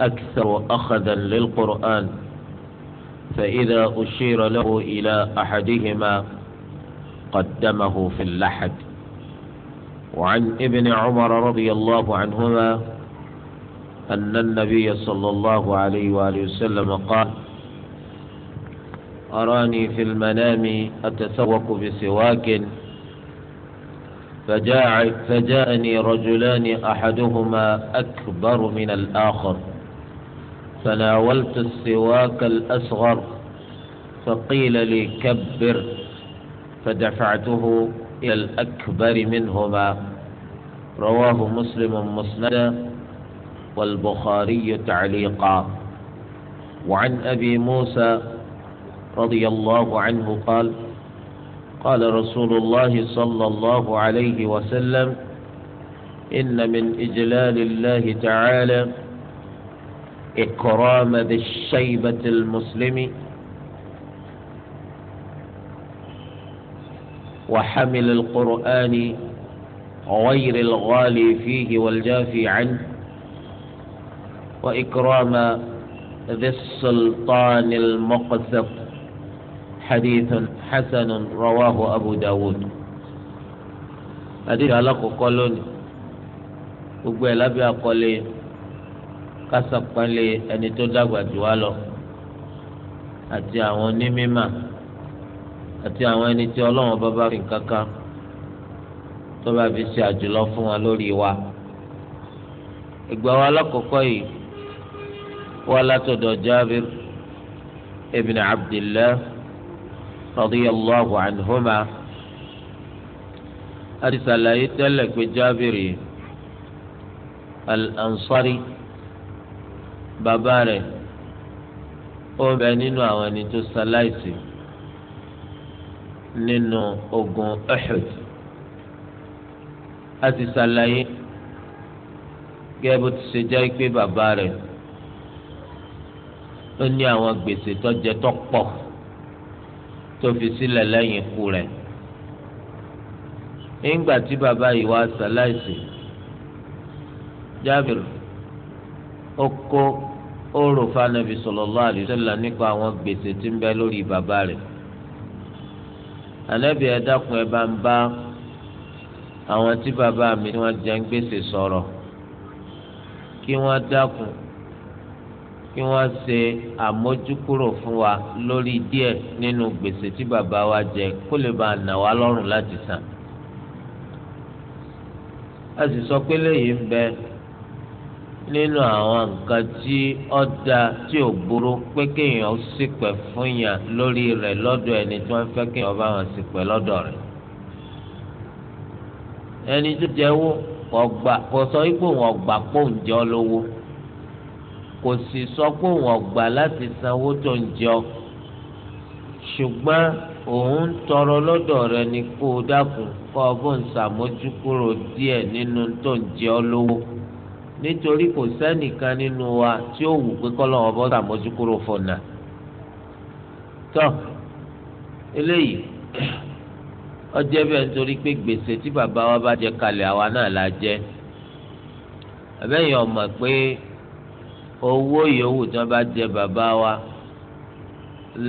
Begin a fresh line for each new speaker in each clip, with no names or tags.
أكثر أخذا للقرآن فإذا أشير له إلى أحدهما قدمه في اللحد وعن ابن عمر رضي الله عنهما أن النبي صلى الله عليه وآله وسلم قال أراني في المنام أتسوق بسواك فجاء فجاءني رجلان أحدهما أكبر من الآخر فناولت السواك الأصغر فقيل لي كبر فدفعته إلى الأكبر منهما رواه مسلم مسندا والبخاري تعليقا وعن أبي موسى رضي الله عنه قال قال رسول الله صلى الله عليه وسلم إن من إجلال الله تعالى إكرام ذي الشيبة المسلم وحمل القرآن غير الغالي فيه والجافي عنه وإكرام ذي السلطان المقذف حديث حسن رواه أبو داود حديث على قولوني gbogbo أبي lábẹ́ akọ́lé kásàpánlé ẹni tó dàgbà jù wá lọ àti àwọn onímímà àti àwọn ẹni tí ọlọ́run bàbá fi kankan tó bá fi ṣe àjùlọ fún wa lórí wa ìgbà wa alákọ̀ọ́kọ́ yìí wà látọ̀dọ̀ Jábìr ibn Abdillah. رضي الله عنهما أرسل tẹ́lẹ̀ pé jábìrì al-ansari bàbá rẹ̀ ó bẹ nínú àwọn ẹni tó sàlàyé nínú ogun Uhud àti sàlàyé gẹ́gẹ́ bó ti ṣe jẹ́ pé bàbá rẹ̀ ó ní àwọn gbèsè tó jẹ tó tó fi sílẹ̀ lẹ́yìn ikú rẹ̀ nígbà tí bàbá yìí wá sàláìsì Jábìrì ó kó ó rò fanabi sallallahu alaihi wasallam nípa àwọn gbèsè tí ń bẹ lórí bàbá rẹ̀ ànábì ẹ dákun bá ń bá àwọn tí bàbá mi tí wọ́n jẹ ń gbèsè sọ̀rọ̀ kí wọ́n dákun. kí wọ́n ṣe àmójúkúrò fún wa lórí díẹ̀ nínú gbèsè tí bàbá wa jẹ kó lè bàa nà wá lọ́rùn láti san. a sì sọ pé léyìí ń bẹ nínú àwọn nǹkan tí ó da tí ò burú pé kéèyàn ó ṣìpẹ̀ fún yàn lórí rẹ̀ lọ́dọ̀ ẹni tí wọ́n fẹ́ kéèyàn bá wọn ṣìpẹ̀ lọ́dọ̀ rẹ̀. ẹni tó jẹ́wọ́ kò sọ ipò wọn gbà pò ń jẹ́ ọ lówó. kò sì sọ pé òun ọgbà láti sanwó tó ń jẹ ọ ṣùgbọ́n òun tọrọ lọ́dọ̀ rẹ ni kó o dákun kó o bó ń ṣàmójúkúrò díẹ̀ nínú tó ń jẹ ọ lówó nítorí kò sẹ́nìkan nínú wa tí ó wù pé kọ́lọ́wọ́ bọ́ ṣàmójúkúrò fọ̀nà tọ́ eléyìí ọjẹ́ bẹ́ẹ̀ nítorí pé gbèsè tí bàbá wa bá jẹ kalẹ̀ àwa náà la jẹ àbẹ́yẹn ọmọ pé owó yòówù tí wọ́n bá jẹ bàbá wa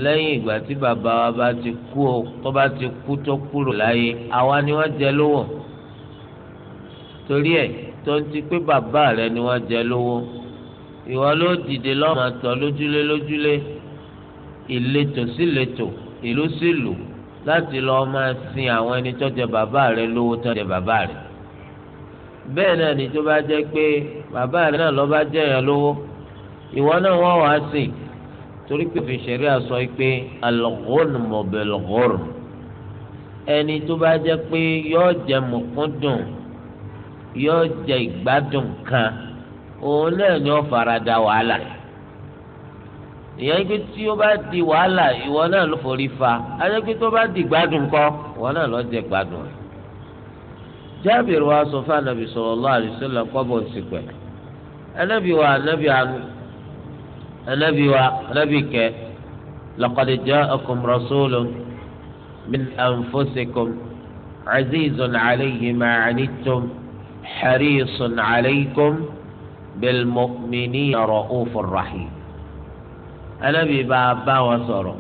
lẹ́yìn ìgbà tí bàbá wa bá ti kú o tó bá ti kú tó kúrò láyé àwa ni wọ́n jẹ lówó torí ẹ̀ tó ń ti pé bàbá rẹ ni wọ́n jẹ lówó ìwọ ló dìde lọ́mọ tọ́ lójúlé lójúlé ìletò sí ìletò ìlú sí ìlú láti lọ́ọ́ máa sin àwọn ẹni tó jẹ bàbá rẹ lówó tó jẹ bàbá rẹ bẹ́ẹ̀ náà ni tó bá jẹ́ pé bàbá rẹ náà lọ́ọ́ bá jẹ́ yẹn lówó ìwọ náà wọ́n wá sí torí pé òfin ṣẹ̀rí àsọ pé al-ghunmu bil-ghunm ẹni tó bá jẹ́ pé yóò jẹ mọ̀kúndùn yóò jẹ ìgbádùn kan òun náà ni ó farada wàhálà ìyẹn pé tí ó bá di wàhálà ìwọ náà ló forí fa ajẹ́ pé tó bá di gbádùn kọ́ ìwọ náà ló jẹ gbádùn Jábìrì wa sọ fún anabi sallallahu alaihi wasallam kọ́bọ̀ ń sìnkú ẹ̀ wa anabi anu anabi wa anabi kẹ laqad ja'akum rasulun min anfusikum azizun alayhi ma anittum harisun alaykum bil mu'minina ra'ufur rahim anabi bá a bá wọn sọ̀rọ̀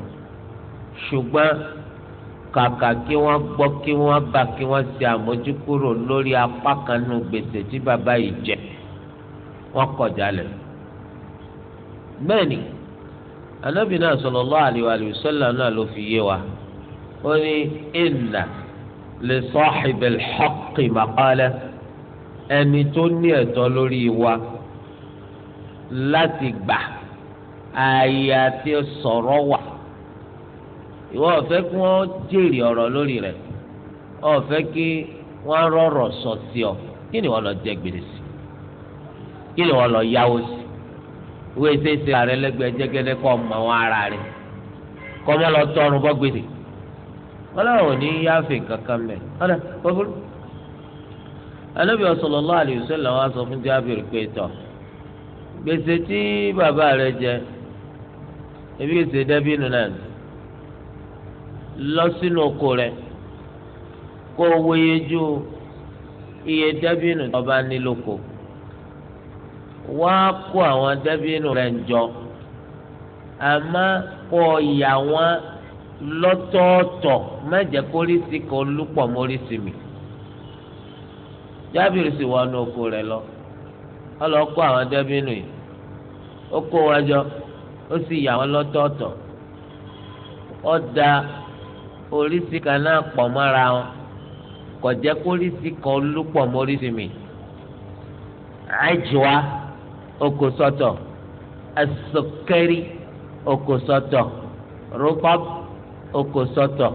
ṣùgbọ́n kàkà kí wọ́n gbọ́ kí wọ́n bá kí wọ́n ṣe àmójúkúrò lórí apá kan nù gbèsè tí bàbá yìí jẹ wọ́n kọ̀ jálẹ̀ bẹ́ẹ̀ ni anabi náà sallallahu alaihi wa sallam náà ló fi yé wa ó ní inna li sahibil haqqi maqala ẹni tó ní ẹ̀tọ́ lórí wa láti gbà ààyè àti sọ̀rọ̀ wà ìwọ ọ̀fẹ́ kí wọ́n jèrè ọ̀rọ̀ lórí rẹ̀ ọ̀fẹ́ kí wọ́n rọ̀rọ̀ sọ sí ọ kí ni wọ́n lọ jẹ gbèsè kí ni wọ́n lọ yáwó sí wo eseese ààrẹ lẹ́gbẹ̀ẹ́ jẹ́gẹ́dẹ́ kọ ọmọ ara rẹ̀ kọ́ lọ tọrùn bọ́ gbèsè wọn ní yáfẹ́ kankan mẹ́ ọ̀nà gbogbo. anábì sallallahu alaihi wasallam wa fún jábìrì pé tọ̀ gbèsè tí bàbá rẹ jẹ ebi gbèsè dẹ́bí nù náà lọ sínú oko rẹ kó o wéye ju iye dẹ́bí nù tó ọba ní wá kó àwọn dàbínù rẹ̀ ń jọ àmọ́ kọ ìyà wọn lọ́tọ̀ọ̀tọ̀ má ka kórìsì kan lúpọ̀ mórìsì mi jábìrì sì oko rẹ̀ lọ ọlọ́kọ àwọn dàbínù yìí ó kó wọn jọ ó sì yà wọn lọ́tọ̀ọ̀tọ̀ da orisi kan náà pọ̀ mọ́ra wọn kò jẹ́ kórìsì kan lúpọ̀ mórìsì mi wa oko sọ́tọ̀ asukari oko sọ́tọ̀ rukab oko sọ́tọ̀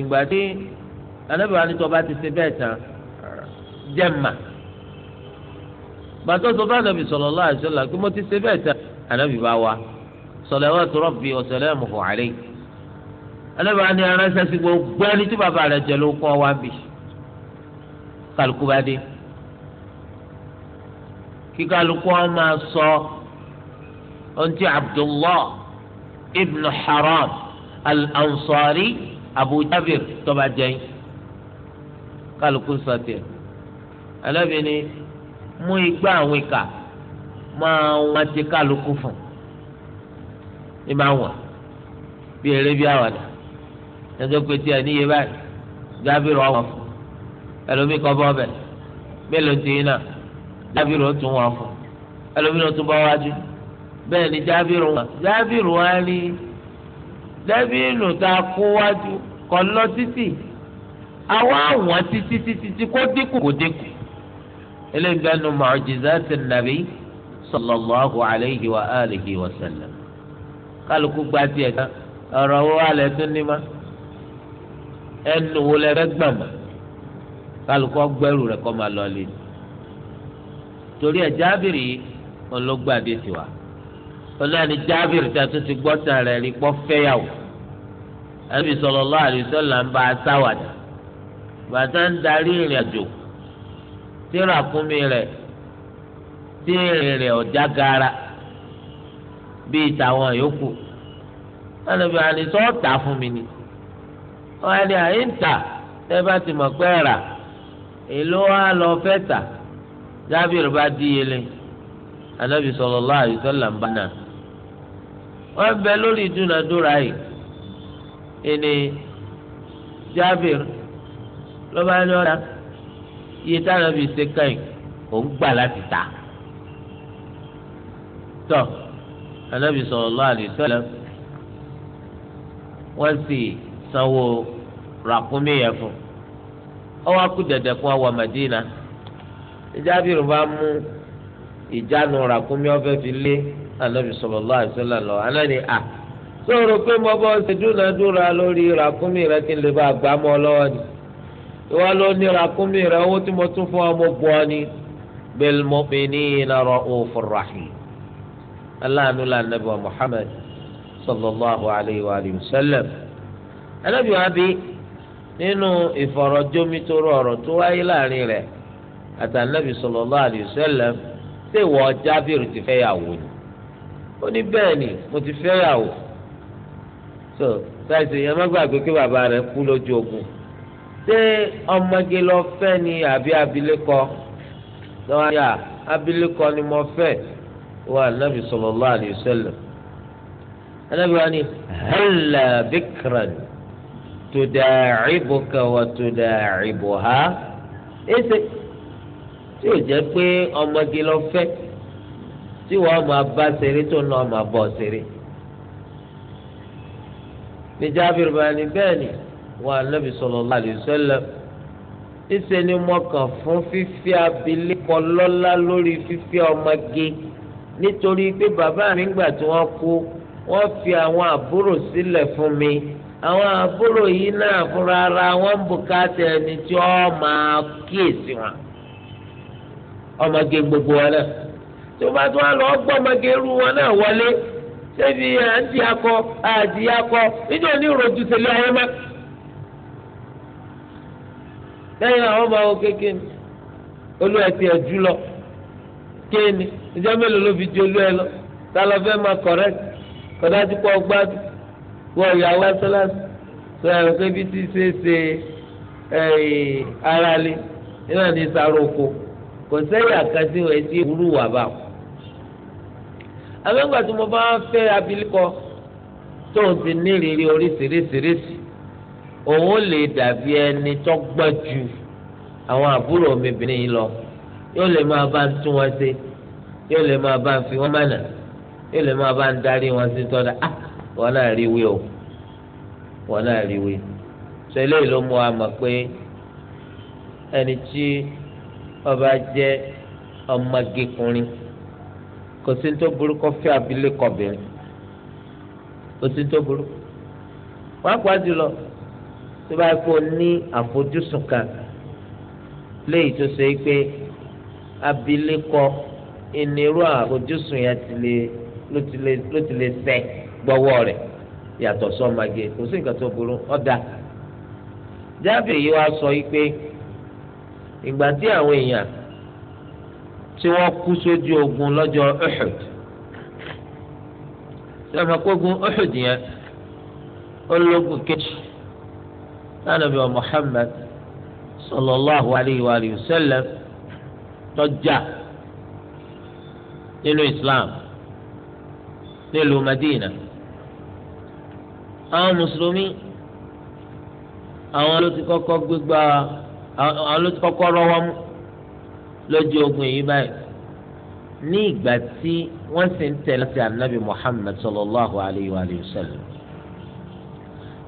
ìgbà tí anábìyàn wa ni tó bá ti ṣe bẹ́ẹ̀ tán jẹ́mà gbàtọ́ sọ fún anabi sallallahu alaihi wasallam kí mo ti ṣe bẹ́ẹ̀ tán anabi bá wa salawatu rabbi wa salamuhu alayhi anabi wa ni gbogbo ẹni tí bàbá rẹ̀ jẹ́ ló kọ́ wa bì kálukú bá kí kálukú wọn máa sọ ohun tí abdullah ibn haram al-ansari abu jabir tọba jẹyìn kálukú sọ tiẹ̀ alábìíní mú igbá àwọn ìka máa wọn ti kálukú fún ní máa wọn bí eré bí àwàdà ẹjọ pé tí níye báyìí jábìrì ọwọ́ fún ẹlòmíkọ bọ ọbẹ mélòó ti yín náà jábìrì ó tún wọn fún ẹlòmíràn tún bá wájú bẹ́ẹ̀ ni jábìrì wọn jábìrì wọn á rí jábìrì tá a kó wájú kọ́ lọ títì àwa àwọn títí títí tí kò dínkù kò dínkù eléyìí bẹ́ẹ̀ nu mu'jizati nàbí sallallahu alayhi wa alihi wa sallam kálukú gba tiẹ̀ kan ọ̀rọ̀ wo alẹ́ tó ní ma ẹnu wo lẹ gbàmà kálukú ọgbẹ́rù rẹ̀ kọ́ máa lọ lé ní. torí ẹ̀ jábìrì yìí tiwa olóòní jábìrì tí ti gbọ́ tán rí pọ́ fẹ́yàwó ẹbí sallallahu alaihi wasallam ń bá a sáwàdà bàtà ń darí ìrìn àjò tí ràkúnmí rẹ̀ tí ìrìn rẹ̀ ọ̀já gara bíi tàwọn yòókù ẹnìbí ọ̀tà fún mi ni àyíǹta bá ti mọ̀ jábìrì bá díyelé anabi sallallahu alaihi wasallam ń bá náà wọ́n bẹ lórí ìdúnadúrà yìí ẹni jábìrì ló bá ní ọ̀dà iye táwọn fi ṣe kẹ́yìn òun gbà láti ta tọ́ anabi sallallahu alaihi wasallam wọ́n sì sanwó ràkúnmí yẹn fún ọ wá kú dẹ̀dẹ̀ kó wá wà ìjábìrì bá mú ìjánu ràkúnmí ọ̀fẹ́ fi lé anabi sallallahu alaihi wasallam lọ anani a sọ̀rọ̀ pé mo bọ́ ṣe dúnadúrà lórí ràkúnmí rẹ kí n lè bá gbà mọ́ lọ́wọ́ ni ìwọ ló ní ràkúnmí rẹ owó tí mo tún fún ọ mo bọ́ ni bil mu'minina ra'ufur aláàánú la nabi wa muhammad sallallahu alayhi wa alihi wa sallam anabi wa bi nínú ìfọ̀rọ̀jomitoro ọ̀rọ̀ tó wáyé láàrin rẹ̀ àtànàbì sallallahu alayhi wa sallam ṣé ìwọ jábìrì ti fẹ́ yàwó ni ó ní bẹ́ẹ̀ ni mo ti fẹ́ yàwó so sáìsì yẹn má gbàgbé pé bàbá rẹ̀ kú lójú ogun ṣé ọmọge lọ fẹ́ ni àbí abilékọ lọ́wọ́ yà abilékọ ni mo fẹ́ wà ànábì sallallahu alayhi wa sallam ànábì wa ni halla bikran tudaacibuka wa tudaacibuha ese. tí o jẹ́ pé ọmọge lọ fẹ́ tí wọ́n máa bá ṣeré tó ń lọ máa bọ̀ ṣeré. ní jábìrì ni wọn ànábì ni mo kàn fún fífi abilékọ lọ́lá lórí fífi ọmọge nítorí pé bàbá mi gbà tí wọ́n kú fi àwọn àbúrò sílẹ̀ fún mi àwọn àbúrò yìí náà fúnra ara wọn bùkátà ẹni tí ọmọge gbogbo wọn náà tó bá tún àlọ́ ọgbọ́n ọmọge irú wọn náà wọlé àǹtí akọ àǹtí akọ níjọ ní ìròjú tẹ̀lé ayé má. lẹ́yìn àwọn ọmọ àwọn kéèké ni olú ẹ̀jú lọ ìjọ mélòó ló fi di olú ẹ lọ lọ fẹ́ máa gbádùn wọ ìyàwó sọ ẹ̀rọ pé bí ti ṣe kò sẹ́yìn àkàtì wọ̀ etí burú wà bá wọn. àmọ́ngbà tí mo bá fẹ́ abilékọ tóun ti ní ìrírí oríṣiríṣiríṣi òun lè dàbí ẹni tó gbọ́n ju àwọn àbúrò mi bìnrin yìí lọ yóò lè máa bá ń tún wọn ṣe yóò lè máa bá ń fi wọn mánà yóò lè máa bá ń darí wọn sí tọ́da ah, wọn náà rí wí o wọn náà rí wí. sọ ló mú wa mọ̀ pé ẹni tí ọba jẹ́ ọmọgekùnrin kò sí tó burú kó fẹ́ abilékọ bìnrin kò sí tó burú wọ́n á pa jùlọ tó bá kó ní àfojúsùn kan léyìí tó ṣe é pé abilékọ ìnirú àfojúsùn yẹn ti lè ló ti lè ló ti lè ṣẹ gbọ́wọ́ kò sí nǹkan tó burú ọ̀dà jábìrì yìí wá sọ yìí pé ìgbà tí àwọn èèyàn tí wọ́n kú sójú ogun lọ́jọ́ Uhud sọfọ̀kógun Uhud yẹn ológun kejì lánàbí wa Muhammad sallallahu alayhi wa sallam tọ́jà nínú Islam nílùú Madina àwọn mùsùlùmí àwọn ló ti kọ́kọ́ gbégbá àwọn ló ti kọ́kọ́ rọ́wọ́ mú lójú ogun yìí báyìí ní ìgbà tí wọ́n sì ń tẹ̀lé sí anabi muhammed sallallahu alayhi wa sallam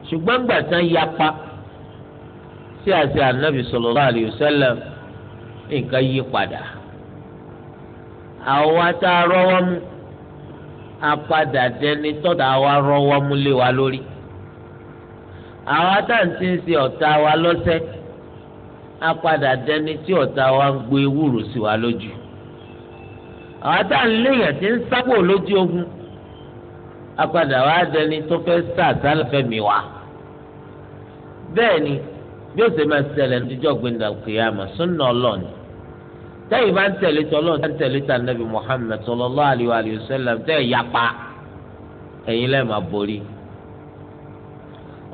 ṣùgbọ́n gbà tán yapa sí àṣẹ anabi sallallahu alayhi wa sallam nǹkan yí padà àwa tá a apadà dẹni tọ́da wa rọ́wọ́ lé wa lórí àwa tá ń ti ń ṣe ọ̀tá wa lọ́sẹ̀ẹ́. apadà dẹni tí ọ̀tá wa ń gbé ewúro sí wa lójú àwọn tá à ń léèyàn tí ń sábò lójú ogun apadà wa dẹni tó fẹ́ sàtà lọ́fẹ̀mí wa bẹ́ẹ̀ ni bí ó ṣe máa ṣẹlẹ̀ níjọ́ gbẹ̀ndà kìyàmà súnà ọlọ́ọ̀ni tẹ́yìn bá ń tẹ̀lé tẹ̀lé tà nàbì yapa ẹ̀yin lẹ́ẹ̀ máa borí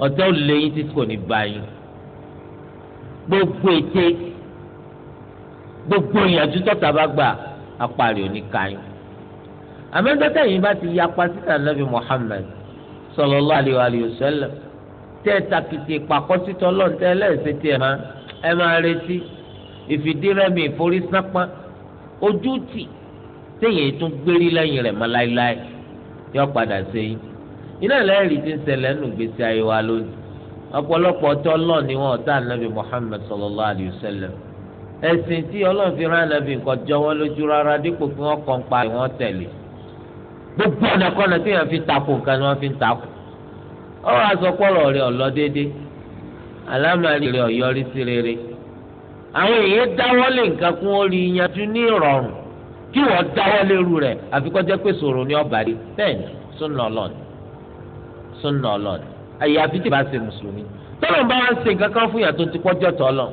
ọ̀tẹ́ ò lẹ́yìn títí kò ní bá yín. gbogbo ète gbogbo ìyànjú tọ́ta bá gbà apárí oníkàyọ. àmọ́ńdọ́tà yìí bá ti ya pásítà nàbì Muhammad sallallahu alaihi wa sallam tẹ́ takìtì pàkọ́sítọ́ lọ́ntẹ́ ẹlẹ́sìn tiẹ̀ máa ẹ máa retí ìfìdírẹ́mi ìforísápá ojú tì téèyàn tún gbérí lẹ́yìn rẹ̀ mọ́ láéláé yọ padà sẹ́yìn iná ìlẹ́rìí ti ń ṣẹlẹ̀ nù gbèsè ayé wa lónìí Ọpọlọpọ ọ̀tọ̀ ọlọ́run ni wọn ọ̀tá sallallahu alayhi wa sallam tí ọlọ́run fi rán ànábì nǹkan jọ wọn lójú rárá dípò kí kàn pa gbogbo ọ̀nà kọ́nà tí wọ́n fi takò nǹkan ni fi ń takò ọ̀rọ̀ déédéé sí rere àwọn èèyàn dáwọ́ nǹkan kún yanjú ní ìrọ̀rùn kí wọ́n dáwọ́ lérú rẹ̀ àfikọ́jẹ́ pé sòrò ní àyàfi tí bá ṣe mùsùlùmí
tọ́lọ̀ ń bá wá ṣe
nǹkan kan fún yàtọ̀ tó kọjọ́ tọ́ lọ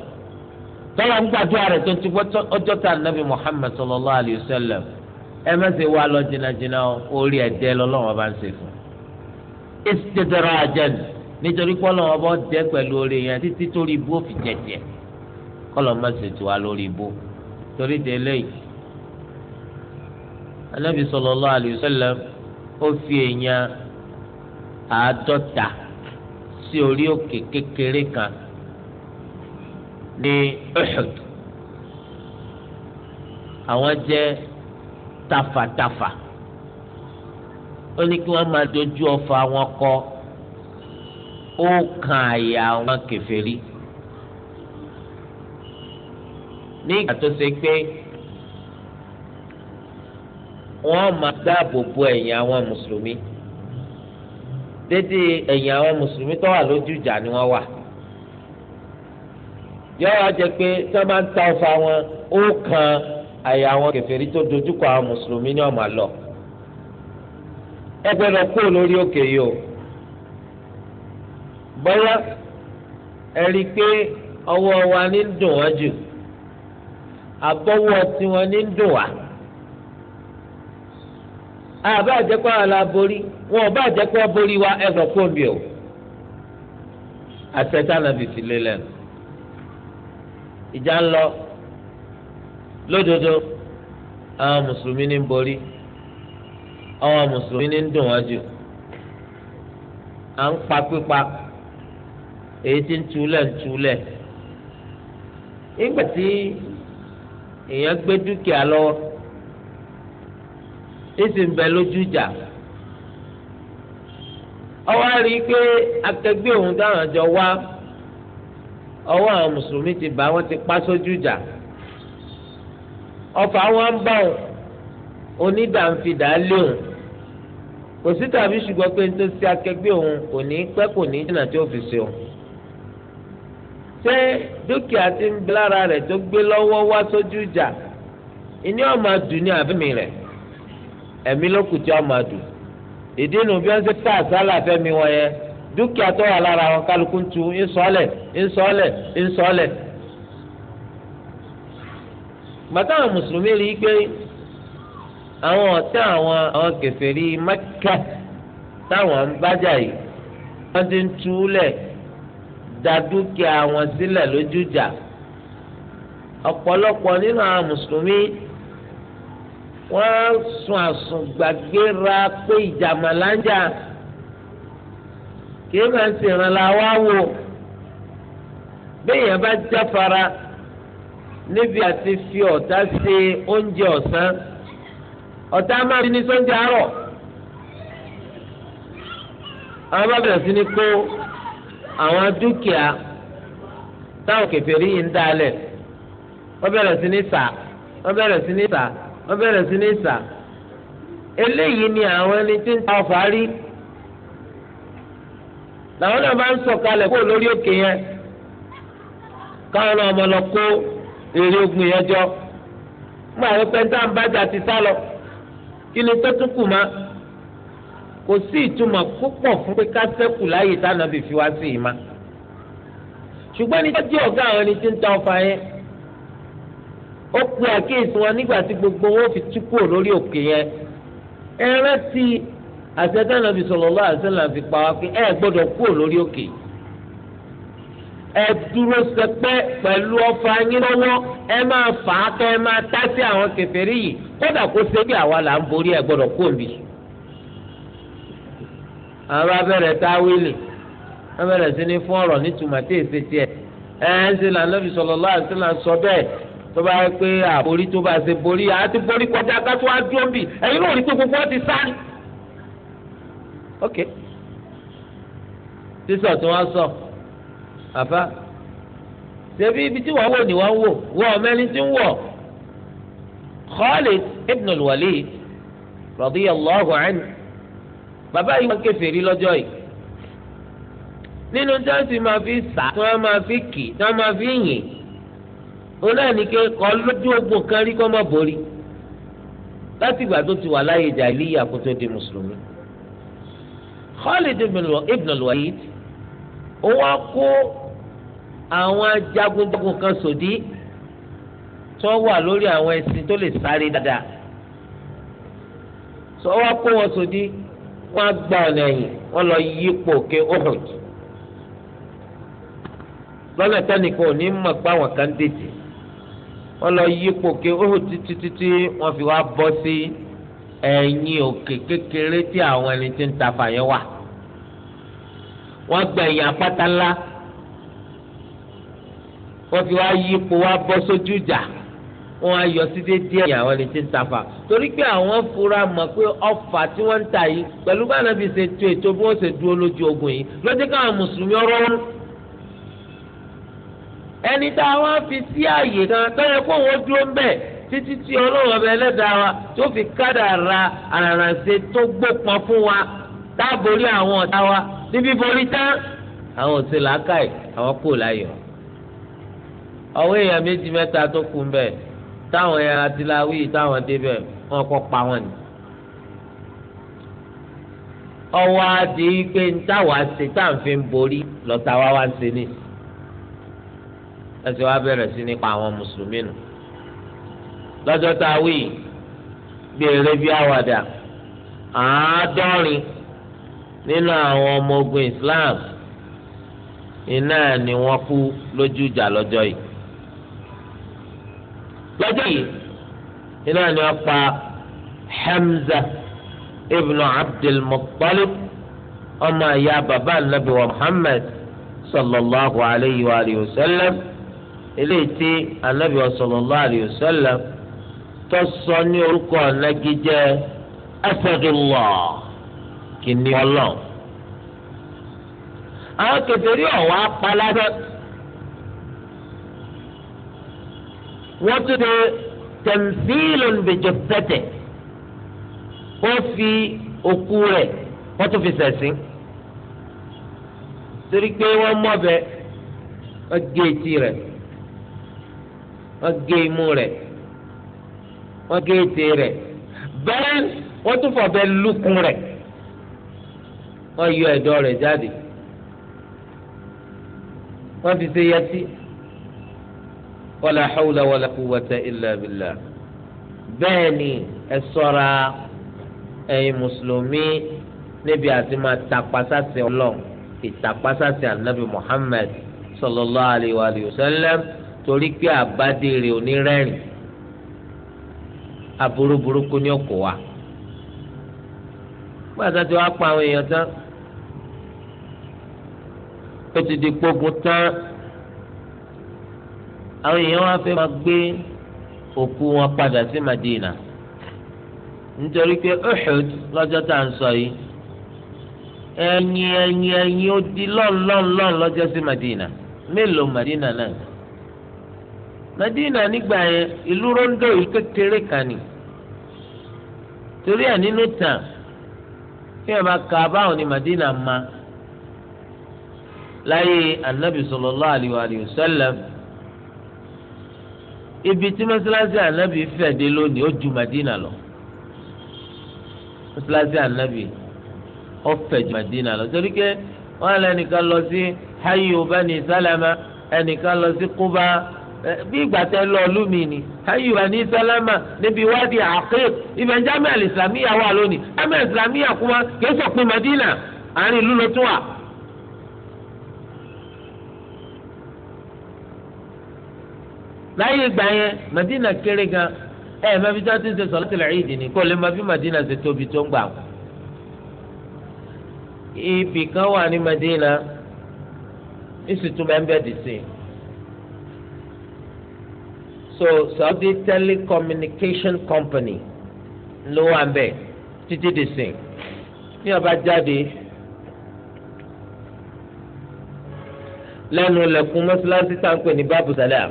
tọ́lọ̀ ń gbàdúrà rẹ̀ tó ti ọjọ́ tá nàbì Muhammad sallallahu alayhi wa sallam ẹ má ṣe wá lọ jìnnàjìnnà orí ẹ̀dẹ́ lọ́lọ́wọ́ bá ń ṣe fún istidrajan nítorí pọ́lọ́ wọn bọ́ dẹ́ pẹ̀lú orí yẹn títí torí ibú òfin jẹjẹ kọ́lọ́ má ṣe tù wá lórí ibú torí délé yìí anabi sallallahu alayhi ó fi èèyàn àádọ́ta sí orí òkè kékeré kan ní Uhud àwọn jẹ́ tafàtafà ó ní kí wọ́n máa dojú ọfà wọn kọ ó kan àyà àwọn kèfèrí ní ìgbà tó ṣe pé wọ́n máa dáàbò bo ẹ̀yìn àwọn mùsùlùmí. dédé ẹ̀yìn àwọn mùsùlùmí tó wà lójú ìjà ni wọ́n wà yọ wá jẹ pé tí bá ń ta ọfà wọn ó kan àyà àwọn kèfèrí tó dojúkọ àwọn mùsùlùmí ní ọmọ àlọ ẹ gbọ́dọ̀ kó lórí òkè yìí o bọ́lá ẹ rí i pé ọwọ́ wa ní dùn wọ́n jù àbọ̀wọ́ tiwọn ní dùn wá. àbá àjẹpọ̀ àlà borí wọn ọba àjẹpọ̀ borí wa ẹ̀rọ o àtẹ̀tànà fìfì lélẹ̀ ìjà ń lọ lódodo àwọn mùsùlùmí ní borí àwọn mùsùlùmí ní dùn wọ́n jù à ń pa pípa èyí èsì ń bẹ lójú ìjà ọwọ́ rí i pé akẹgbẹ́ òun táwọn jọ wá ọwọ́ àwọn mùsùlùmí ti bá wọn ti pa sójú ìjà ọfà wọn ń bọ̀ onídàáfidà léwu kò sí tàbí ṣùgbọ́n pé ní tó ṣe akẹgbẹ́ òun kò ní pẹ́ kò ní jìnnà tí ó fi ṣe òun ṣé dúkìá ti ń bẹ lára rẹ̀ tó gbé lọ́wọ́ wá sójú ìjà ìní ọ̀ma dùn ní àbẹ̀mí rẹ̀ ẹ̀mí ló kù tí ọmọ àdùn ìdí nu bí wọ́n ṣe ká àsálà fẹ́mi wọn yẹn dúkìá tó wà lára àwọn kálukú ń tu ńsọ́lẹ̀ ńsọ́lẹ̀ Awọn gbàtà àwọn mùsùlùmí rí i pé àwọn àwọn àwọn Mẹ́kà táwọn ń bájà yìí wọ́n da dúkìá wọn sílẹ̀ lójújà wọ́n sun àsùn gbàgbéra pé ìjàmà láńjà kì í máa ń ṣèrànlá wá wò béèyàn bá jáfara níbi àti fi ọ̀tá ṣe oúnjẹ ọ̀sán ọ̀tá máa fi ní sọ́njẹ àárọ̀ àwọn bá bẹ̀rẹ̀ sí ni kó àwọn dúkìá táwọn kèfèrí yìí ń dálẹ̀ wọ́n bẹ̀rẹ̀ sí ní sà wọ́n bẹ̀rẹ̀ sí ní sà. wọ́n bẹ̀rẹ̀ sí ní sà eléyìí ni àwọn ẹni tí ń ta ọ̀fà rí làwọn náà bá ń sọ̀kalẹ̀ kó lórí òkè yẹn káwọn náà ọmọ lọ kó èrè ogun yẹn jọ gbọ́ àwọn pẹ́ńtà ti sá lọ kí ni tó tún kò sí ìtumọ̀ i ma ṣùgbọ́n ní jẹ́ ọ̀gá àwọn ẹni tí ń ta ọ̀fà ó pe àkíyèsí wọn nígbà tí gbogbo wọn fi tú kúrò lórí òkè yẹn ẹ rántí àṣetánà fi sallallahu àti wasallam fi pa wá pé ẹ kúrò lórí òkè ẹ dúró sẹpẹ́ pẹ̀lú ọfà yín ẹ máa fà á ẹ máa tá sí àwọn yìí kódà kó àwa là ń borí ẹ kúrò bì. àwọn abẹ́rẹ́ abẹ́rẹ́ sí ni fún ọ̀rọ̀ nítumọ̀ tí èsì tiẹ̀ ń tó bá yẹ pé àborí tó bá ṣe borí àti borí kọjá kátó wá dúró bì ẹ̀yin náà rí pé gbogbo ọ ti sá ni. ok sísọ tí wọn sọ àfa ṣebí ibi tí wọn wò ni wọn wò wọn ọmọẹni tí ń wọ Khalid ibn al-Walid radiyallahu anhu bàbá yìí wọn kèfèrí lọ́jọ́ yìí nínú jọ́sìn máa fi sà tí wọ́n máa fi kì tí wọ́n máa fi yìn onáàní ké kọ́ lójú ogun kan rí kọ́ má borí láti ìgbà tó ti wà láyé jàìlíyà kó di mùsùlùmí. Khalid ibn al-Walid ó wá kó àwọn jagunjagun kan sòdí tó wà lórí àwọn ẹṣin tó lè sáré dáadáa sọ wá kó wọn sòdí wọn á gba ọ̀nà ẹ̀yìn wọn lọ yípo òkè Uhud lọ́nà tẹ́nìkan ò ní mọ̀ pé àwọn kan dèjì wọ́n lọ yípo ké ó títí títí wọ́n fi wá bọ́ sí ẹ̀yìn òkè kékeré tí àwọn ẹni tí ń ta fàyẹ́ wà wọ́n gbẹ ẹ̀yìn apáta ńlá wọ́n fi wá yípo wá bọ́ sójú ìjà wọ́n á sí déédéé ẹ̀yìn àwọn ẹni tí ń ta fà torí pé àwọn fura mọ̀ pé ọfà tí wọ́n ń ta yìí pẹ̀lú bá nàbì ṣe tó ètò bí wọ́n ṣe dúró lójú ogun yìí lọ́jọ́ káwọn mùsùlùmí ọ̀rọ̀ wọn ẹni tá a wá fi sí àyè kan tó yẹ kó wọ́n dúró ń bẹ̀ títí tí ọlọ́run ọbẹ̀ ẹlẹ́dàá wa tó fi kádàrá àràǹṣe tó gbópọn fún wa táàbórí àwọn ọ̀tá wa níbi borí tán àwọn ò ṣe làákàyè àwọn kò láyọ̀. ọwọ́ èèyàn méjì mẹ́ta tó kù ń bẹ̀ táwọn ẹran adíláwí táwọn débẹ̀ wọ́n kọ́ pa wọ́n ni. ọwọ́ adìyí pé ń táwa ṣe táǹfin borí lọ́tà wa wá ń ṣe nìyí ẹsẹ̀ wa bẹ̀rẹ̀ sí nípa àwọn mùsùlùmí nù lọ́jọ́ tá a wí gbèrè bí àwàdà àádọ́rin nínú àwọn ọmọ ogun Islam iná ni wọ́n kú lójú ìjà lọ́jọ́ yìí lọ́jọ́ yìí iná ni wọ́n pa Hamza ibn Abdul ọmọ ìyá bàbá anabi wa Muhammad sallallahu alayhi wa sallam eléyìí tí anabi sallallahu alayhi wa sallam tó sọ ní orúkọ nagijẹ asadullah kìnìún Ọlọ́run àwọn kẹfẹẹrí ọwọ apalábẹ wọn tún de tẹmfíìlùn bìjọ pẹtẹ wọn fi òkú rẹ̀ wọn tún fi sẹsìn torí pé wọn mọbẹ wọn gé wọ́n gé imú rẹ̀ wọ́n gé ètè rẹ̀ bẹ́ẹ̀ wọ́n tún fọ̀bẹ lukùn rẹ̀ wọ́n yọ ẹ̀dọ̀ rẹ̀ jáde wọ́n fi ṣe yẹtí wala hawla wala quwwata illa billah bẹ́ẹ̀ ni ẹ ṣọ́ra ẹ̀yin mùsùlùmí níbi àti máa tàpásásẹ Ọlọ́run ìtàpásásẹ anabi Muhammad sallallahu alayhi wa sallam. torí pé àbádé onírẹ́rìn aburuburu burúkú ní ọkọ̀ wa gbàtà tí wàá pa àwọn èèyàn tán ó ti di gbógun tán àwọn èèyàn wá fẹ́ máa gbé òkú wọn padà sí Madina nítorí pé Uhud lọ́jọ́ tá à ń sọ yìí ẹ̀yìn ẹ̀yìn ẹ̀yìn ó di lọ́jọ́ sí Madina mélòó Madina Madina nígbà yẹn ìlú rondo yìí kékeré kan ni torí ẹ̀ nínú tàn kí ẹ máa ka báwọn ni Madina ma láyé anabi sallallahu alayhi wa sallam ibi tí mọ́sálásí anabi fẹ̀ dé lónìí ó ju Madina lọ mọ́sálásí anabi ó fẹ̀ ju Madina lọ torí ké wọn lẹnìkan lọ sí hayo bani salama ẹnìkan lọ sí Quba bí ìgbà tẹ lọ lumi ni ayu bani salama níbi wádìí àkèk ibẹ̀ jami alìsàmíyà wà lónìí jami alìsàmíyà kuma kìí sọ̀pin madina àárín ìlú ló tún wà. láyé ìgbà yẹn madina kéré gan ẹ má fi jáde ṣe sọlá tẹlẹ ìdì ni kó lè má fi madina ṣe tóbi tó ń gbà wọn. ibì kan wà ní madina ìsìtúmọ̀ ẹ̀ ń bẹ̀ dì sí i so Saudi Telecommunication Company ló wà ń bẹ̀ títí di sìn ní ọba jáde lẹ́nu lẹ̀kùn mọ́ṣáláṣí tá à ń pè ní Babu Salam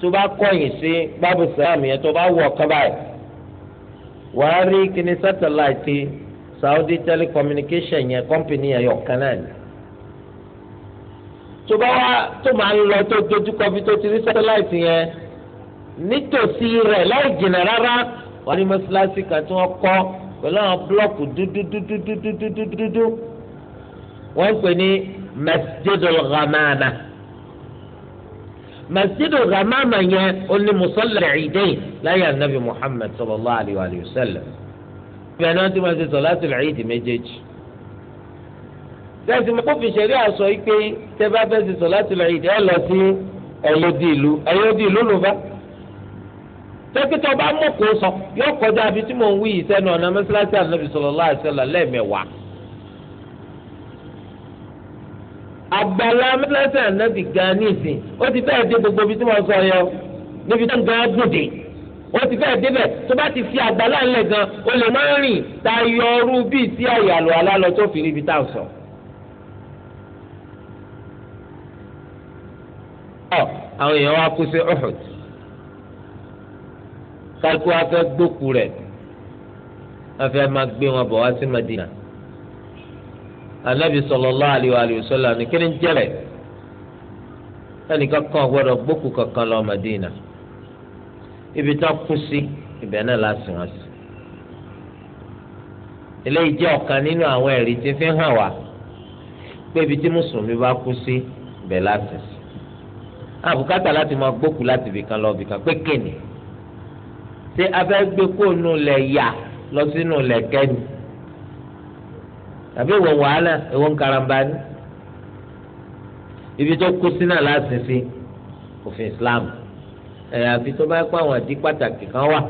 tó bá kọ̀yìn sí Babu Salam yẹn tó bá wọ̀ ọ̀kan báyìí wàá rí kíní sátẹláìtì Saudi Telecommunication yẹn kọ́mpìnì yẹn yọ̀ náà ni tó wa wá tó máa ń lọ tó dojú kọ bí tó ti rí sátáláìtì yẹn nítòsí rẹ̀ láì jìnnà rárá wọ́n ní mọ́ṣáláṣí kan tí wọ́n kọ́ pẹ̀lú àwọn búlọ́ọ̀kù dúdúdúdúdúdúdúdú wọ́n ń pè ní masjidul ghamama masjidul ghamama yẹn ó ní musalla al-eidain láyé anabi muhammad sallallahu alayhi wa sallam. ìbẹ̀rẹ̀ náà ti máa ṣe sọ̀láṣí al méjèèjì tẹ̀sí mi kó fi ṣẹ̀rí àṣọ yìí pé tẹ bá fẹ́ ti sọ láti lọ ìdí ẹ̀ lọ sí ẹ̀yọ́dì ìlú ẹ̀yọ́dì ìlú ló bá. dókítà bá mú kó sọ yóò kọjá àbí tí mò ń wí yìí sẹ́nu ọ̀nà mẹ́sàlásì ànábì sallallahu alaihi wasallam lẹ́ẹ̀mẹ̀wàá. àgbàlá mẹ́sàlásì ànábì gan ní ìsìn ó ti fẹ́ẹ̀ dé gbogbo ibi tí mo sọ yọ níbi tó ń gan gòdè ó ti fẹ́ẹ̀ débẹ̀ tó bá ti fi àgbàlá ńlẹ̀ gan o lè má rìn tayọ ọrú bíi àyàlọ́ alálọ́ tó fi ríbi tá à sọ. ọ àwọn èèyàn wa kú sí Uhud kálukú wa fẹ́ gbókù rẹ̀ wọ́n fẹ́ máa gbé wọn bọ̀ wá sí Madina anabi sallallahu alayhi wa sallam ní kíni jẹrẹ ẹnìkan kan gbókù kankan lọ Madina ibi tó kú sí ibẹ̀ náà lásìkò wọn sí eléyìí jẹ́ ọ̀kan nínú àwọn ẹ̀rí tí fi hàn wá pé ibi tí mùsùlùmí bá kú sí lásìkò. Abukata láti máa gbókù láti ibìkan lọ ibìkan pé kéènì ṣé abẹ́ gbé kóònù lẹ̀ yà lọ sínú lẹ̀ kẹ́ni tàbí ìwọ̀n wàhálà ìwọ̀n karamba ni ibi tó kú sínú aláàsì òfin Islam àyàfi tó bá pẹ́ àwọn àdí pàtàkì kan wà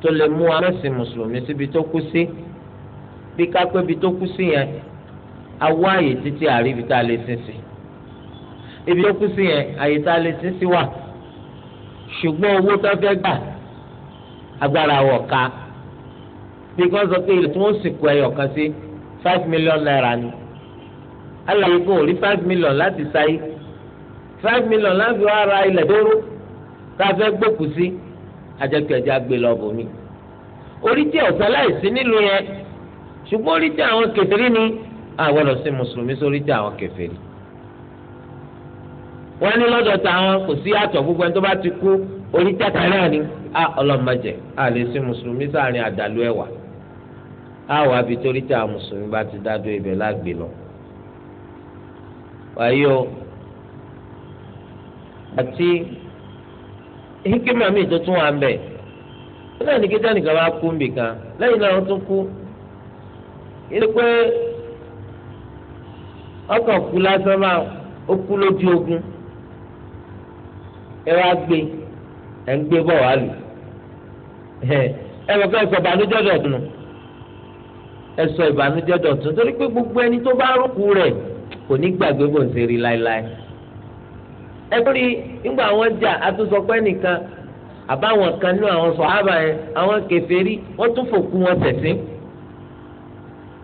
tó lè mú amẹ́sìn mùsùlùmí síbi tó kú sí bí kápẹ́ ibi tó kú sí yẹn awọ àyè títí àríbi tá a lè sin ibi tó kú sí yẹn àyè tá a lè sin sí wà ṣùgbọ́n owó tó fẹ́ gbà agbára wọ̀ ká bí kò sọ pé ilẹ̀ tí wọ́n sìnkú ẹyọ kan sí five million naira ni alàyè kò rí five million láti sáyé five million láti wá ra ilẹ̀ dóró tá a fẹ́ gbòkú sí ajẹ́kẹ̀jẹ́ agbè lọ́bù mi orí tí ọ̀sán láìsí nílùú yẹn ṣùgbọ́n orí tí àwọn kèfèrí ni àwọn ọ̀sìn mùsùlùmí sórí tí àwọn kèfèrí. wọ́n ní lọ́dọ̀ táwọn kò sí àtọ̀ gbogbo ẹni tó bá ti kú orí ni a a lè sin mùsùlùmí sáàrin àdàlú ẹ̀wà a wà bí torí a mùsùlùmí bá ti dádó ibẹ̀ lágbè lọ. wàyí o àti tó tún wà ń bá kú náà tún kú pé kú lásán máa ẹ wá gbé ẹ ń gbé bọ̀ wá lù ẹ mọ̀ pé ẹ sọ ìbànújẹ́ dọ̀tun ẹ sọ ìbànújẹ́ dọ̀tun torí pé gbogbo ẹni tó bá rúkú rẹ̀ kò ní gbàgbé bò ń ṣe rí láéláé ẹ torí nígbà wọn jà àtúnṣọpẹ́ nìkan àbáwọn kan ní àwọn sọ̀hábà yẹn àwọn kèfèrí wọ́n tún fòkú wọn tẹ̀sín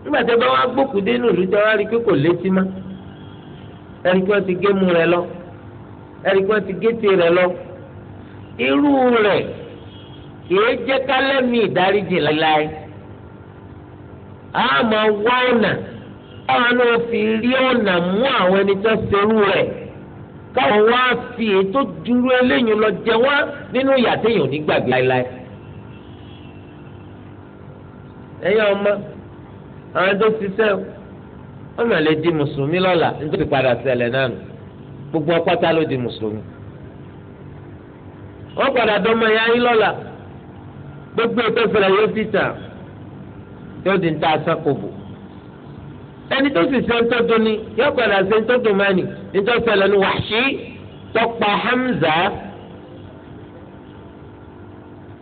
nígbà tí a bá wá gbókùdé nù lùtẹ́ wá rí i pé kò létí má ẹni pé wọ́n ti gé mu rẹ lọ ẹni pé ti gétè lọ irú rẹ kìí jẹ́ kálẹ́mì ìdáríjì láíláí a wá ọ̀nà káwọn náà fi rí ọ̀nà mú àwọn ẹni tó ṣerú rẹ̀ káwọn wá fi ètò dúró eléyìn lọ jẹ wá nínú ìyà téèyàn ọmọ àwọn tó lè di mùsùlùmí nítorí padà náà gbogbo ọpọta ló di mùsùlùmí wọ́n padà ya yín lọla gbogbo ètò ìṣẹ̀lẹ̀ yóò ti tà yóò di níta sákòbò ẹni tó sì ṣe ń ni yóò padà ṣe ń tọ́jú ni Hamza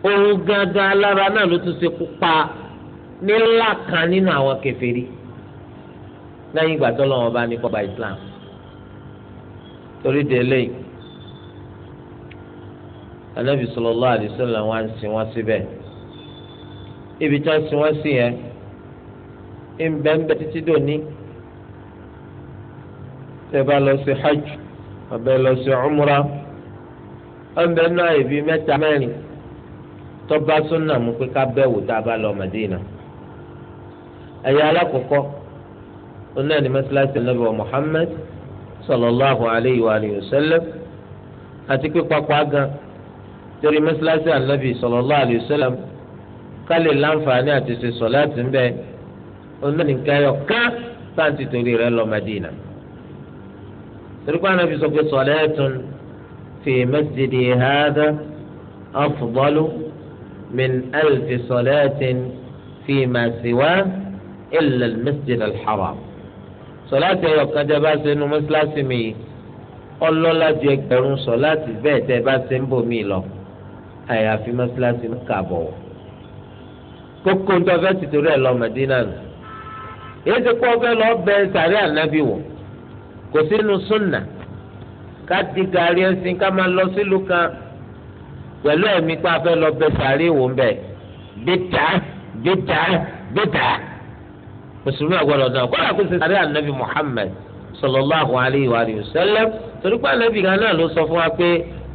ohun gangan alára náà ló tún ṣe pa nílá kan nínú àwọn kèfèrí ìgbà tó torí délé anabi sallallahu alaihi wasallam wá wọn síbẹ̀ ibi tí wọ́n sin wọn si yẹn bá lọ sí hajj ọbẹ lọ sí umra náà ibi mẹ́ta mẹ́rin súnà mú pé ká tá a bá lọ Madina ẹ̀yà sallallahu alayhi wa alihi wa sallam àti pípapọ̀ agan torí mẹ́sàlásì ànábì sallallahu alayhi wa sallam kálí láǹfààní àti ṣe sọ̀láàtì ńbẹ onínìkẹyọ ká táǹtì torí rẹ̀ lọ Madina torí pé ànábì sọ pé sọ̀láàtùn fi masjidi hadha afdalu min alfi sọ̀láàtìn fi ma siwa illa al-masjid al-haram. sọláàtì ẹyọ kan tẹ bá ṣe nu mọ́ṣáláṣí mi ọlọ́lá ju ẹgbẹ̀rún sọláàtì bẹ́ẹ̀ tẹ bá ṣe ń bò mí lọ àyàfi mọ́ṣáláṣí ń kà bọ̀ kókó ń tọ́fẹ́ tìtorí ẹ̀ lọ Mẹ́dínà nù èyí ti kọ́ fẹ́ lọ bẹ sàrẹ́ ànábì wọ̀ kò sínú súnà ká di gàrí ẹ̀sìn ká máa lọ sílùú kan pẹ̀lú ẹ̀mí pa fẹ́ lọ bẹ sàrẹ́ wò ń bẹ̀ bíta bíta bíta mùsùlùmí àgbọ̀dọ̀ dáhùn kọ́lá kó ṣe sáré ànábì Muhammad sallallahu alayhi wa sallam torí pé ànábì kan náà ló sọ fún wa pé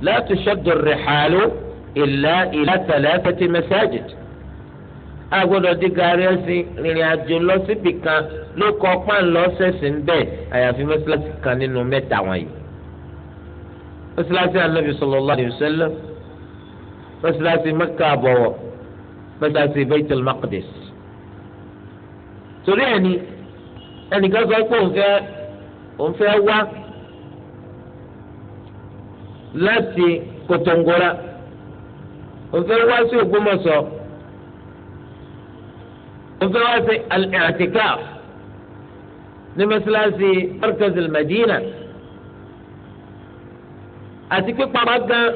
la tushaddu rihalu illa ila thalathati masajid agbọ́dọ̀ di gari ẹsìn rìnrìn àjò lọ síbi kan ló kọ pàǹlọ ṣẹṣin ń bẹ àyàfi mọ́sálásí kan nínú mẹ́ta wọ̀nyí. mọ́sálásí anabi sallallahu alayhi wa sallam mọ́sálásí mẹ́kà àbọ̀wọ̀ mọ́sálásí Baitul Maqdis torí ẹni ẹnìkan sọ pé òun fẹ́ òun fẹ́ wá láti Kòtòngórà òun fẹ́ wá sí Ògbómọ̀ṣọ́ òun fẹ́ wá sí al-i'tikaf ní mẹsàlásì markaz al-Madina àti pípamọ́ gan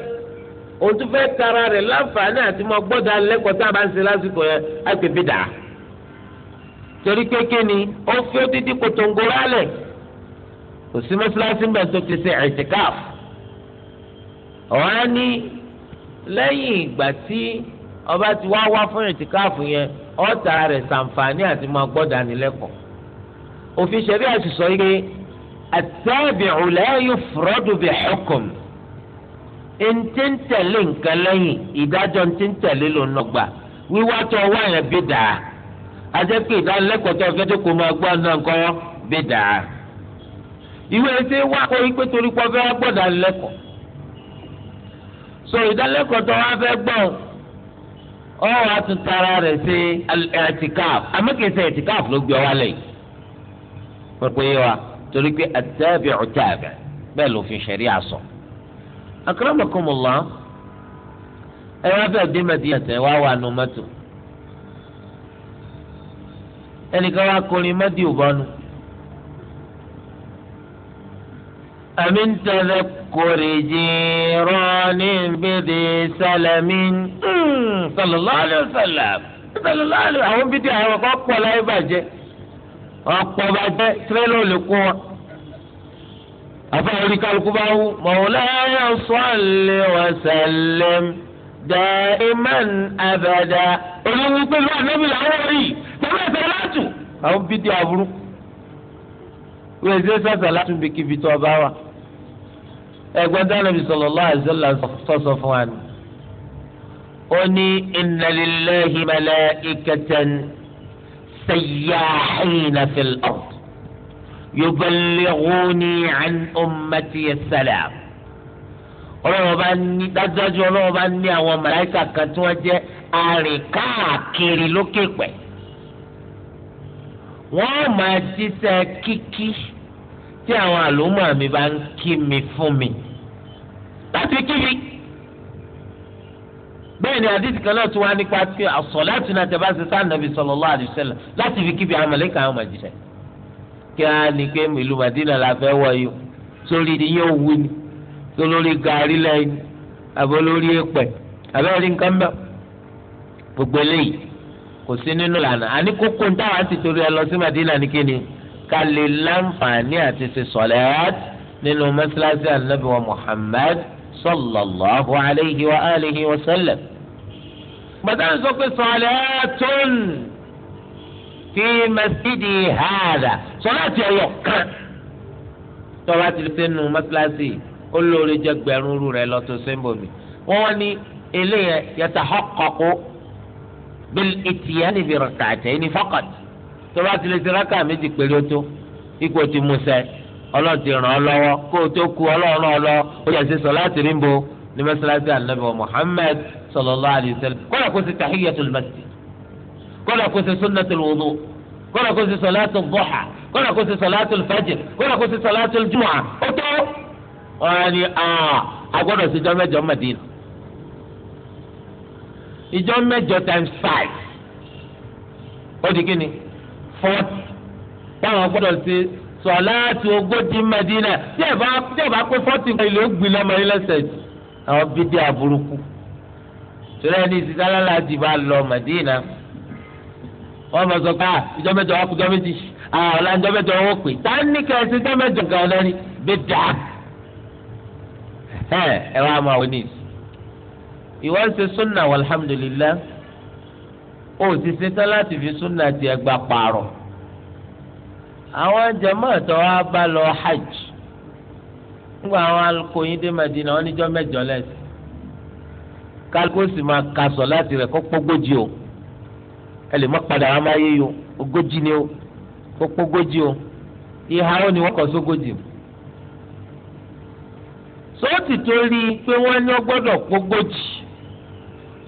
òun tún fẹ́ tara rẹ̀ láǹfààní àti mọ́ gbọ́dọ̀ alẹ́kọ̀ọ́ tá bá ń ṣe lásìkò yẹn á ti dà á torí kékeré ni ó fi odidi kòtòǹgò rálẹ̀ kò sí mọ́sálásí ń bẹ̀ tó ti ṣe ẹ̀tìkáf ọ̀hán ní lẹ́yìn ìgbà tí ọba ti wá wá fún ẹ̀tìkáf yẹn ọ̀tá rẹ̀ sàǹfààní àti máa gbọ́dọ̀ nílẹ̀kọ̀ òfin ṣẹ̀rí àṣìṣọ́ yìí àtẹ́bìrù lẹ́yìn fúrọ́dù bí hukum ntí ń tẹ̀lé nǹkan lẹ́yìn ìdájọ́ ntí ń tẹ̀lé ló ń wíwá tó wáyà bí dàá. ajẹ́ ìdánilẹ́kọ̀ọ́ tó fẹ́ tó kó máa gbọ́ náà kọ́ bí dàá ìwé ẹsẹ̀ wá kó torí pọ́ fẹ́ wá gbọ́ ìdánilẹ́kọ̀ọ́ so ìdánilẹ́kọ̀ọ́ tó wá fẹ́ gbọ́ ọ wá tún tara rẹ̀ sí ló gbé ọ wa torí pé àtẹ́bẹ̀ ọ̀tẹ́bẹ̀ bẹ́ẹ̀ ló fi ṣẹ̀rí àsọ. akramakumullah ẹ wá fẹ́ dé ẹnìkan wá kọrin mọ́dì òbánu. أمن تذكر جيران بذي سلم صلى الله عليه وسلم صلى الله عليه وسلم àwọn bídìí àwọn kan pọ̀ láyé bàjẹ́ ọ̀pọ̀ bàjẹ́ tirẹ́là ò lè kó wọn. àfọwọ́rí kálukú bá wú mọ̀láyà sọ́ọ̀lì wàsálẹ̀m dá imán abàdá. olùwípé lọ́wọ́ níbi làwọn rí tẹ́lẹ̀ àwọn bídìí aburú wọ́n èsì sọ̀tọ̀ láti bí kíbi tó ọba wa ẹ̀gbọ́n dánàbí sallallahu alaihi wasallam sọ̀sọ̀ fún wa ni. ó ní inna lillahi malaikatan sayyahina fil ard yuballighuni an ummati as-salam ọlọ́wọ́ bá ní dájúdájú ọlọ́wọ́ bá ní àwọn màláìkà kan tí wọ́n jẹ́ arìnkáàkiri lókè pẹ̀lú wọ́n máa jíṣẹ́ kíkí tí àwọn àlùmọ́ mi bá ń kí mi fún mi láti kí mi. bẹ́ẹ̀ ni àdìsí kan náà tún wá nípa tí àsọ̀láàtì náà tẹ̀bá ṣe sáà nàbì sallallahu alaihi wasallam láti fi kíbi àwọn mọ̀lẹ́kà àwọn màjíṣẹ́. kí á ní pé ìlú Madina la fẹ́ wọ sórí ni yóò wú ni tó gàrí lẹ́yìn àbọ̀ lórí èpẹ̀ àbẹ́rẹ́ nǹkan mẹ́ gbogbo eléyìí kò sí nínú lànà àní kókó ń táwọn ti torí ẹ lọ sí Madina ní kíni ká lè láǹfààní àti ṣe sọ̀lẹ́t nínú mọ́sálásí ànábì wa Muhammad sallallahu alayhi wa alihi wa sallam. bàtà ń sọ pé sọ̀lẹ́tún fi masidi hàdà sọ̀lẹ́tì ẹ̀yọ̀ kan tọ́ba ti lè sẹ́nu mọ́sálásí olórí jẹ́ gbẹ̀rún rú rẹ̀ lọ́tọ̀ sẹ́ńbọ̀mì wọ́n ní eléyẹ yàtà họ́kọ̀kọ́ bil itiyani bi rak'atayn faqat tó bá ti lè ti rákà méjì péré ó tó ipò ti mú sẹ ọlọ́run ti ràn ọ́ lọ́wọ́ kó o tó ku ọlọ́run náà lọ ó yẹ ṣe sọ̀láàtì rímbo ní mẹ́sàlásì ànábì wa Muhammad sallallahu alayhi wa sallam kọ́lá kó ṣe tahiyyatul masjid kọ́lá kó ṣe sunnatul wudu kọ́lá kó ṣe sọ̀láàtì duha kọ́lá kó ṣe sọ̀láàtì fajr kọ́lá kó ṣe sọ̀láàtì jumu'ah ó tó. wọ́n á ní a gbọ́dọ̀ ṣe Madina ìjọ mẹ́jọ times five ó di kíni forty báwọn gbọ́dọ̀ ṣe sọláàtì ogójì mẹdínà tí ẹ bá tí ẹ bá pé forty nǹkan ìlú ògbìn lọmọ ilé ẹsẹ̀ àwọn bídí àbúrúkú torí ẹni ìsísálálà ti bá lọ mẹdínà wọn bá sọ pé à ah, ìjọ mẹ́jọ wà kújọ méjì àwọn ah, ọ̀la ìjọ mẹ́jọ wọn pè tá ní kẹsì ìjọ mẹ́jọ gan lẹ́ni bí dáa ẹ ẹ wá máa wọ ní ìsú ìwọ ń ṣe súnà walhamdulillah ó ti ṣetán láti fi súnà tiẹ̀ gba pààrọ̀ àwọn jàmáà tó bá lọ hajj nígbà àwọn alukóyin dé Madina wọn níjọ́ mẹ́jọ lẹsẹ kálukó sì máa kasọ láti rẹ kó pọgójì o ẹ lè má padà wọn máa yé yo ogójì ni o kó pọgójì o ìhà ó ní wọn kọ sógójì sọ́ọ́tì tó rí i pé wọ́n ní wọ́n gbọ́dọ̀ pọgójì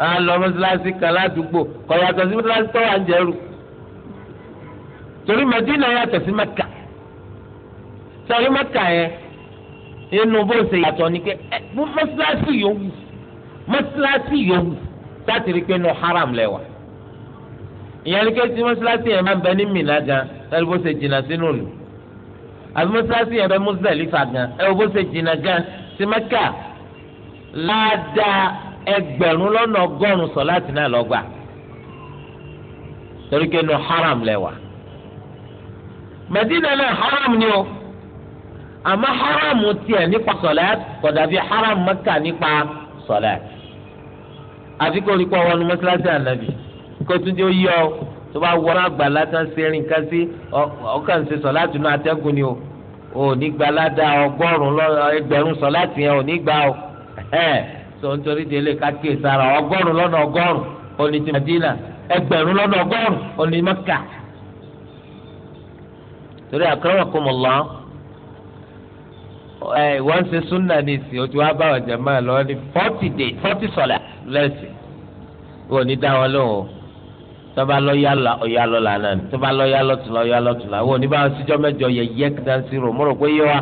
à ń lọ mọ́sálásí kan ládùúgbò kò yàtọ̀ sí mọ́sálásí tó wà ń jẹ́rù torí Mẹ́dínà yàtọ̀ sí Mẹ́kà sọrí Mẹ́kà yẹn inú bó ṣe yàtọ̀ ni pé mọ́sálásí yòówù mọ́sálásí yòówù láti rí i pé inú haram lẹ́wà ìyẹn ni kéésì mọ́sálásí yẹn máa ń bẹ ní Mínà gan ẹ bó ṣe jìnnà sínú lù àti mọ́sálásí yẹn bẹ Muzdalifa ẹgbẹ̀rún lọ́nà ọgọ́rùn-ún sọ̀láàtì náà lọ́gbà torí pé nu haram lẹ́wà Madina náà haram ni o àmọ́ haram tiẹ̀ nípa sọ̀láàtì kò haram Mẹ́kà nípa sọ̀láàtì àfi kò rí pọ̀ wọnú mọ́sálásí ànábì kó tún jẹ́ yọ ọ tó bá wọ́n àgbà látàn sẹ́rìn ká sí ọkàn ṣe sọ̀láàtì náà atẹ́gùn ni o ò ní gbalada ọgọ́rùn-ún ẹgbẹ̀rún sọ̀láàtì yẹn ò ní gbà o sọ nítorí délé kákìí Sara ọgọ́rùn lọ́nà ọgọ́rùn òní ti Madina ẹgbẹ̀rún lọ́nà ọgọ́rùn òní Mẹ́kà torí akramakumullah ẹ wọ́n ṣe súnà ní o ojú wa báwọn jẹ̀mọ́ ẹ̀ lọ́wọ́ ní forty day forty sọ̀lá lẹ́sìn wọ́n ní dá wọn lóhùn tọ́ba lọ yálọ ọ̀yálọ́ lànà tọ́ba lọ yálọ́ tùlọ̀ ọ̀yálọ́ tùlọ̀ wọ́n ní báwọn síjọ́ mẹ́jọ yẹ yẹ́kì dáńsì rò mọ́rò pé yé wa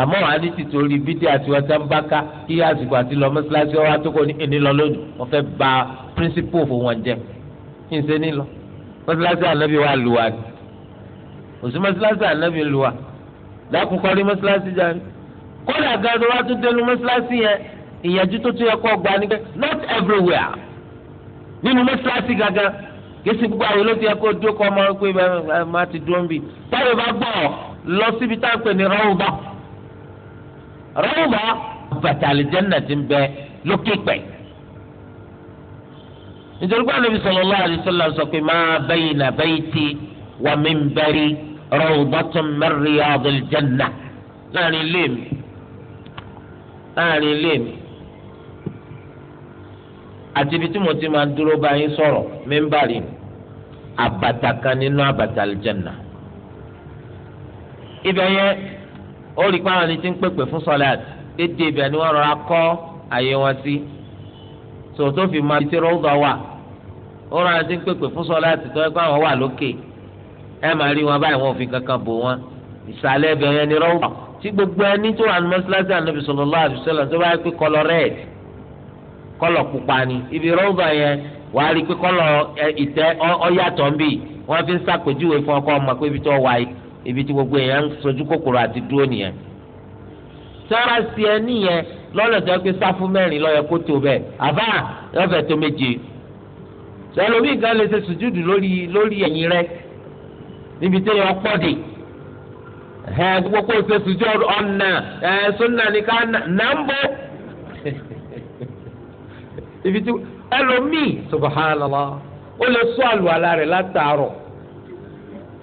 àmọ́ wàá ní tìtorí bídíà àti ọ̀tá ń bá ká kí àsìkò àti lọ mọ́ṣáláṣí ọ̀rọ̀ àtúkọ̀ ní ẹni lọ lónìí wọ́n fẹ́ ba píríncípù fún wọn jẹ kí n ṣe ní lọ mọ́ṣáláṣí ànábì wa lù wá ni òsì mọ́ṣáláṣí ànábì lù wá dákúnkọ́ rí mọ́ṣáláṣí jáde kódà gan ni tún dẹnu mọ́ṣáláṣí yẹn ìyànjú tó tún yẹ kó gba ni not everywhere nínú mọ́ṣáláṣí gangan kìsì gbogbo àwọn olóòtú yẹ kó dúró kọ́ ọmọ pé má ti dúró ń bì táyọ̀ bá gbọ́ lọ síbi táwọn pè ní rọ́ọ̀bà rọ́ọ̀bà bàtà àlìjẹ́nà ti ń bẹ lókè pẹ̀. nítorí pé ànábi sallallahu alaihi wasallam sọ pé ma bayna bayti wa minbari rawdatun min riyadil janna láàrin ilé mi láàrin ilé mi àti ibi tí mo ti máa dúró bá yín sọ̀rọ̀ mímbàrí àbàtà kan nínú àbàtà àlìjẹ́nà ibẹ̀ yẹn ó rí pé àwọn ẹni tí ń pèpè fún sọlẹt dédé ibẹ̀ ni wọ́n rọra kọ́ àyè wọn sí sòtó fi máa fi tẹrọ ọgbà wà ó rọra ti ń pèpè fún sọlẹt tó ẹ àwọn wà lókè ẹ máa rí wọn báyìí wọn ò kankan bò wọn ìsàlẹ̀ ibẹ̀ yẹn ni rọwọ tí gbogbo ẹni tó wà ní mọ́sálásí ànábì sallallahu alaihi wasallam tó bá yẹ pé kọlọ rẹ́ẹ̀dì kọlọ pupa ni ibi rọwọ yẹn wà á rí i pé kọlọ ìtẹ́ ọyàtọ̀ ń bì wọ́n fi ń sàpèjúwe fún ọkọ ọmọ pé ibi tó wà yìí ibi tí gbogbo èèyàn ń sojú kòkòrò àti dúró nìyẹn sọ́ra sí ẹ nìyẹn lọ́nà tó yẹ pé sáfù mẹ́rin ló yẹ kó tó bẹ́ẹ̀ àbá lọ́fẹ̀ẹ́ tó méje sẹ́lómi gan lè ṣe sùjúdù lórí lórí ẹ̀yìn rẹ níbi tí yẹn pọ̀ ẹ gbogbo kó ṣe sùjúdù ọ̀nà ẹ sọ́nà ní ká nà ń bọ̀ ibi tí ẹlòmíì subhanallah ó lè sọ àlùwàlá rẹ̀ látàárọ̀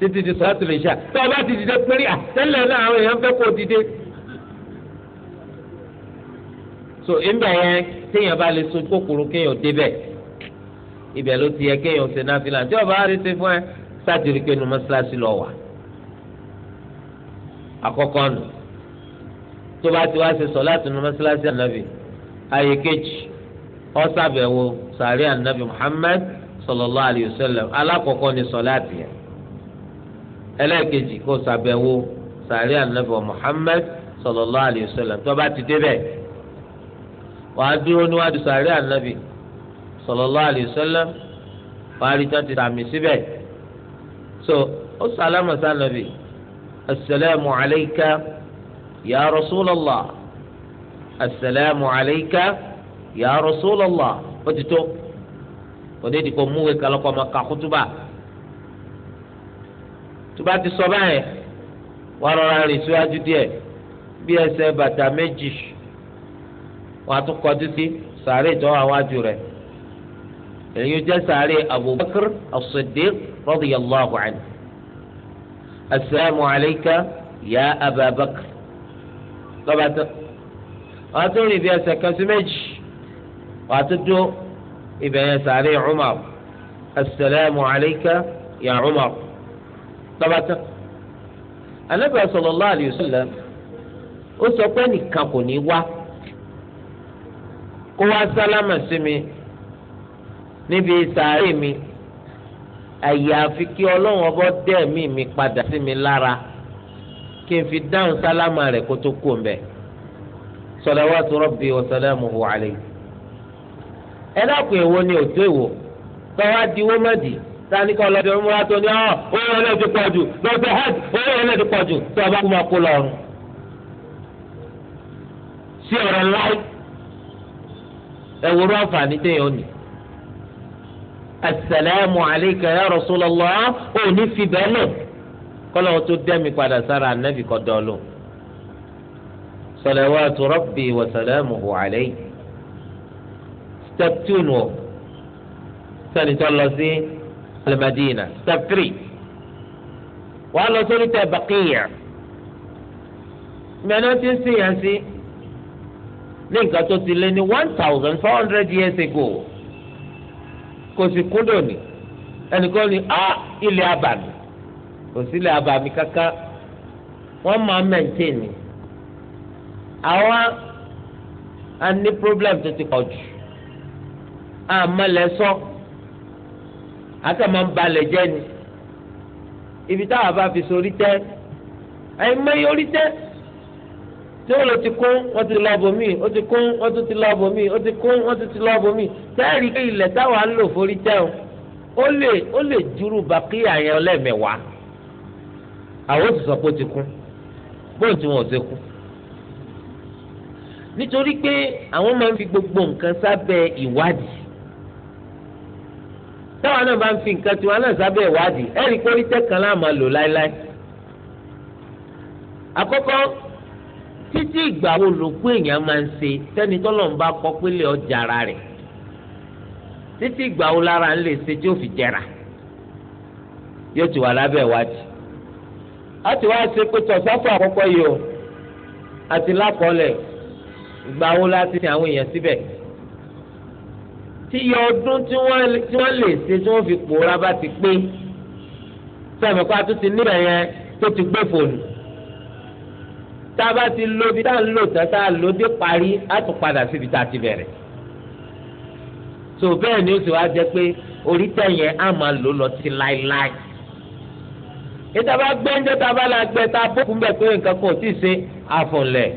títí di sọ́ọ́tù lè ṣá tó o bá ti dìde péré àtẹ́lẹ̀ náà àwọn èèyàn fẹ́ kó dìde. so ìgbà yẹn téèyàn bá lè sojú kòkòrò kéèyàn débẹ̀ ibẹ̀ ló ti yẹ kéèyàn ṣe náà fìlà tí ọba àrètí fún ẹ sátìrì pé nu mọ́ṣáláṣí lọ wà. àkọ́kọ́ nù tó bá ti wá ṣe sọ láti nu mọ́ṣáláṣí ànábì ayé kejì ó ṣàbẹ̀wò sàrí ànábì Muhammad sallallahu alayhi sallam alákọ̀ọ́kọ́ ni sọ láti yẹn ẹlẹ́ẹ̀kejì kó ṣàbẹ̀wò sàárẹ̀ ànábọ̀ Muhammad sallallahu alayhi wa sallam tó bá ti débẹ̀ wàá dúró níwájú sàárẹ̀ ànábì sallallahu alayhi wa sallam wàá ti sàmì síbẹ̀ so ó sàlámà sànàbì asalaamu alayka ya rasulallah asalaamu alayka ya rasulallah ó ti tó òde ìdìbò múwe kálọ́kọ́ ọmọ kakutuba tó bá ti sọ báyẹn wà á rọra rìn síwájú díẹ̀ bí ẹsẹ̀ bàtà méjì wà á tún kọjú sí sàárè tó wà wájú rẹ̀ èyí jẹ́ sàárè Abubakar as-Siddiq radiyallahu anhu asalaamu alayka ya Ababakar lọ́ba wà á rìn bí ẹsẹ̀ kan méjì wà á tún dún sàárè Umar asalaamu alayka ya Umar lọ́ba tán anabi sallallahu alayhi wa sallam ó sọ pé nìkan kò ní wá kó wá sálámà sí mi níbi sàárè mi àyàfi kí ọlọ́run ọbọ̀ dẹ́ẹ̀mí mi padà sí mi lára kí n fi dáhùn sálámà rẹ̀ kó tó kú mbẹ́ salawatu rabbi wa salamuhu alayhi ẹ dákun èwo ni òtó èwo tọ́wá diwó má dì í sani kọ́ lọ́dọ̀ múra tó ní ọ́ ah, owó yẹn náà ti pọ̀ jù lọ́dọ̀ hajj owó yẹn náà ti pọ̀ jù tó o bá kú máa kó lọ́rùn. sí ọ̀rọ̀ láì ẹ̀wòrán àǹfààní téèyàn ní. asalaamu aleyka ya rasulallah ó ní fi bẹ́ẹ̀ lò kọ́lọ́ wọn tó dẹ́mi padà sára anabi kọ́ dọ́ọ̀lù. salawatu rabbi wa salaamuhu alayhi. step two nù sani tó lọ sí alimadina step three wàá lọ sórí tẹ bàkìyà mẹ́rin ti ń sìn yàn sí ní nǹkan tó ti lé ní one thousand four hundred years ago kò sì kúndò ní ẹnìkan ní a ah, ilé abàmì kò sí ilé abàmì kankan wọ́n máa maintain ni àwa a ní problem tó ti pọ̀ jù àmọ́ lẹ́sọ̀ọ́ àti àmọ́ ń balẹ̀ jẹ́ ni ibi táwa bá fi sórí tẹ́ ẹ̀yin mẹ́yìn orí tẹ́ tí wọ́n lọ ti kún wọ́n ti lọ bomi ó ti kún wọ́n tún ti lọ bomi ó ti kún wọ́n tún ti lọ bomi tẹ́ẹ̀rí pé ilẹ̀ táwa ń lò forí tẹ́ o ó lè ó lè júrù bàkíyà yẹn lẹ́ẹ̀mẹ̀wàá àwọn ti sọ pé ó ti kún bóun tí wọn ò ṣe kú nítorí pé àwọn máa ń fi gbogbo nǹkan sábẹ́ ìwádìí táwọn náà bá ń fi nǹkan tiwọn náà sábẹ́ ìwádìí ẹ̀rí kórí tẹ́kàn náà lò láéláé. àkọ́kọ́ títí ìgbà wo èèyàn máa ń ṣe tẹ́ni tọ́lọ̀ ń ọjà ara rẹ̀ títí ìgbà wo lára ń lè ṣe tí ó fi jẹrà yóò ti wà lábẹ́ ìwádìí. a ti wá ṣe pé àkọ́kọ́ tí yọ ọdún tí wọ́n lè ṣe tí wọ́n fi pòórá bá ti pé sọ̀rọ̀ mẹ́kọ́ àtúntì níbẹ̀ yẹn tó ti gbé fòònù tá a bá ti lo ibi tá a lò tá a lò dé parí á tún padà síbi tá a ti bẹ̀rẹ̀ tó bẹ́ẹ̀ ni ó sì wá jẹ́ pé orí tẹ̀yẹ á máa lò lọ sí láéláé ìta bá gbẹ́ ńjẹ́ tá a bá la gbẹ́ tá a bókun bẹ́ẹ̀ pé nǹkan kan ò tí ì ṣe àfọ̀nlẹ̀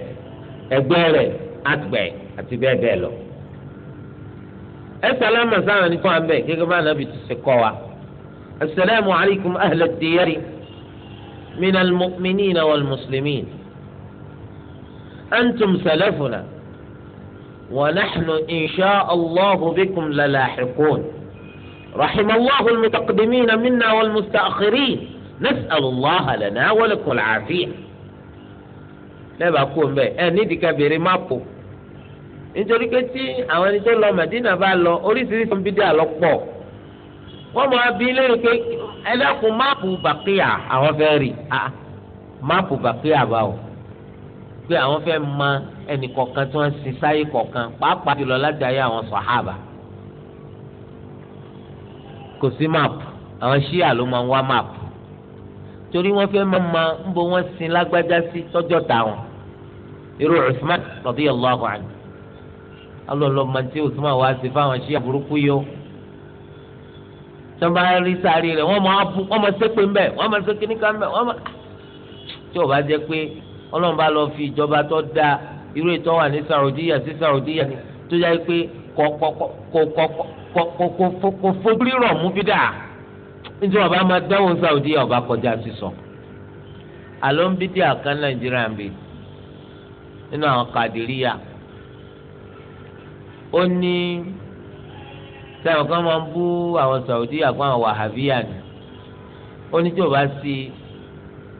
ẹgbẹ́ rẹ̀ àgbẹ̀ àti bẹ́ẹ̀ bẹ́ẹ̀ lọ. ẹ sàlámà sáwọn ẹni tó wà ń bẹ gẹ́gẹ́ bá nàbì ti ṣe kọ́ wa asalaamu alaykum ahla diyari min almu'minina wal muslimin antum salafuna wa naxnu insha allahu bikum lalaaxiqun رحم الله المتقدمين منا والمستأخرين نسأل الله لنا ولكم العافية لا بقول بيه أنا ديك بيري مابو nítorí pé tí àwọn ẹni tó lọ Mẹdínà bá lọ oríṣiríṣi ń bí dé àlọ́pọ̀ wọ́n mọ abí lẹ́yìn pé ẹ dákun máàpù bàkíyà àwọn fẹ́ rí máàpù bàkíyà báwo pé àwọn fẹ́ mọ ẹnì kọ̀ọ̀kan tí wọ́n sin sáyé kọ̀ọ̀kan pàápàá jùlọ láti ayé àwọn sàhábà kò sí máàpù àwọn ṣíà ló máa ń wá máàpù torí wọ́n fẹ́ máa ma ń bo wọ́n sin lágbájá sí tọ́jọ́ tàwọn irú Usman radiyallahu anhu alọlọmọdé Usman wá sí fáwọn ṣíà burúkú yìí o sọba rí sáré rẹ wọn máa bú wọn máa ṣépè ńbẹ wọn máa ṣe kíníkà ńbẹ wọn máa tí o bá jẹ pé Ọlọ́run bá lọ fi ìjọba tó dáa irú ètò wà ní Saudiya sí Saudiya ni tó yá pé kò fojú rọ̀ mú bí máa dánwò Saudiya ọba kọjá sísọ àlọ́ ń bí díà Nàìjíríà ń bì nínú àwọn kàdíríyà ó ní sẹ́wọ̀n kan máa ń bú àwọn Saudi àpò àwọn wàhábíyà ni ó ní tí ò bá sí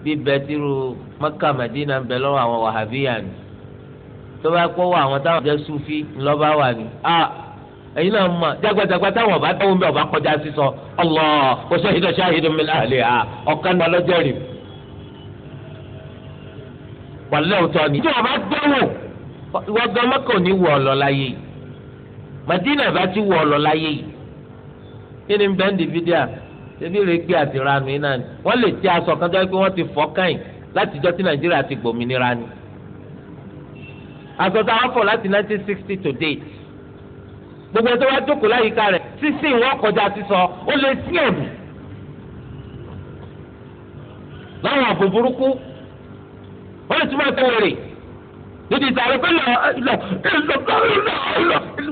bíbẹ tírú Mẹ́kà Mẹ́dínà ń bẹ lọ́wọ́ àwọn wàhábíyà ni tó bá kó wọ àwọn táwọn jẹ́ sufi ńlọ́ba wà ní. ẹ̀yin náà mọ̀ jágbàjágbà táwọn ọba táwọn ọba kọjá sísọ ọlọ́ kò sọ́hìdọ̀ sọ́hìdọ̀ mi láàlẹ́ à ọ̀kan ní ọlọ́jọ́ rẹ̀. wàlẹ́ òtọ́ ni. tí gbẹ́wò ìwọ́gbọ́n Mẹ́kà ní wọ ọ̀lọ́ láyé yìí. Madina bá ti wọ̀ lọ láyé yìí kí ni bẹ́ẹ̀ ní fídíà ṣebí rẹgbẹ àti ranu iná ni wọ́n lè ti aṣọ kan jẹ́ pé wọ́n ti fọ́ káyìn láti jọ́ tí Nàìjíríà ti gbòmìnira ni aṣọ tá a fọ̀ láti 1960 to date gbogbo ẹjọ́ wa jókòó láyìíká rẹ̀ sísìn wọ́n kọjá sísọ ó lè sí ẹ̀bù láwọn àbò burúkú wọ́n lè túmọ̀ ẹ̀kọ́ rẹ̀ nídìí ìtàrí pé lọ́ọ́ lọ́ọ́ lọ́ọ́ lọ́ọ́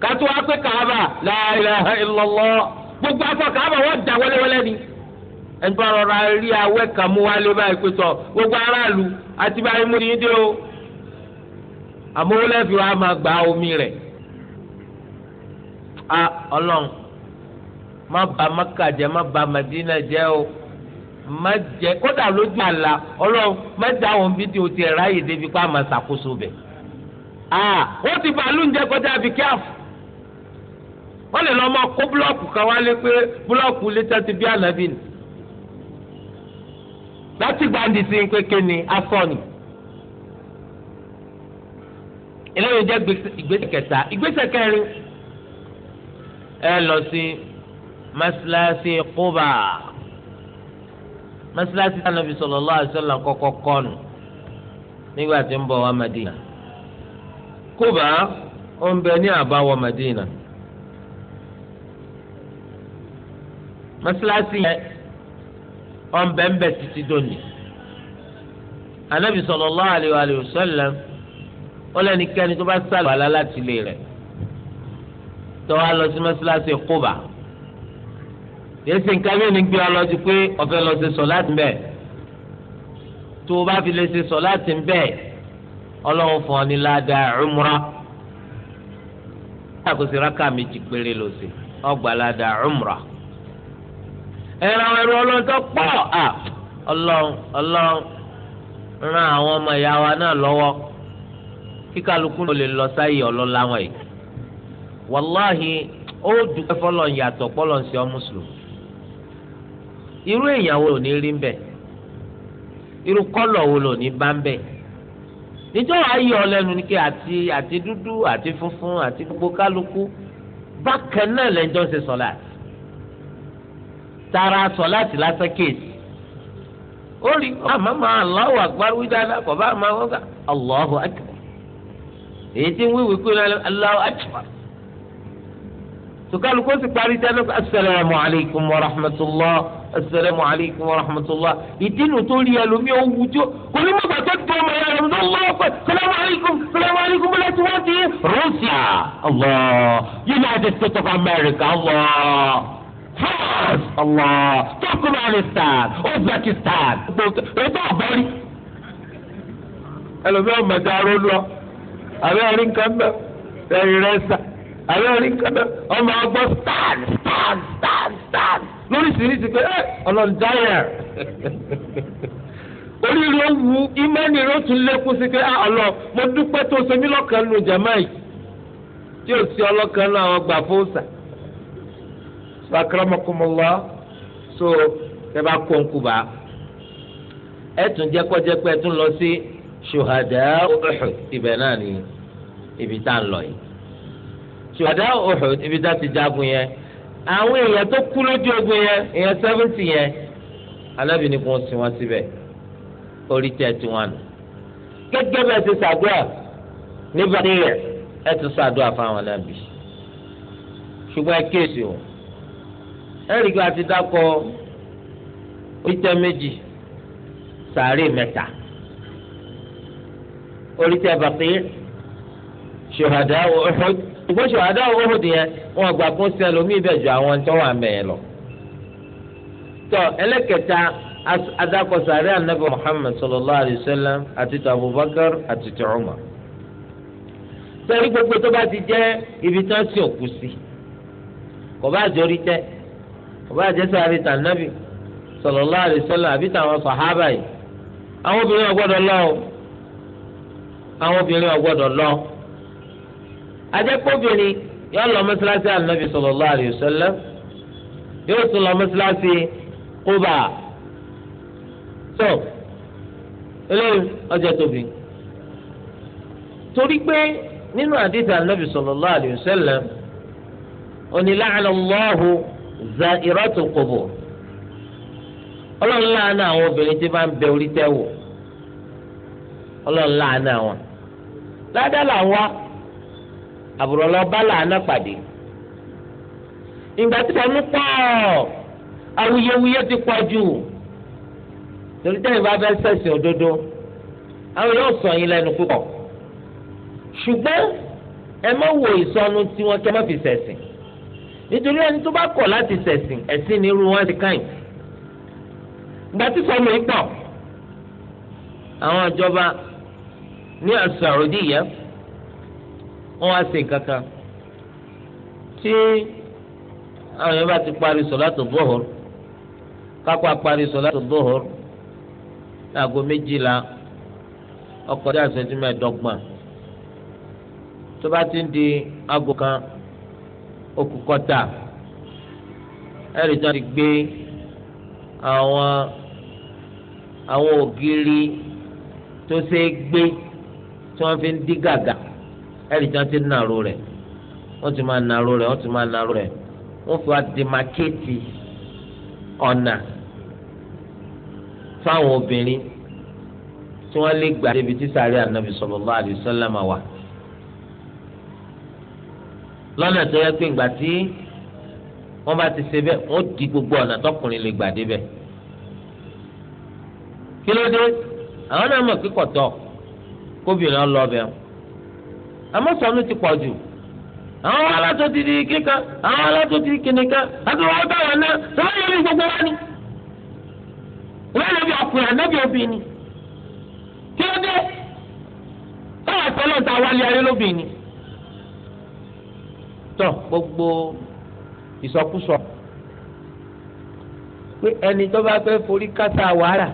kátó wá pé káàbà la ilaha illallah gbogbo afọ káàbà wọ́n dà wọléwọlé ni ẹnití wọ́n rọra rí awẹ́ kan mú wálé báyìí pé sọ gbogbo aráàlú àti báyìí mú ní dé o àmúwọlẹ́fì wa máa gba omi rẹ̀ a ọlọ́run má bà Mẹ́kà jẹ́ má bà Mẹ́dínà jẹ́ o má jẹ́ kódà lójú àlá ọlọ́run má jẹ́ àwọn fídíò tiẹ̀ ráyè débi pa àmà ṣàkóso bẹ̀ a wọ́n ti bàálù ń jẹ́ kọjá àbíkẹ́ àfọ̀. wọ́n lè lọ mọ kó búlọ́ọ̀kù kan wálé pé búlọ́ọ̀kù létí ti bí ànábì ni láti gbàǹdì sí kéke ni asọ́ni eléyìí jẹ́ ìgbésẹ̀ kẹta ìgbésẹ̀ kẹrin ẹ lọ sí masilasi Quba masilasi anabi sallallahu alaihi nígbà tí ń Madina ó ń bẹ ní Madina. mọ́sálásí yẹn ọ̀nbẹ̀nbẹ̀ títí dòní. anabi sallallahu alaihi wa sallam ó lẹ́nikẹ́ni tó bá sálọ àlá láti ilé rẹ̀ tó wá lọ sí mọ́sálásí Kúbà yéésì nǹkan yóò ní gbé ọ lọ sí pé ọ̀fẹ́ lọ sí sọ láti bẹ̀ tó o bá fi lè ṣe sọ láti bẹ̀ ọlọ́run fún ọ ní ládàá umra àkóso rákà méjì péré lọ sí ọgbà ládàá umra ẹran ẹrú ọlọ́run tó pọ̀ à ọlọ́run ọlọ́run ran àwọn ọmọ ìyá wa náà lọ́wọ́ kí kálukú lè lọ sáyé ọlọ́lá wọn yìí wàláhì ó dùkẹ́ fọlọ́ yàtọ̀ pọ́lọ́ ń ṣe ọ́ mùsùlùmí irú èèyàn wo ló ní rí bẹ́ẹ̀ irú kọ́lọ̀ wo ló ní bá ń bẹ́ẹ̀ nítorí ayé ọlẹ́nu ni kí àti àti dúdú àti funfun àti gbogbo kálukú bákan náà lẹ́jọ́ ṣe sọ̀láàtì tara sọ láti lásán kéèsì ó rí àmọ́ ah, máa Allahu akbar wí dáadáa kò bá máa wọ́n gà Allahu akbar èyí tí ń wíwì pé Allahu akbar tukaluko ti parí dáná pé asalaamu alaykum wa rahmatulah asalaamu alaykum wa rahmatulah ìdínú tó rí ẹlòmíì ó wùjọ kò ní mọ̀gbà tó tó ọmọ yàrá mi lọ́wọ́ salaamu alaykum salaamu alaykum bọ́lá tí wọ́n ti Allah United States of America Allah fars allah turkmenistan uzbekistan ètò ọ̀bọ̀rí. ẹlòmíràn mẹ́ta ló lọ àbẹ́ ẹ̀rí nǹkan bẹ́ẹ̀ ẹ̀rí rẹ̀ sà àbẹ́ ẹ̀rí nǹkan bẹ́ẹ̀ ọmọ ọgbọ́n stan stan stan stan lóríṣiríṣi pé ẹ eh, ọlọ́run dáyà oríire wu ìmánì rẹ̀ ó tún lékún sí pé ọlọ́ ah, mo dúpẹ́ tó ṣe mí lọ́kàn nù jàmáì tí ò sí ọlọ́kan náà àwọn gbà fóòsà akramakumullah so ẹ bá kó nkuba ẹ tún jẹ kọjá pé ẹ tún lọ sí ṣuhada Uhud ibẹ̀ náà ni ibi tá à ń lọ yìí ṣuhada Uhud ibi tá ti jagun yẹn àwọn èèyàn tó kú lójú ogun yẹn èèyàn sẹ́fìntì yẹn alábì ní kò sí wọn síbẹ̀ orí tẹ̀ wọn nù gẹ́gẹ́ bẹ́ẹ̀ ti ṣàdúrà nígbà tí ẹ tún ṣàdúrà fáwọn alábì ṣùgbọ́n ẹ kéèsì o ẹ̀rí gba ti dákọ oríṣẹ́ méjì sàárè mẹ́ta oríṣẹ́ bàkír ṣòhàdá Uhud ìgbó ṣòhàdá Uhud yẹn wọn gbà fún sẹlómi ìbẹ̀jọ àwọn tí wọn mẹ́ẹ̀ lọ. tọ ẹlẹ́kẹta adákọ sàárè anabi Muhammad sallallahu alayhi wa sallam àti tó Abubakar àti tó Umar. sẹ́rí gbogbo tó bá ti jẹ́ ibi tí wọ́n sin òkú sí kò bá jọ tẹ́ ọba àjẹsà àbíta nàbì sallallahu alaihi wasallam àbíta àwọn sàhábà yìí àwọn obìnrin ọgbọ́dọ̀ lọ o àwọn obìnrin ọgbọ́dọ̀ lọ ajẹpọbìnrin yóò lọ mọ́sálásí ànábì sallallahu alaihi wasallam yóò tún lọ mọ́sálásí Kúbà tó eléyìí ọjọ́ tóbi torí pé nínú àdìtà ànábì sallallahu alaihi wasallam lọ́hùn zairatul qubur ọlọ́run láàánú àwọn obìnrin tí bá ń bẹ orí tẹ́ wò ọlọ́run láàánú àwọn ládàá làwọn àbúrò ọlọ́ba làánà pàdé ìgbà tí wọn ń pọ̀ awuyewuye ti pọ̀ jù torí tẹ́lẹ̀ bá fẹ́ ṣẹ̀sìn òdodo àwọn yóò sọ yín lẹ́nu púpọ̀ ṣùgbọ́n ẹ má wo ìsọnu tí wọ́n kẹ́ má fi ṣẹ̀sìn nítorí ẹni tó bá kọ̀ láti ṣẹ̀sìn ẹ̀sìn ní irú wọn ti káyìn ìgbà tí sọmọ yìí pọ̀ àwọn ìjọba ní Saudi yẹn wọ́n wá ṣe nǹkan kan tí àwọn yẹn bá ti parí sọ̀látù Zuhur kápá parí sọ̀látù Zuhur láago méjìlá ọkọ̀ dé àṣẹjú mẹ́ẹ̀ẹ́dọ́gbọ̀n tó bá ti ń di aago kan. okùkọ́tà ẹ̀rí ti gbé àwọn àwọn ògiri tó ṣeé gbé tí wọ́n fi ń dí gàgà na ti nàró rẹ̀ wọ́n ti máa nàró rẹ̀ wọ́n ti máa nàró rẹ̀ wọ́n fi wá dèmàkéètì ọ̀nà fáwọn obìnrin tí wọ́n lè gbà débi tí ànábì lọ́nà tó yẹ pé ìgbà tí wọ́n bá ti ṣe bẹ́ẹ̀ wọ́n di gbogbo ọ̀nà tọkùnrin lè gbà débẹ̀ kí ló dé àwọn náà mọ̀ kíkọ̀ tọ̀ kóbìnrin ọlọ́ bẹ́ẹ̀ àmọ́ sọnù ti pọ̀ jù àwọn alátó ti di kíkan àwọn alátó ti di kìnìkan àti wọn bá wọn náà sọ́wọ́n yẹn ní gbogbo wa ni wọ́n lè bí ọkùnrin ànábì obìnrin kí ló dé báwa sọ́lọ́ ta wálé ayé lóbìnrin tọ gbogbo ìsọkúsọ pé ẹni tó bá fẹ́ forí kásá wàhálà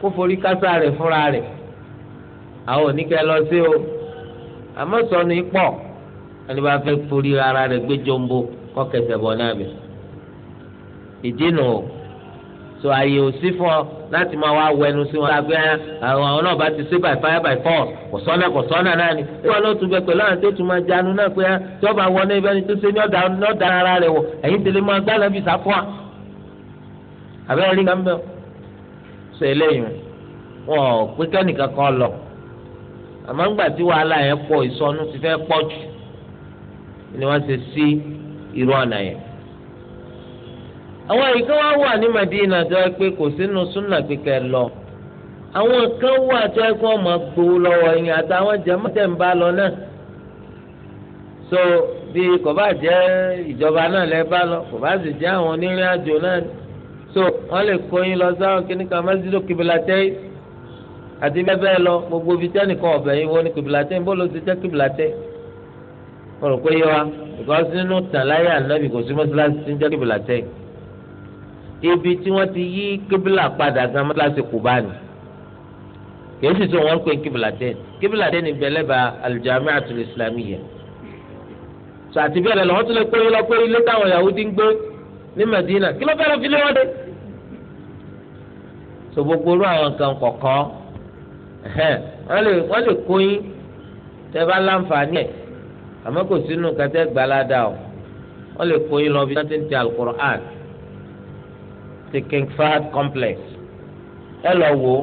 kó forí kásá rẹ̀ fúnra rẹ̀ àwọn oníkẹ́ lọ sí o àmọ́ sọnù ipọ̀ ẹni bá fẹ́ forí ara rẹ̀ gbé jombo kọ́ kẹsẹ̀ bọ̀ náà mi ìdí nù o so àyè ò sí fún ọ láti máa wá wẹnu sí wọn lágbé àwọn àwọn náà bá ti ṣe by fire by force kò sọ́nà kò sọ́nà náà ni wọn ló tún bẹ pẹ̀lú àwọn tó tún máa jánu náà pé ah, tí wọ́n bá wọlé ibẹ́ni tó ṣe ní ọ̀dà ara rẹ̀ wọ̀ ẹ̀yìn tẹ̀lé máa gbá lẹ́bi sáfọ́ à àbẹ́rẹ́ rí nǹkan bẹ́ẹ̀ sọ eléyìí wọn ò pé kẹ́nìkan kan lọ àmọ́ ńgbà tí wàhálà yẹn pọ̀ ìsọnù ti fẹ́ pọ̀ jù ni wọ́n ṣe sí irú ọ̀nà yẹn àwọn yìí kan wá wà ní Madina tó yẹ pé kò sínú súnà pípẹ lọ àwọn kan wà tó yẹ kó ọmọ gbowó lọ́wọ́ yẹn àtàwọn jẹmọ́ tẹ ń bá lọ náà so bí kò bá jẹ ìjọba náà lẹ bá lọ kò bá sì jẹ àwọn onírìn àjò náà so wọn lè kó yín lọ sáwọn kíní kan mẹsídò kìbìlàtẹ àti bẹ́ẹ̀ bẹ́ẹ̀ lọ gbogbo ibi tẹ́ nìkan ọ̀bẹ yín wọ́n ní kìbìlàtẹ bó ló ti jẹ́ kìbìlàtẹ wọn rò pé yẹ wa because tàn láyé ànábì kò sí mọ́sálásí ibi tí wọ́n ti yí kébìlà padà gan mọ́tíláṣí kùbá ni kìí sì tó wọn pé kébìlà dẹ́n kébìlà dẹ́n ní bẹ̀lẹ́bà al-Jami'atul Islamiyya sọ àti bẹ́ẹ̀ lọ́wọ́ tó lè pé lọ́ pé ilé táwọn Yahudi ń gbé ní Madina kí ló fẹ́ lọ fi lé wọn dé sọ gbogbo orú àwọn nǹkan kọ̀ọ̀kan wọ́n lè wọ́n lè kóyún tẹ́ bá láǹfààní ẹ̀ àmọ́ kò sínú kẹtẹ́ gbalada o wọ́n lè kóyún lọ bí wọ́n ti ń tẹ ti King Fahad complex ẹ lọ wò ó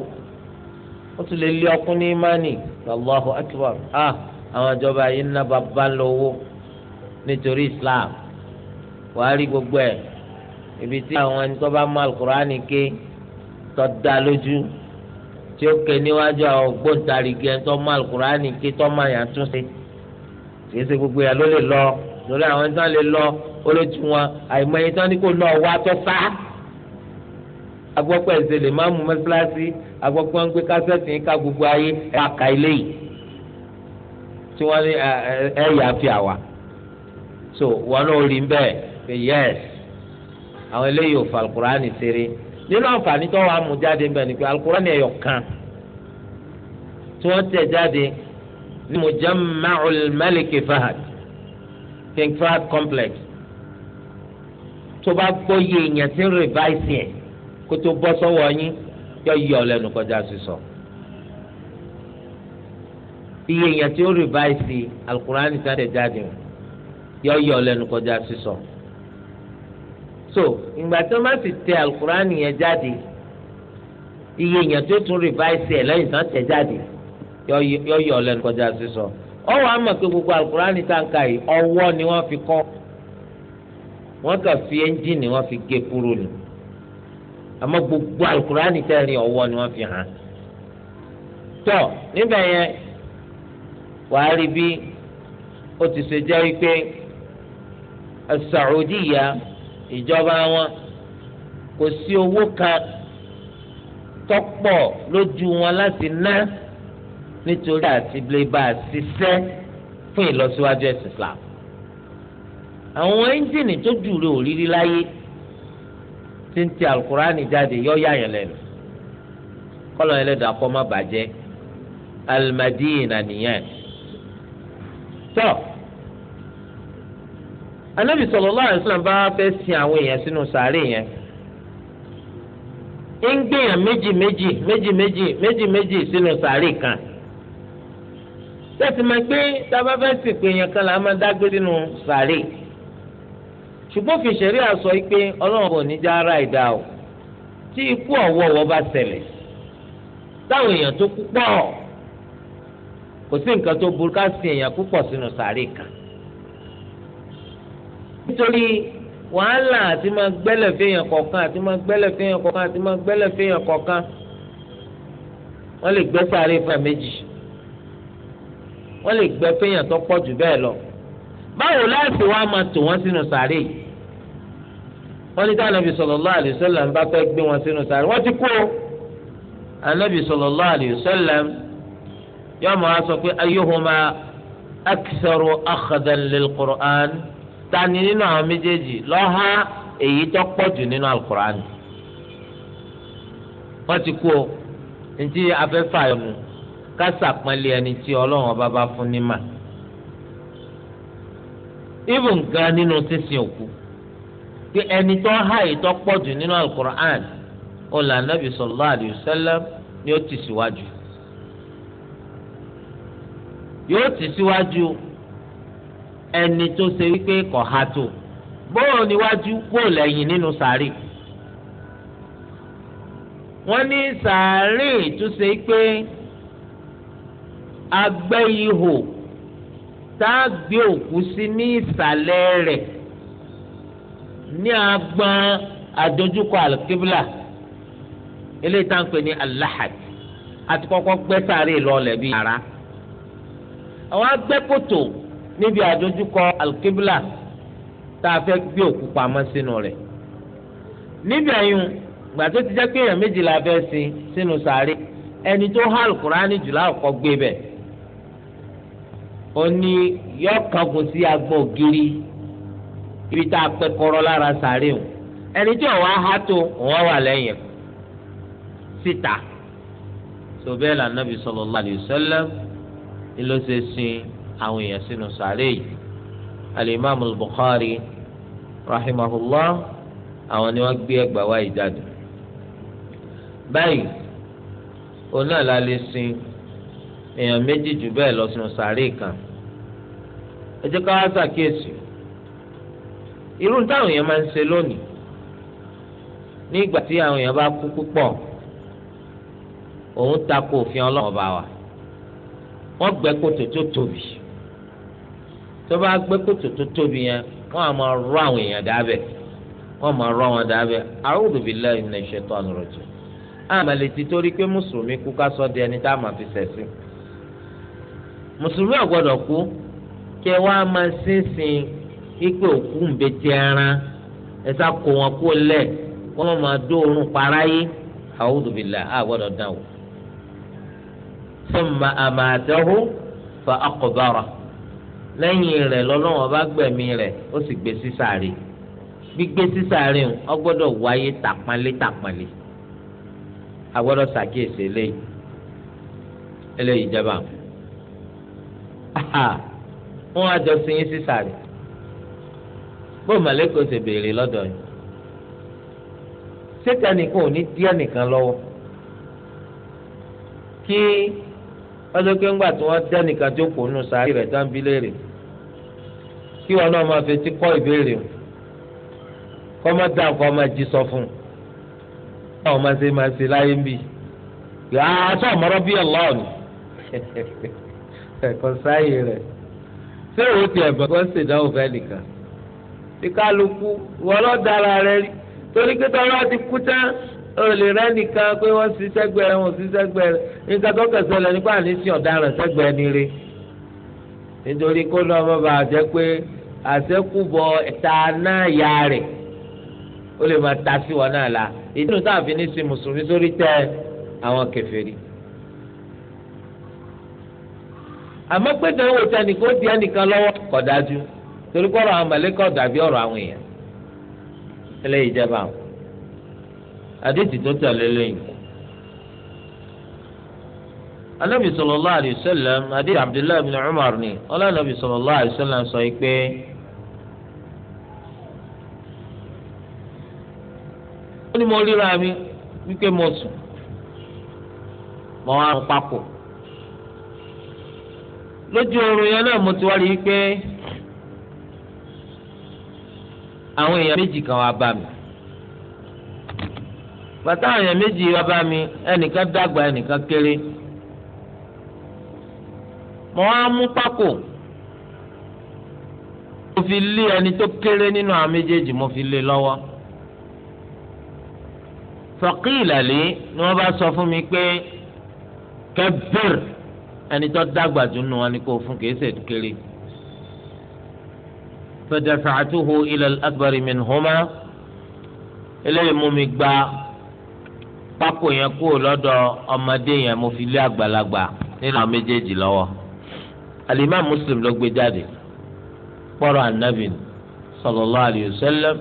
ó tún lè lé ọkùn ní imani Allahu akbar ah àwọn ìjọba yìí ń ná bàbá lówó nítorí Islam wàá rí gbogbo ẹ ibi tí àwọn ẹni tó bá mọ alukurani ké tó dá lójú tí ó ké níwájú àwọn ògbóǹtarìgì ẹni tó mọ alukurani ké tó mọ àyàn tún ṣe kì í ṣe gbogbo ẹ ló lè lọ lórí àwọn ẹni tó lè lọ ó lè tún wọn àìmọye tó ní kó lọ wá tó fá agbọ́pọ̀ ẹ̀sẹ̀ lè máa mú mẹ́sàlásì agbọ́pọ̀ ń gbé kásẹ̀tì yín ká gbogbo ayé ẹ̀ wá ilé yìí tí wọ́n ní ẹ̀ yà fi àwà so wọn náà rí bẹ́ẹ̀ pé yẹ́s àwọn eléyìí ò fa alukurani ṣeré nínú àǹfààní tó wàá mú jáde bẹ́ẹ̀ ni pé alukurani ẹ̀yọ̀ kan tí wọ́n tẹ̀ jáde ní mujammaul malik fahad king fahad complex tó bá gbọ́ yé èèyàn tí ń rìváìsì ẹ̀ kótó bọ́ sọ́wọ́ yín yọ yọ lẹ́nu kọjá sísọ. iye èèyàn tí ó rìváìsì alukurani sáà tẹ̀ jáde o yọ yọ lẹ́nu kọjá sísọ. so ìgbà tí wọ́n bá sì tẹ alukurani yẹn jáde iye èèyàn tó tún rìváìsì ẹ̀ lẹ́yìn sáà tẹ̀ jáde yọ yọ lẹ́nu kọjá sísọ. ọwọ́ àmọ̀ pé gbogbo alukurani tá n ka yìí ọwọ́ ni wọ́n fi kọ́ wọ́n kà fi ẹ́ńjìnì wọ́n fi gé kúrò ni àmọ́ gbogbo alukurani tẹ́lẹ̀ ọwọ́ ni wọ́n fi hàn tọ́ níbẹ̀ yẹn wàá rí bí ó ti ṣe jẹ́ wípé Saudiya ìjọba wọn kò sí owó kan tọ́pọ̀ lójú wọn láti ná nítorí àti lè bá fún ìlọsíwájú ẹ̀sìn Islam àwọn ẹ́ńjìnì tó jù lóòrírí láyé tí ń ti alukurani jáde yọ ya yẹn kọlọ yẹn lẹ́dọ̀ akọ má bàjẹ́ alimadina nìyẹn tọ anabi sallallahu alaihi wasallam bá fẹ́ sin àwọn èèyàn sínú sàárè yẹn ń gbìyàn méjì méjì méjì méjì méjì méjì sínú sàárè kan tẹsí ma gbé tábà fẹ́ sìnkú èèyàn kan là á nínú ṣùgbọ́n fi ṣẹ̀rí àsọ yìí pé ọlọ́run kò ní já ara ìdá o tí ikú ọ̀wọ́wọ́ bá ṣẹlẹ̀ táwọn èèyàn tó kú pọ̀ kò sí nǹkan tó burú ká sin èèyàn púpọ̀ sínú sàárè kan nítorí wàhálà àti máa gbẹ́lẹ̀ fẹ́yàn kọ̀ọ̀kan àti máa gbẹ́lẹ̀ fẹ́yàn kọ̀ọ̀kan àti máa gbẹ́lẹ̀ fẹ́yàn kọ̀ọ̀kan wọ́n lè gbẹ́ sáré fún ẹ̀ méjì wọ́n lè gbẹ́ fẹ́yàn tó pọ̀ jù bẹ́ẹ̀ lọ báwo láìsí wa máa tò wọ́n sínú sàárè yìí wọ́n ní táwọn anabi sallallahu alayhi wasallam bá fẹ́ gbé wọn sínú sáré wọ́n ti kú o anabi sallallahu alayhi wasallam yóò máa sọ pé ayyuhuma aktharu akhdan lil tani nínú àwọn méjèèjì lọ́ha èyí tó pọ̀ nínú alukur'an wọ́n ti kú o ntí afẹ́fà ẹ̀mú kásà pọ́nlé ẹni tí ọba bá fún ní mà. nínú sísìn òkú pé ẹni tó há ìtọ́ pọ̀ jù nínú alukur'an ọ̀là nàbì sallallahu alayhi wa ni ó ti síwájú yóò ti síwájú ẹni tó ṣe wípé kò há tó bóò níwájú bóò lẹ́yìn nínú sàárì wọ́n ní sàárì tó ṣe pé tá a gbé ní agbọn àdójúkọ alikibla eléyìí tá à ń pè ní alahad àti kọ́kọ́ gbẹ́ sáré lọ́ọ̀lẹ̀ bíi ara àwọn agbẹ́kòtò níbi àdójúkọ alikibla tá a fẹ́ gbé òkú pamọ́ sínú rẹ̀ níbi ẹ̀yìn gbà tó ti jẹ́ pé èèyàn méjì fẹ́ sin sínú sáré ẹni tó há alukurani jùlọ àkọ́ gbé bẹ̀ ó ní yọ kángun sí agbọ̀n ògiri ibi tá a pẹ́ kọ́rọ́ lára sàárè o ẹni tí ọ̀wá há tó wọ́n wà lẹ́yìn síta tó bẹ́ẹ̀ là nàbì sallallahu alayhi wa sallam ló ṣe sin àwọn èèyàn sínú sàárè yìí al-imam al-bukhari rahimahullah àwọn ni wọ́n gbé ẹgbà wá ìjáde báyìí òun náà sin èèyàn méjì jù bẹ́ẹ̀ lọ sínú sàárè kan ẹ jẹ́ ká wá ṣàkíyèsí o irú táwọn èèyàn máa ń ṣe lónìí nígbà tí àwọn èèyàn bá kú púpọ̀ òun tako òfin ọlọ́run ọba wa wọ́n gbẹ́ kòtò tó tóbi tó bá gbẹ́ kòtò tó tóbi yẹn wọ́n á máa rọ àwọn èèyàn dábẹ́ wọ́n máa rọ wọn dábẹ́ a'udhu billahi minash shaitani rajim àmàlẹ́tì torí pé mùsùlùmí kú ká di ẹni tá a máa fi ṣẹ̀sìn mùsùlùmí ò kú kí ẹ wá máa sínsìn ikpe òkú nbẹ̀tì ẹran ẹ̀sà kó wọn kó lẹ̀ wọ́n máa dó oorun para yé a'udhu billahi àgbọ̀dọ̀ dàn o. summa amatahu fa aqbara lẹ́yìn rẹ̀ lọ́lọ́wọ́n bá gbẹ̀mí rẹ̀ ó sì gbé sí sàréè gbígbé sí sàréè ń ọgbọ́dọ̀ wáyé tàpánlé tàpánlé àgbọ́dọ̀ ṣàkíyèsí eléyìí eléyìí jẹba wọn àjọ sí yín sí sàréè. bó màlẹ́kọ̀ ṣe béèrè lọ́dọ̀ yìí sétà nìkan ò ní díẹ̀ nìkan lọ́wọ́ kí ọjọ́ pé ńgbà tí wọ́n dẹ́ nìkan jókòó nù sáré rẹ̀ tán bí léèrè kí wọn náà máa fetí kọ́ ìbéèrè o kọ́ máa dá nǹkan máa jí sọ fún un báwo máa ṣe máa ṣe láyé ń bì yàrá sọ ọmọdé bí ọlọ́ọ̀ ni ẹ̀kọ́ sáyé rẹ̀ ṣé òun ti kọ́ fẹ́ nìkan. tí kálukú wọ́n lọ dára rẹ rí torí pé tọ́lá ti kú tán ó lè rẹ́ nìkan pé wọ́n sì sẹ́gbẹ́ rẹ wọ́n sì sẹ́gbẹ́ rẹ nǹkan tó kẹsẹ̀ lọ nípa àníṣe ọ̀daràn sẹ́gbẹ́ ni nítorí kó lọ́ ọmọ bàá jẹ́ pé àṣekúbọ̀ ẹ̀ta náà ya rẹ̀ ó lè máa ta sí wọn náà la ìdí nu táà fi ní sin mùsùlùmí sórí tẹ àwọn kèfèrí. àmọ́ pé tẹ̀wọ́ tẹ̀ nìkan ó di ẹnìkan lọ́wọ́ kọ̀ torí pé ọ̀rọ̀ àwọn mọ̀lẹ́kọ̀ dàbí ọ̀rọ̀ àwọn èèyàn eléyìí jẹba àwọn àdéhìí tó tẹ̀lé lẹ́yìn. anabi sallallahu alayhi wa abdullahi bin umar ni ọlọ́run sọ yìí pé. ó ní mo ríra mi wípé mo sùn mo wá papò lójú oorun yẹn náà mo ti wá rí i pé. àwọn èèyàn méjì kan wá bá mi bàtà àwọn èèyàn méjì wá bá mi ẹnìkan dàgbà ẹnìkan kéré mo wá mú pákó mo fi lé ẹni tó kéré nínú àwọn méjèèjì mo fi lé lọ́wọ́ fọ̀kí ìlàlẹ́ ni wọ́n bá sọ fún mi pé kẹbíìr ẹni tó dàgbà jù nù wọn ni kò fún kìí ṣe فدفعته إلى الأكبر منهما إليه ممقبا pákó yẹn kúrò lọ́dọ̀ ọmọdé yẹn mo fi lé àgbàlagbà nínú àwọn méjèèjì lọ́wọ́ alimá muslim ló gbé jáde kpọ́rọ̀ anabi sallallahu alayhi wa sallam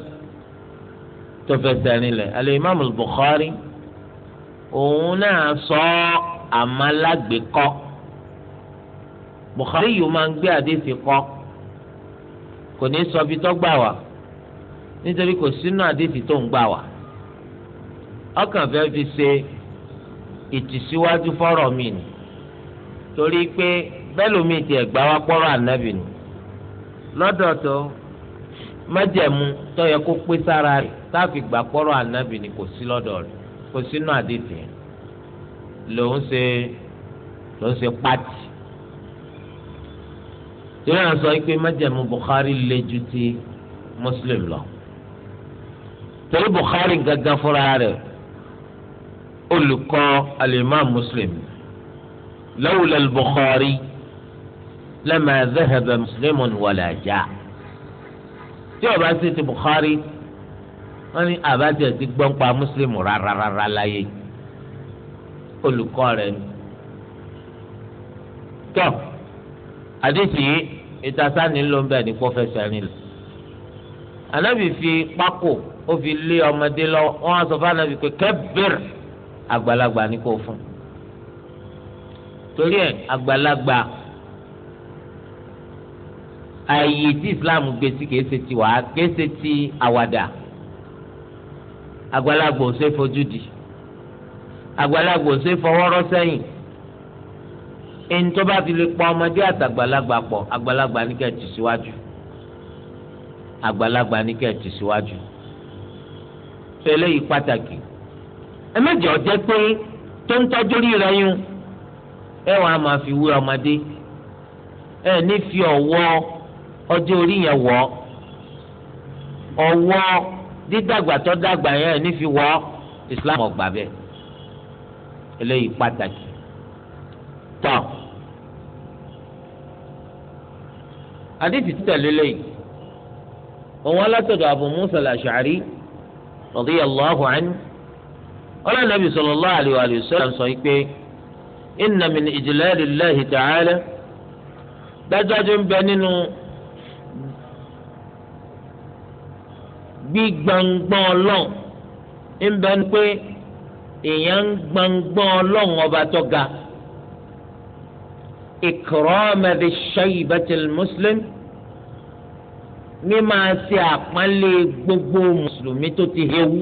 tó fẹsẹ̀ nílẹ̀ alimá bukhari òun náà sọ àmàlágbé kọ́ bukhari yìí máa ń gbé àdéhìí kọ́ kò ní sọ ibi tó gbà wá nítorí kò sínú àdéhìí tó ń gbà wá ọkàn fẹ́ fi ṣe ìtìsíwájú fọ́rọ̀ mi ni torí pé bẹ́lòmíì tiẹ̀ gbà wá pọ́rọ̀ ànábì ni lọ́dọ̀ tó májẹ̀mú tó yẹ kó pé sára rẹ̀ táàfì gbà pọ́rọ̀ ànábì ni kò sí lọ́dọ̀ rẹ̀ kò sínú àdéhìí lòún ṣe lòún ṣe pátì torí àwọn sọ pé májẹ̀mú Bukhari le ju ti Muslim lọ torí Bukhari gangan fúnra rẹ̀ olùkọ́ alimam Muslim lawla al-Bukhari lama zahaba Muslimun wala jaa tí ó bá sì ti Bukhari wọn ní àbájá ti gbọ́n Muslim rárára láyé olùkọ́ rẹ̀ ni tọ́ yìí ìtasa nílò ń bẹ ní kó fẹsẹ̀ rìn lọ. ànábì fi pákó ó fi lé ọmọdé lọ wọn á sọ fún ànábì pé kẹ́bìrì àgbàlagbà ní kó fún. torí ẹ̀ àgbàlagbà ààyè tí islam gbé sí kìí ṣe ti wà á kìí ṣe ti àwàdà àgbàlagbà ò ṣe fojú di àgbàlagbà ò ṣe fọwọ́rọ́ sẹ́yìn ẹni tó bá fi lè pa ọmọdé àtàgbàlagbà pọ̀ àgbàlagbà ní kẹ́ ẹ̀ tì síwájú àgbàlagbà ní kẹ́ ẹ̀ tì síwájú tó eléyìí pàtàkì ẹ méjì ọ̀jẹ́ pé tó ń tọ́jú rí rẹ yún ẹ wọ́n á máa fi wé ọmọdé ẹ ní fi ọ̀wọ́ ọjọ́ orí yẹn wọ̀ ọ̀wọ́ dídàgbà tó dàgbà yẹn ní fi wọ̀ Islam ọ̀gbà bẹ́ẹ̀ eléyìí pàtàkì tọ́ àdìsí títẹ̀lé lẹ́yìn òun alátọ̀dọ̀ Abu Musa al-Ash'ari radiyallahu anhu ọlọ́run nàbì sallallahu alayhi wa sallam sọ pé inna min ijlalillahi ta'ala dájọ́jú ń bẹ nínú gbígbàngbọ́n ọlọ́run ń bẹ ní pé èèyàn ń gbàngbọ́n ọba tó إكرام ذي الشيبة المسلم mímá ṣe àpọ́nlé gbogbo mùsùlùmí tó ti hewu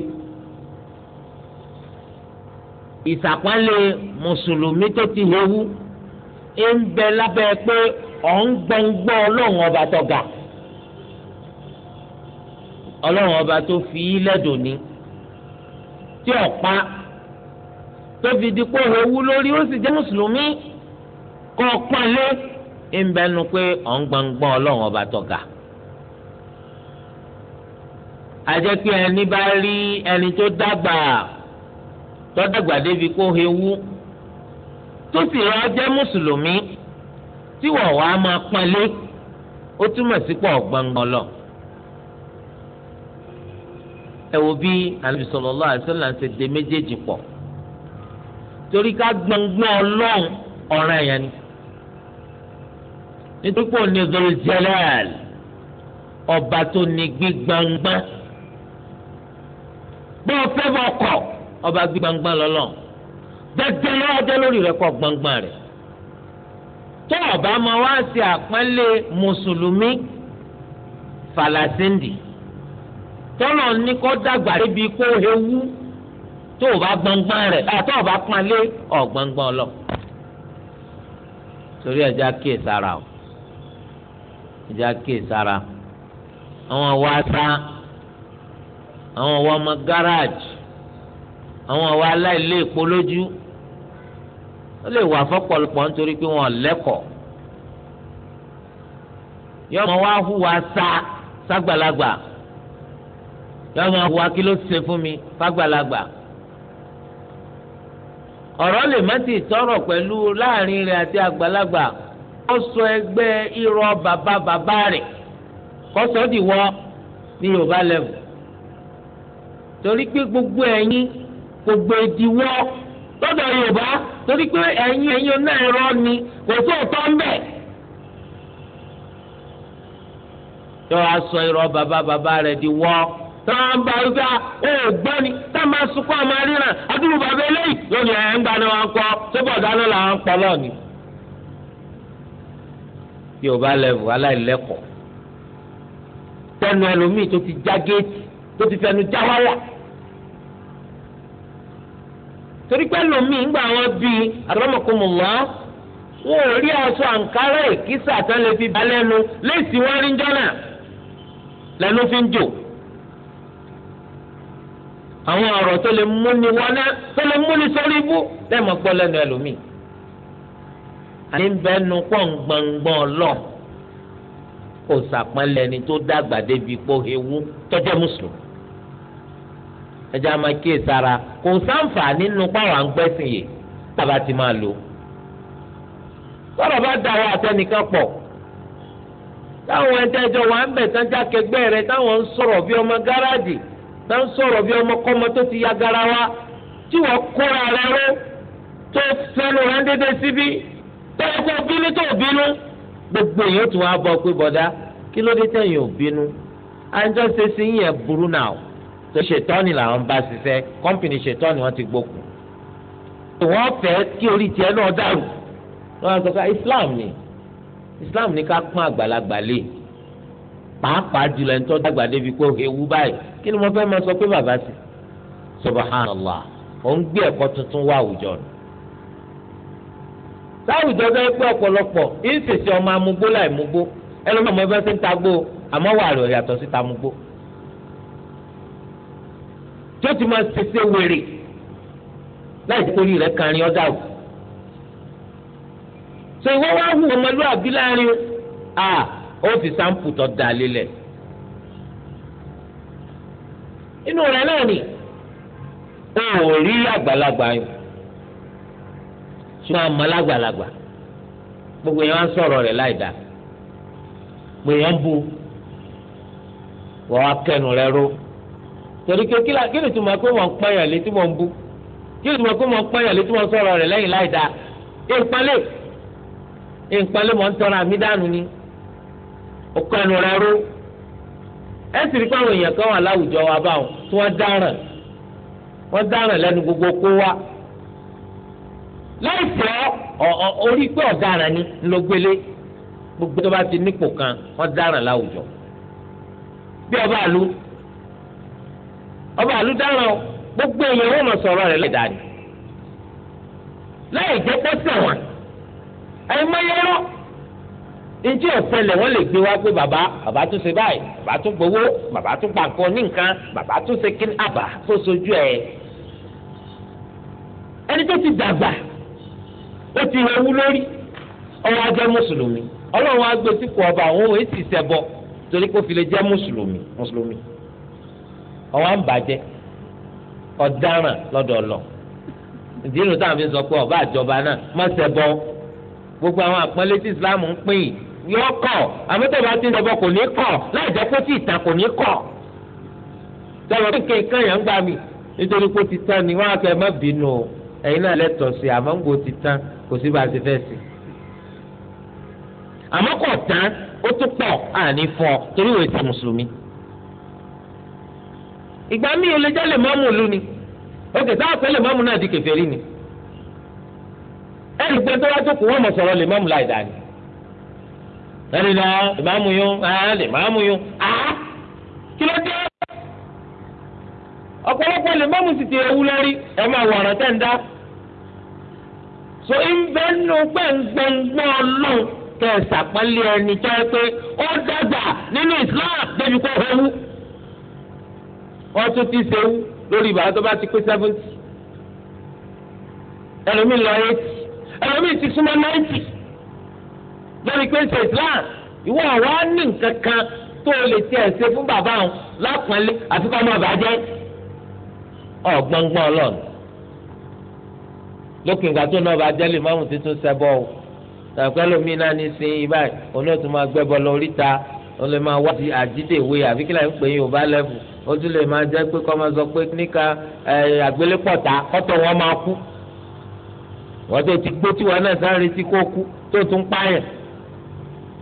ìṣàpọ́nlé mùsùlùmí tó ti hewu ń bẹ lábẹ́ pé ọ̀n gbọ́ngbọ́n ọlọ́run ọba tó ga ọlọ́run ọba tó fi í lẹ́dùn ní tí ọ̀pá tó fi di pé hewu lórí ó sì jẹ́ mùsùlùmí. kọ́ pọ́nlé ńbẹ́nu pé ọ̀n gbọ̀ngbọ́n ọlọ́run ọba tọ́ka. àjẹ́ pé ẹni bá rí ẹni tó dàgbà tó dàgbà débi kó hewú tó sì rọ jẹ́ mùsùlùmí tí wọ́n wá máa pọ́nlé ó túmọ̀ lọ. ẹ wo bí ṣe de méjèèjì pọ̀ torí ká ọlọ́run ọ̀ràn yẹn nítorí pé òní zọlù jẹlẹl ọba tó ní gbígbangba bí o fẹ́ bọ̀ kọ̀ ọba gbígbangba lọ́lọ́ dandan lọ́wọ́ jẹ́ lórí rẹ kọ́ gbangba rẹ tó ọba máa wá sí àpọ́nlé mùsùlùmí falasindi tọ́lọ̀ ní kó dàgbà débi kó hewu tó o bá gbangba rẹ àti ọba pọ́nlé ọ̀gbangba ọlọ́ torí ẹja kíyèsára o ẹja kéè sára àwọn àwa sá àwọn àwa ọmọ gáràjì àwọn àwa aláìlé èpo lójú ó lè wà fọ́pọ̀lọpọ̀ nítorí pé wọ́n lẹ́kọ̀ọ́ yọmọ wa hùwà sá ságbàlagbà yọmọ hùwà kí ló ṣe fún mi fágbàlagbà ọ̀rọ̀ lè má ti tọrọ pẹ̀lú láàrin rẹ̀ àti àgbàlagbà kọsọ ẹgbẹ́ irọ́ bàbá bàbá rẹ̀ kọsọ dị wọ ní yorùbá level torí pé gbogbo ẹ̀yin gbogbo ìdíwọ́ lọ́dọ̀ yorùbá torí pé ẹ̀yin ẹ̀yin náà ni kò tó ń yọ aṣọ irọ́ bàbá bàbá rẹ̀ bá wípé ó gbọ́ ni tá máa sunkún àmọ́ ríran adúlù bàbá eléyìí lónìí ẹ̀ yorùbá lẹ́vù aláìlẹ́kọ̀ọ́ tẹnu ẹlòmíì tó ti já géètì tó ti fẹnu já wáyà torí pé ẹlòmíì ńgbà wọn bí àdọ́mọkùnmọ̀lá wọn ò rí aṣọ àǹkárá èkìsà tán lè fi balẹ̀ nu léèsì wọn rí jọ́nà lẹ́nu fi ń jò àwọn ọ̀rọ̀ tó lè múni wọná tó lè múni sórí ibú lẹ́ẹ̀mọ́ gbọ́ lẹ́nu ẹlòmíì. àní bẹ́ẹ̀ nu pọ̀ gbọ̀ngbọ̀n ọlọ́ọ̀ kò sàpẹ́lẹ̀ ni tó dàgbà débi pò ewu tọ́jẹ́ mùsùlùmí ẹjẹ́ a máa kíyè sára kò sáǹfà nínú pàwọn àǹgbẹ́sìn yìí tàbá ti máa lò tọ́rọ̀ bá dà wọ́n àtẹnìkan pọ̀ táwọn ẹ̀ńtẹ́jọ́ wà ń bẹ̀ tán jákègbè rẹ̀ táwọn ń sọ̀rọ̀ bí ọmọ gáràjì tá ń sọ̀rọ̀ bí ọmọ kọ́mọ tó ti ya garawa tí wọ́n kóra rẹ̀ ró tó fẹ́nu rẹ̀ ń dédé síbí. Si tẹ́lẹ̀ kó bínú tó bínú gbogbo èèyàn tún wá bọ̀ pé bọ̀dá kí ló dé tẹ̀yìn ò bínú àjọ ṣe sí yẹn burú náà tó ṣètọ́ni làwọn bá ṣiṣẹ́ kọ́mpìnì ṣètọ́ni wọ́n ti gbókù wọ́n fẹ́ kí orí tiẹ̀ náà dàrú wọ́n sọ pé Islam ni Islam ni ká pọ́n àgbàlagbà lé pàápàá jùlọ ẹni tó dàgbà débi pé ewu báyìí kí ni mo fẹ́ máa sọ pé bàbá sí subhanallah òun gbé ẹ̀kọ́ tuntun wá àwùjọ nù láwùjọ bẹ́ẹ̀ pé ọpọlọpọ ìṣèṣe ọmọ amúgbó láì múgbó ọmọ ẹgbẹ́ sí ń tagbó àmọ́ wà rẹ̀ amụgbọ. sí tamúgbó. tí ó ti máa karịa wèrè láì torí a ó fi sáǹpù da inú náà ni àgbàlagbà ṣùgbọ́n àmọ́ lágbàlagbà gbogbo yẹn wá ń sọ̀rọ̀ rẹ̀ láì dá gbogbo yẹn ń bu wọ́n wá kẹnu rẹ̀ ró torí pé kí ni tuma pé wọ́n ń pẹ́yàn létí wọ́n ń bu kí ni tuma pé wọ́n ń pẹ́yàn létí wọ́n ń sọ̀rọ̀ rẹ̀ láì dá ìpalẹ̀ ìpalẹ̀ mọ̀ ń tọ́ra àmì dànù ni ọkọ ẹnu rẹ̀ ró ẹ sì rí pàwọn èèyàn kan wà láwùjọ wa báwọn tí wọ́n dáràn wọ́n dáràn lẹ́nu gbogbo kó wa láì fẹ́ orí pé ọ̀daràn ni ló gbélé gbogbo tó bá ti nípò kan ọ̀daràn láwùjọ bí ọba àlú ọba àlú dáràn gbogbo èèyàn wọn mọ sọ̀rọ̀ rẹ̀ lẹdà ni láì jẹ pẹsẹ wọn ẹ̀yin mọyọrọ njẹ ọsẹlẹ wọn lè gbé wá pé bàbá bàbá tún ṣe báyìí bàbá tún gbowó bàbá tún pa nǹkan ní nǹkan bàbá tún ṣe kí ni àbá tó sojú ẹ ẹni tó ti dàgbà ó ti rẹwú lórí ọwọ́ ajẹ́ mùsùlùmí ọlọ́run á gbé sípò ọba àwọn òun èsì sẹ́bọ torí kó fi lè jẹ́ mùsùlùmí mùsùlùmí ọwọ́ à ń bàjẹ́ ọ̀daràn lọ́dọ̀ lọ ìdílù táwọn fi sọ pé ọba àjọba náà má sẹ́bọ gbogbo àwọn àpọ́nlé tí Islam ń pín yìí yọ kọ̀ àmọ́tẹ́bà tí ń sẹ́bọ kò ní kọ̀ láì jẹ́ kó tí ìtàn kò ní kọ̀ tẹ́wọ́ kéèké káyà ń gbà mí nítorí pé ó ti tán ni wọ́n á kẹ́ ẹ má bínú o ẹ̀yin náà lẹ́tọ̀ọ́ sí àmọ́ ń gbò ti tán kò sí bá a ti fẹ́ sí. àmọ́ kò tán ó tún pọ̀ àní fún ọ torí ìwé ti mùsùlùmí. ìgbà míì olè jẹ́ lè mọ́mù ìlú ni òkè táwọn pẹ́ lè mọ́mù náà di kèfèrí ni. ẹnì pé tó wá jókòó wọ́n mọ̀ sọ̀rọ̀ lè mọ́mù láì dání. ẹnì náà lè máàmù yún lè máàmù yún kí ló dé. ọ̀pọ̀lọpọ̀ lè mọ́mù sì ti ewu lórí ẹ̀ máa wọ̀ràn tẹ́ ń dá so ìbẹ́ nù gbẹ̀ngbẹ̀ngbẹ̀ ọlọ́run kẹ́ ẹ̀ sàpẹ́lẹ̀ ẹni tó yẹ pé ó dàgbà nínú Islam débi kó hẹ́wú. wọ́n tún ti ṣe wú lórí ìbára tó bá ti pé seventy ẹlòmíì lọ eighty ẹlòmíì ti súnmọ́ ninety lórí pé ṣe Islam ìwọ àwa ní nǹkan kan tó o lè tiẹ̀ ṣe fún bàbá òun lápọ̀nlé àfikún ọmọ bàjẹ́ ọ̀gbọ̀ngbọ̀n ọlọ́run lókè ìgbà tó náà bá jẹ́lẹ̀ mọ́mù tuntun sẹ́bọ̀ o tàbí lómi náà ní sin ibà òun náà tún máa gbẹ́bọ̀ lọ oríta ó lè máa wá di àjídèwé àbí kílà ń pè é yorùbá lẹ́fù ó tún lè máa jẹ́ pé kọ́ máa sọ pé níka àgbélépọ̀tà kọ́tọ̀ wọn máa kú wọ́n tó ti gbó tí wọn náà sáré tí kò kú tó tún pààyàn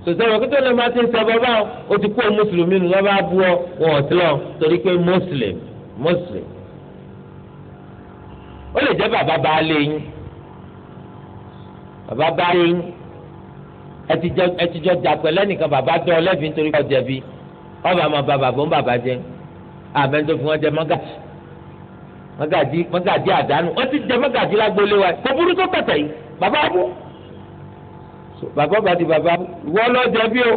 sòsòrò kí tó lè máa ti ń sọ bàbá o ti kó mùsùlùmí nù lọ́ba ó lè jẹ́ bàbá baálé yín bàbá baálé yín ẹ ti jọ jà pẹ̀lẹ́ nìkan bàbá dán ọ lẹ́bi nítorí kọ́ jẹ̀bi ọba máa ba bàbá ń bàbá jẹ́ àmì tó fi wọ́n jẹ mọ́gàjì mọ́gàjì mọ́gàjì àdánù wọ́n ti jẹ mọ́gàjì lágbólé wa kò burú tó tẹ̀tẹ̀ yìí bàbá bú bàbá bá di bàbá bú ìwọ lọ jẹ̀bi o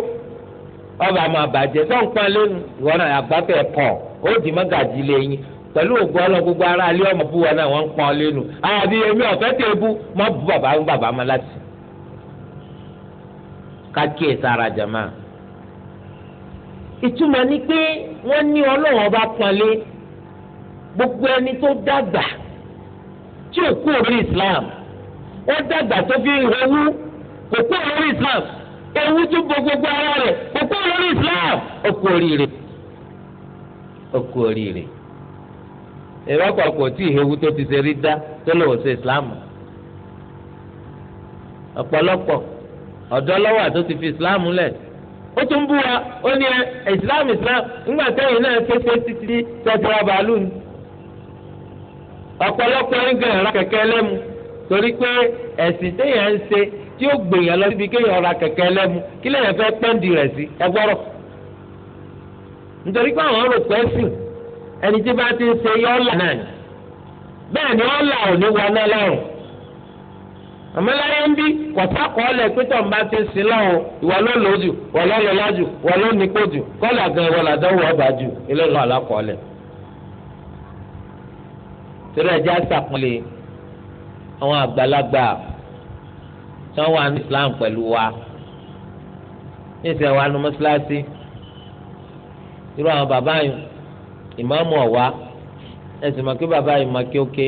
ọba máa bàjẹ́ sọ̀npá lẹ́nu ìwọ náà àgbàfẹ́ kọ̀ ó di mọ́gàjì lẹ́yìn pẹ̀lú ògùn ọlọ́ gbogbo ara ilé ọmọ bú wa náà wọ́n ń pọn lẹ́nu àbí èmi ọ̀fẹ́ tẹ̀ bú mọ́ bú bàbá ń bàbá mọ́ láti. kákíyè sára jama. ìtumọ̀ ni pé wọ́n ní ọlọ́run ọba pọ́nlé gbogbo ẹni tó dàgbà tí ò kú orí Islam ó dàgbà tó fi ewu kò kú orí Islam ewu tó bo gbogbo ara rẹ̀ kò kú orí Islam ó kú oríire ó kú oríire. èrò ọ̀pọ̀lọpọ̀ tí ìhewu tó ti ṣe rí dá tó lè wò ṣe islam ọ̀pọ̀lọpọ̀ ọ̀dọ́ lọ́wọ́ àti ó ti fi islam lẹ̀ ó tún bú wa ó ní islam islam ńgbà sẹ́yìn náà kéṣe títí tẹ́tẹ́ra bàálù ni ọ̀pọ̀lọpọ̀ ń gẹ̀rẹ́ kẹ̀kẹ́ lẹ́mu torí pé ẹ̀sìn téèyàn ń ṣe tí ó gbèyàn lọ síbi kéèyàn ra kẹ̀kẹ́ lẹ́mu kí fẹ́ rẹ̀ sí ẹgbọ́rọ̀ ẹni tí bá ti ń ṣe yọ ọ́là náà ni bẹ́ẹ̀ ni ọ́là ò ní wọná lọ́rùn àmọ́láyé ń bí kọ̀tàkọ́ọ́lẹ̀ pété ọ̀nba ti ń sin lọ́wọ́ ìwà ló lò jù wà ló lò lájù wà ló nípò jù kọ́là gan ìwà làdánwò ọba jù ìlọ́lọ́ àlákọ́ọ́lẹ̀. torí ẹjẹ́ àṣàpọ̀nlé àwọn àgbàlagbà tí wọ́n wà ní Islam pẹ̀lú wa ní ìsẹ̀wà ní mọ́ṣáláṣí irú àwọn bàbá yìí ìmáàmù ọ̀wá ẹ̀sìn mọ̀ pé bàbá yìí mọ̀ kí ó ké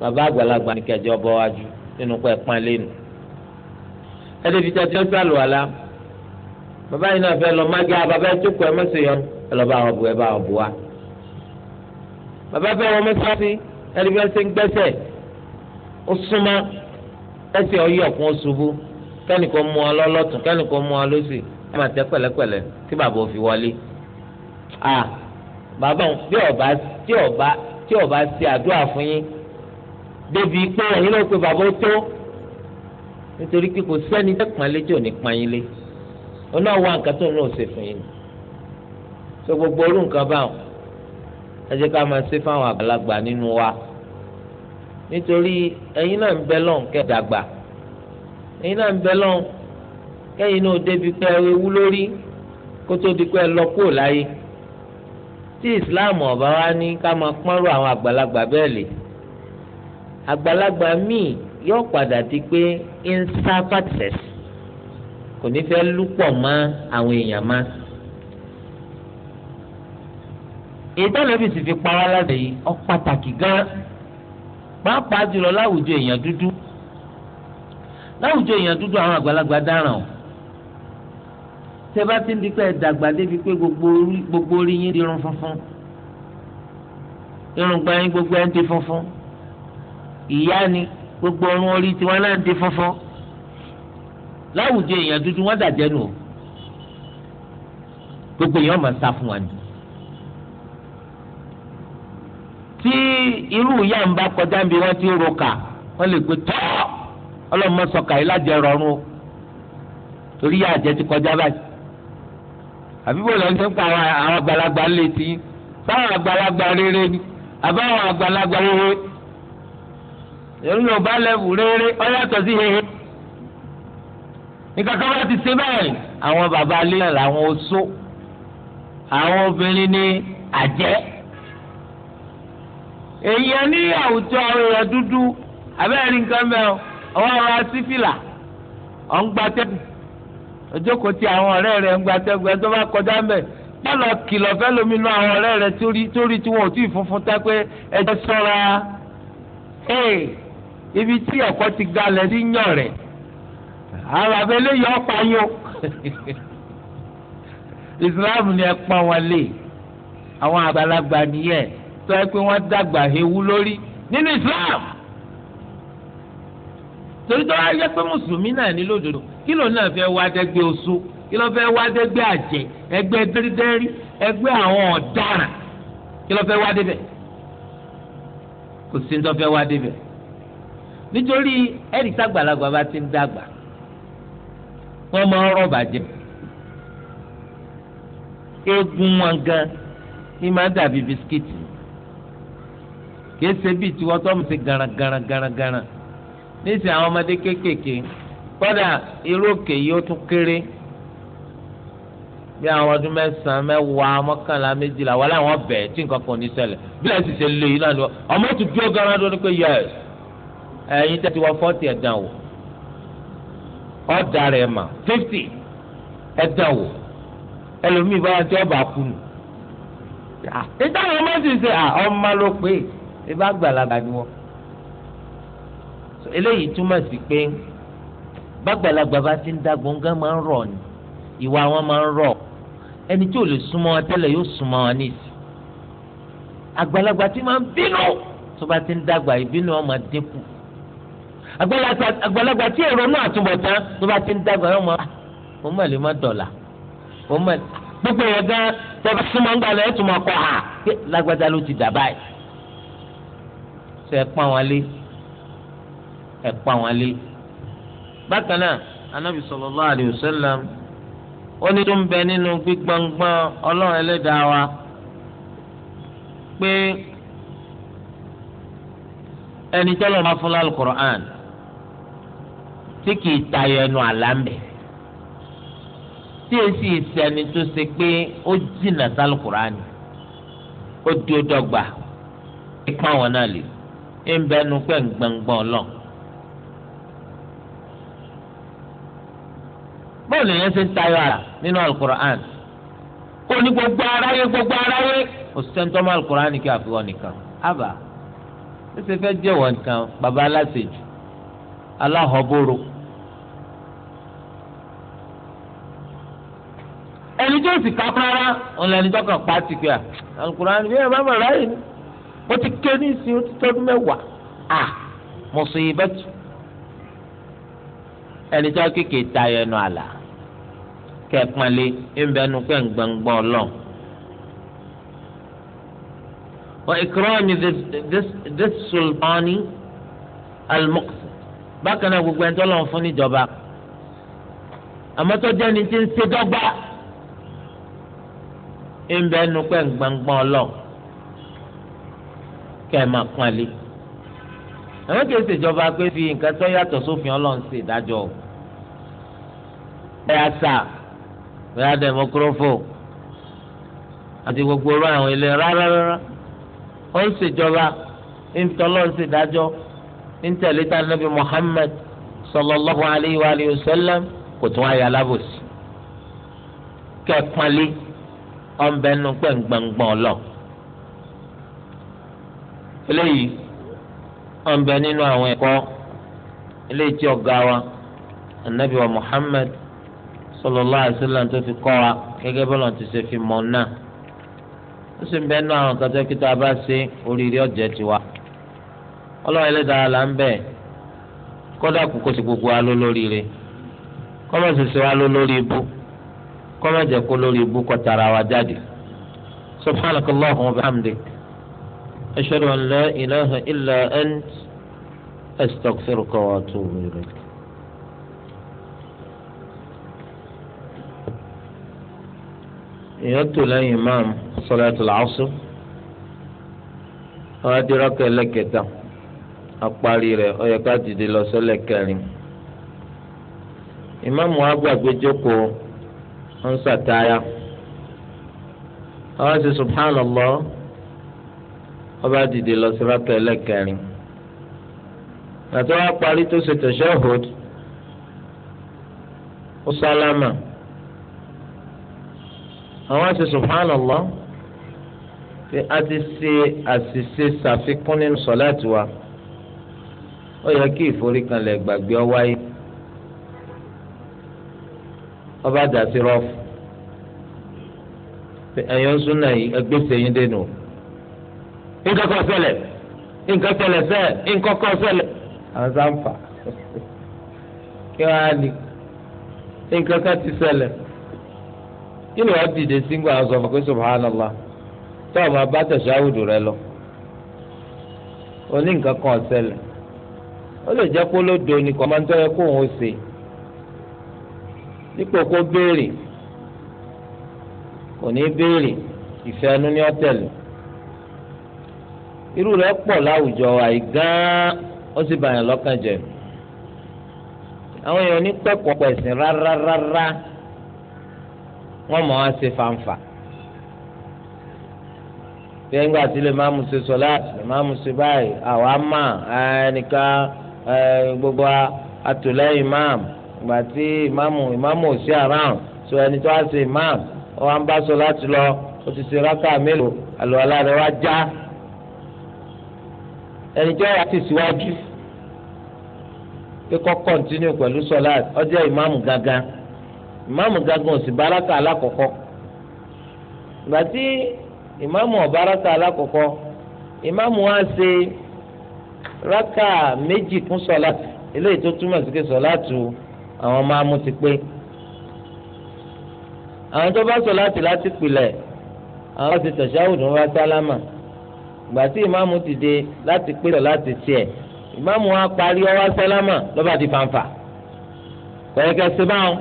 bàbá àgbàlagbà ní kẹjọ bọ́ wájú nínú pẹ́ pọ́n lẹ́nu. ẹ̀dẹ́bi tí a ti ń sàlù àlá bàbá yìí náà fẹ́ lọ mágá bàbá yìí tó kọ ẹ mọ́sẹ̀ yọ ẹ lọ bá wọn bu ẹ bá wọn bu wa. bàbá fẹ́ wọn mọ́sálásí ẹ̀dẹ́bi ẹsẹ̀ ń gbẹ́sẹ̀ ó súnmọ́ ẹsẹ̀ ọyọ̀kùn ó ṣubú kẹ́nìkan mú ọ lọ́lọ́tún kẹ́nìkan mú ọ lọ́sì ẹ máa tẹ́ pẹ̀lẹ́pẹ̀lẹ́ tí bàbá ò fi wọlé à bàbá òun bí ọba tí ọba tí ọba ṣe àdúrà fún yín débi pé ẹ̀yin ló pe bàbá ó tó nítorí pé kò sẹ́ni tẹ́pọ̀nlé tí ò ní pa yín lé ọ̀nà wa nǹkan tó ń lò ṣe fún yín so gbogbo orú nǹkan báwọn ẹ jẹ́ ká máa ṣe fáwọn àgbàlagbà nínú wa nítorí ẹ̀yin náà ń bẹ lọ́n kẹ́ dàgbà ẹ̀yin náà ń bẹ lọ́n kẹ́yìn náà débi pé ewu lórí kó di pé ẹ lọ kúrò láyé. tí islam ọba wa ní ká máa pọ́nrú àwọn àgbàlagbà bẹ́ẹ̀ lè àgbàlagbà míì yóò padà di pé ń kò ní fẹ́ lúpọ̀ mọ́ àwọn fi pa wá ọ pàtàkì gan pàápàá jùlọ láwùjọ èèyàn dúdú láwùjọ èèyàn dúdú àwọn tẹ́bá ti ń di pé ẹ̀dàgbà débi pé gbogbo orí yín di irun funfun irùngbọ̀n yín gbogbo ẹ̀ ń di funfun ìyá ni gbogbo irun orí tiwọn náà ń di funfun láwùjọ èèyàn dúdú wọn dàjẹ́ nù o gbogbo èèyàn máa sá fún wa ni. tí irú ìyá ń bá kọjá bí wọ́n ti ro kà wọ́n lè pe tọ́ ọlọ́mọ sọ̀kà yìí lájẹ rọrùn o torí yà á jẹ́ ti kọjá báyìí àbí bó lẹ́nu ṣe ń pa àwọn àgbàlagbà létí báwọn àgbàlagbà rere ni àbáwọn àgbàlagbà rere èrú yóò bá lẹ́wù rere ọ̀yàtọ̀ sí hehe nǹkan kan bá ti ṣe báyìí àwọn bàbá alẹ́ náà làwọn oṣó àwọn obìnrin ní àjẹ́ èèyàn ní àwùjọ èèyàn dúdú abẹ́rẹ́ nǹkan mẹ́rin ọwọ́ àwọn asífìlà ọ̀ ń gba tẹ́kùn ojókòó ti àwọn ọ̀rẹ́ rẹ̀ ń gbàtẹ́gbẹ́ tó bá kọjá ń bẹ̀ yálà kìlọ̀ fẹ́ lómi nú àwọn ọ̀rẹ́ rẹ̀ torí tí wọn ò tí ì funfun tá pé ẹjẹ́ sọ́ra ibi tí ẹ̀kọ́ ti galẹ̀ sí yàn rẹ̀ àwọn abẹ́lé yọ ọ́ payó Islam ni ẹ pọ́n wọn lé àwọn àgbàlagbà nìyẹn tó yẹ pé wọ́n dàgbà hewu lórí nínú Islam torí tó wá yẹ pé mùsùlùmí náà ní lódodo kí ló náà fẹ́ wá dẹ́gbẹ́ oṣù kí ló fẹ́ wá dẹ́gbẹ́ àjẹ́ ẹgbẹ́ dẹ́rídẹ́rí ẹgbẹ́ àwọn ọ̀daràn kí ló fẹ́ wá débẹ̀ kò sí ní tó fẹ́ wá débẹ̀ nítorí ẹ̀rí sàgbàlagbà bá ti ń dàgbà wọ́n máa ń rọ̀bà jẹ eegun wọn gan ni máa dàbí bisikíìtì kì í ṣe bíi tiwọ́tọ́ mi ṣe garangarangarangaran nísìnyí àwọn ọmọdé kéékèèké kọ́dà irú òkè yìí ó tún kéré bí àwọn ọdún mẹ́sàn-án mẹ́wàá mọ́kànlá méjìlá wà láwọn ọbẹ̀ tí nǹkan kan ní ṣẹlẹ̀ bí ẹ̀ sì ṣe lè yìí lánàá ọmọ tó dúró gan-an lọ́dún pé yẹ ẹ̀yin tẹ́tí wọ fọ́ọ̀tì ẹ̀dán wò ọ̀dà rẹ̀ mà fífítì ẹ̀dán wò ẹlòmíì báyà tí ọba kú nù. ìtàn ọmọ sì ṣe ọmọ ló pé ìbá gbàlagbà ni wọ́n eléyìí túmọ̀ sí pé bàgbàlagbà bá ti ń da gbọ̀ngàn máa ń rọ̀ ni ìwà wọn máa ń rọ̀ ẹni tí ò lè súnmọ́ wọn tẹ́lẹ̀ yóò súnmọ́ wọn nísì àgbàlagbà tí máa ń bínú tó bá ti ń dàgbà ìbínú wọn máa dínkù àgbàlagbà tí èrò náà túnbọ̀ tán tó bá ti ń dàgbà wọn máa wọn ah, lè má dọ̀là wọn máa gbogbo yẹn gan tọ́ba súnmọ́ ń gbalẹ̀ ẹ̀ tún máa kọ́ ha ah, lágbàdá ló ti dà báyìí sọ pọ́n wọn lé ẹ pa wọn lé bákan náà anabi sallallahu alayhi wa sallam ó ní tó ń bẹ nínú gbígbọ́ngbọ́n ọlọ́run ẹlẹ́dàá wa pé ẹni tọ́lọ̀ máa fún lálùkùránì tí kì í tayọ ẹnu àlá ń bẹ tí èsì ìsẹni tó ṣe pé ó jìnnà sálùkùránì ó di ó dọ́gba ìpá wọn náà lè ń bẹnu pẹ̀ ń gbọ̀ngbọ̀n ọlọ́run báwo lè yẹn ṣe ń tayọ àlà nínú alukur'an kó ní gbogbo aráyé gbogbo aráyé kò sí sẹ́ńtọ́ mọ́ alukur'an kí àfihàn nìkan ábà ẹsẹ̀ fẹ́ jẹ́wọ́ nìkan baba aláṣejù aláhọ̀bóró ẹni tó sì kápára òun lẹni tó kàn pàtì pé alukur'an bí ẹ bá mọ̀ ni mo ti ké ní ìsìn ó ti tọ́dún mẹ́wàá à bẹ́tù ẹni tó tayọ ẹnu àlà. kẹpọnlé ńbẹnu pẹ ngbẹngbọ ọlọ. wa ikrami this sultani almuqs bákan náà gbogbo ẹni tó lọ́n fún níjọba àmọ́ tó jẹ́ ni tí ń ṣe dọ́gba ńbẹnu pẹ ngbẹngbọ ọlọ kẹ máa pọnlé àwọn kìí ṣèjọba pé fi nǹkan tó yàtọ̀ sófin ọlọ́run ṣe ìdájọ́ ẹ̀ àṣà. bóyá dẹmọkúrófò àti gbogbo orú àwọn ilé rárá rárá ó ń ṣèjọba ń tọ́lọ́ ń ṣèdájọ́ ń tẹ̀lé tá nàbí Muhammad sallallahu alayhi wa kò tún ayé alábòsí kẹ́ẹ̀pọ́nlé ọ̀nbẹ nù lọ. eléyìí ọ̀nbẹ nínú àwọn ẹ̀kọ́ eléyìí wa sallallahu alaihi wasallam tó fi kọ́ wa gẹ́gẹ́ bọ́lá ti ṣe fi mọ̀ náà ó sì ń bẹ́ẹ̀ nú àwọn kan tó kí tá a bá ṣe oríire ọ̀jẹ̀ tiwa ọlọ́run ẹlẹ́dàá là ń bẹ̀ kọ́dà kù kó sì gbogbo wa ló lóríire kọ́mọ̀ ṣẹṣẹ wa ló lórí ibú kọ́mọ̀ jẹ́ kó lórí ibú kọ́ tara wa jáde subhanakallahumma wa bihamdik ashhadu an la ilaha illa ant astaghfiruka wa atubu ilayk. èèyàn tò lẹ́yìn imam salatul asr àwọn adiraka ẹlẹ́kẹta apari rẹ̀ ó ká dìde lọ sọ́lẹ̀ kẹrin imam wa gbàgbé jókòó ń sàtáyà àwọn ti subhanallah ọba dìde lọ sọ́lẹ̀ ẹlẹ́kẹrin àti wọn parí tó ṣe tashahhud ó sálámà. àwọn ṣe subhanallah pé a ti ṣe àṣìṣe ṣàfikún nínú sọláàtì wa ó yẹ kí ìforíkanlẹ̀ gbàgbé ọ wáyé ọba dàsí rọfù ẹ̀yọ́ súnà yìí ẹgbẹ́sẹ̀ yín dẹnu.
nǹkan kan ṣẹlẹ̀ nǹkan ṣẹlẹ̀ sẹ́ẹ̀ nǹkan kan ṣẹlẹ̀.
àwọn sáǹfà kí wọ́n á ní nǹkan kan ti ṣẹlẹ̀. kí ni wọ́n dìde sígbà sọ fún pé subhanallah tó o máa rẹ lọ oní nǹkan kan ọ̀sẹ̀lẹ̀ ó lè jẹ́ kó lódo ni kò máa ń tọ́yẹ kó òun ṣe dípò kó béèrè kò ní béèrè ìfẹ́ ẹnu ní ọ̀tẹ̀lẹ̀ irú pọ̀ wọ́n mọ̀ wá ṣe fanfa bẹ́ẹ̀ ńgbà tí lè máa mú ṣe sọ́lá lè máa mú ṣe báyìí àwa mà ẹnìkan gbogbo àtòlẹ́yìn imam ìgbà tí ìmáàmù ìmáàmù ò sí àràn so ẹni tó wá ṣe imam ó wá ń bá sọ láti lọ ó ti ṣe rákà mélòó àlùwàlá rẹ̀ wá já ẹni tí yà ti síwájú pé kọ́ kọ́ntínú pẹ̀lú sọ́lá ọjọ́ ìmáàmù gangan ìmáàmù gangan ò sì baraka alákọ̀ọ́kọ́ ìgbà tí ìmáàmù ọ̀baraka alákọ̀ọ́kọ́ ìmáàmù wa ṣe raka méjì kún sọ̀láàtù eléyìí tó túmọ̀ sí pé sọ̀láàtù àwọn máàmù ti pé àwọn tó bá sọ̀láàtù láti pilẹ̀ àwọn bá ti tàṣàhùdù wọn bá sálámà ìgbà ìmáàmù ti dé láti pé sọ̀láàtù tiẹ̀ ìmáàmù wa parí ó wá sálámà ló bá di fanfa kọ̀yẹ́kẹ́ báwọn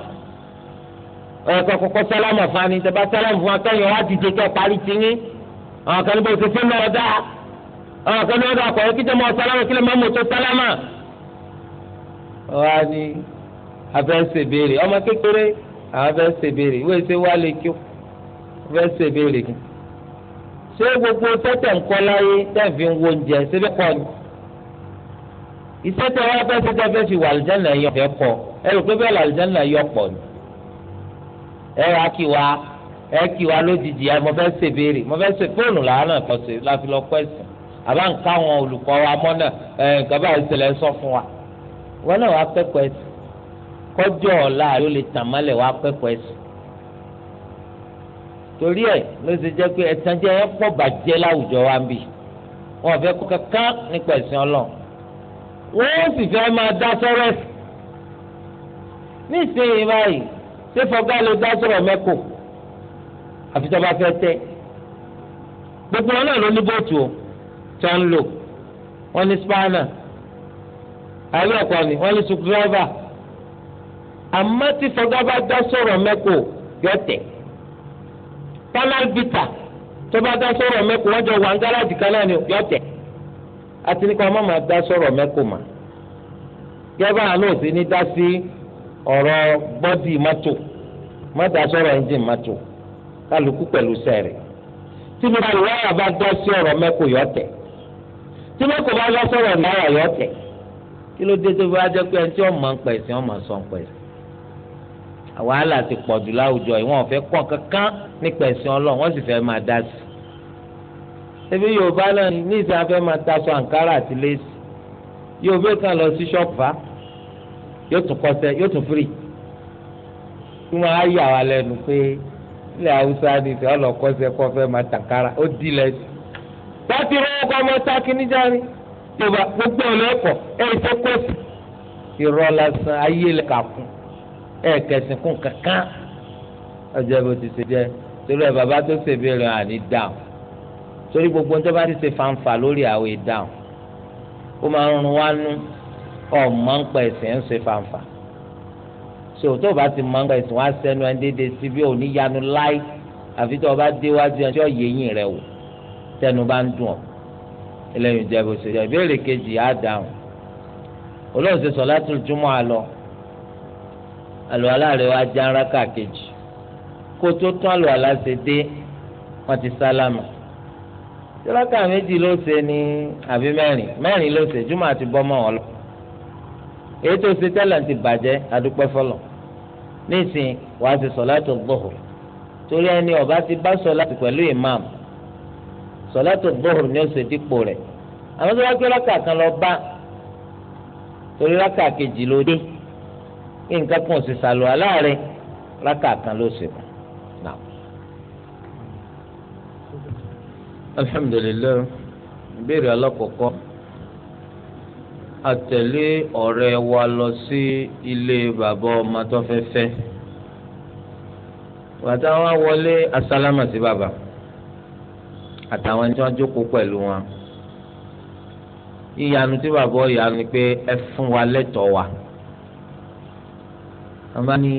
ẹ̀ka kọ́kọ́ sálámù fani tẹ̀bá sálámù fún akẹ́yìn wá dìde kẹ́ parí tiyín àwọn kan níbo ṣe sínú ọ̀dà àwọn kan níbo ọ̀dà kọ̀ọ̀yọ́ kíjọ́ mọ́ sálámù kílẹ̀ mọ́ mọ́tò sálámù. wọ́n á ní afẹ́ ṣèbéèrè ọmọ kékeré àwọn afẹ́ ṣèbéèrè ìwé ṣe wá lè kí afẹ́ ṣèbéèrè kí. ṣé gbogbo tẹ́tẹ̀ ń kọ́ láyé tẹ́ẹ̀ ń wo oúnjẹ síbẹ̀ ẹ wá kí wa ẹ kí wa lójijì ẹ mo fẹ́ ṣe béèrè mo fẹ́ ṣe fóònù làánà kan ṣe láfi lọ pẹ́ sí àbá ń ká àwọn olùkọ́ wa mọ́nà ẹ nǹkan báyìí ṣẹlẹ̀ sọ fún wa wọn náà wá pẹ́pẹ́ sí kọjọ́ ọ̀la yóò lè tàn mọ́lẹ̀ wá pẹ́pẹ́ sí torí ẹ ló ṣe jẹ́ pé ẹ̀tàn jẹ́ ẹ pọ̀ bàjẹ́ láwùjọ wa ń bì wọn ò fẹ́ kankan nípa ẹ̀sìn ọlọ́run wọ́n sì fẹ́ máa dá sọ́rẹ́sì nísìnyí báyìí ṣé fọgá dá sọ̀rọ̀ mẹ́kò àfi tó bá gbogbo wọn náà ló ní bóòtù o tó ń lò wọn ní spanner àyè ọ̀kan ni wọn ní sukùdírẹ́fà àmọ́ tí fọgá bá dá sọ̀rọ̀ mẹ́kò yọ tẹ̀ panel bitter tó bá dá sọ̀rọ̀ mẹ́kò wọ́n jọ wà ń gáràjì kan náà ni yọ tẹ̀ àti nípa ọmọ máa dá sọ̀rọ̀ mẹ́kò mà gẹ́gẹ́ bá àánú òsì ní dá sí ọ̀rọ̀ bọ́dì mọ́tò mọ́tà sọ̀rọ̀ ẹ́ńjìn mọ́tò kálukú pẹ̀lú sẹ́ẹ̀rì tí mo bá wáyà bá dọ́ sí ọ̀rọ̀ mẹ́kò yọ tẹ̀ tí mẹ́kò bá lọ sọ̀rọ̀ náírà yọ tẹ̀ kí ló dé tó bá jẹ́ pé ẹni tí wọ́n mọ̀ ń pẹ̀ sí wọ́n mọ̀ ń sọ ń pẹ̀ sí. wàhálà ti pọ̀ jù láwùjọ yìí wọ́n fẹ́ kọ́ kankan nípa ẹ̀sìn ọlọ́run wọ́n sì fẹ́ máa dá sí. ebi yorùbá náà ní ìsìn afẹ́ máa taṣọ àǹkárá àti léèsì yorùbá kan lọ sí ṣọ́ọ̀pù fa yóò tún kọ́sẹ́ yóò tún fírì tí wọ́n á yà wá lẹ́nu pé ilẹ̀ haúsá ni tí wọ́n lọ kọ́sẹ́ kọ́ fẹ́ máa tàkárà ó di lẹ̀ sí. wọ́n ti rọ́ ọkọ ọmọ sákì níjàre yorùbá gbogbo ọlọ́kọ̀ ẹ̀ ṣe kọ́sì irọ́ lásán ayé lẹ́ka kún ẹ̀ kẹsìn kún kankan ọjọ́ bó ti ṣe jẹ́ torí ẹ̀ bàbá tó ṣèbéèrè àní dáhùn torí gbogbo ń tó bá ti ṣe fanfa lórí àwẹ̀ dáhùn ó máa ń rún wá ọ̀ so tó o bá ti mọ nǹkan ẹ̀sìn wá sẹ́nu ẹ̀ déédéé sí bí òní yanu láì àfi tó o bá déwájú ẹ̀ tí ò yéyìn rẹ̀ wò tẹnu bá ń dùn ọ́ ẹlẹ́yìn ìjẹ́ bó ṣe jẹ́ ìbéèrè kejì á dáhùn olóhùn ṣe sọ̀látùl júmọ̀ àlọ́ àlọ́ aláàrẹ̀ wa já rákà kejì kó tó tán àlọ́ aláṣẹ dé wọ́n ti sálámà rákà méjì ló ṣe ní àbí mẹ́rin mẹ́rin ló ṣe júmọ̀ àti bọ́mọ̀ ọ̀lọ́ èyí tó ṣe tẹ́lẹ̀ ti bàjẹ́ adúpẹ́ fọlọ̀ nísìn wàá ti sọ̀láàtù dhuhur torí ẹni ó ti bá sọ̀láàtù pẹ̀lú imam sọ̀láàtù dhuhur ni ó ṣe dípò rẹ̀ àwọn tó bá gbé rákà kan lọ bá torí rákà kejì ló dé kí nǹkan kan sì sàlù aláàrẹ rákà kan ló ṣe kù. àtẹ̀lé ọ̀rẹ́ wa lọ sí ilé bàbá ọmọ tó fẹ́ fẹ́ bàtà wa wọlé asálámà sí bàbá àtàwọn ẹni tí wọ́n jókòó pẹ̀lú wọn ìyanu tí bàbá ìyanu ni pé ẹ fún wa lẹ́tọ̀ọ́ wa àmọ́ ni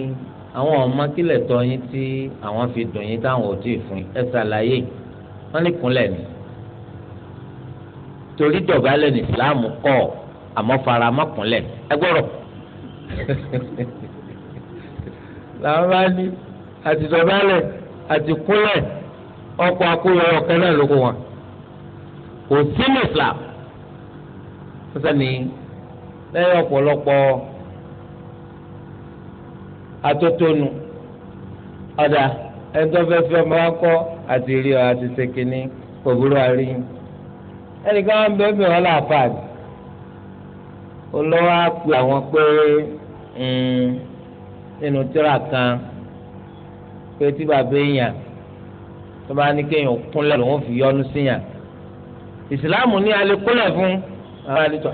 àwọn ọmọ kílẹ̀ tọ́ yín tí àwọn fi dùn yín táwọn ò tí ì fún yín ẹ ṣàlàyé wọ́n ní kúnlẹ̀ ni torí dọ̀bálẹ̀ ní Islam kọ́ ọ àmọ́ fara mọ́kànlẹ̀ ẹ gbọ́rọ̀ làwọn bá ní àti dọ̀bálẹ̀ àti kúnlẹ̀ ọkọ̀ akóyọrọ̀ kan náà ló kó wọn kò sí ní Islam sani lẹ́yìn ọ̀pọ̀lọpọ̀ atótónu ọ̀dà ẹ̀ńtọ́fẹ́fẹ́ ọmọ wa àti rí ọ àti ṣèkínní kò burú àríyìn ẹnìkan wọn bẹ́ẹ̀ mi wọn là fàdí olówó á pe àwọn pé hmm, nínú tíra kan pé tí bàbá èèyàn tó bá ní kéèyàn kúnlẹ̀ lòun fi yọnu síyàn ìsìláàmù ní alẹ́ kúnlẹ̀ fún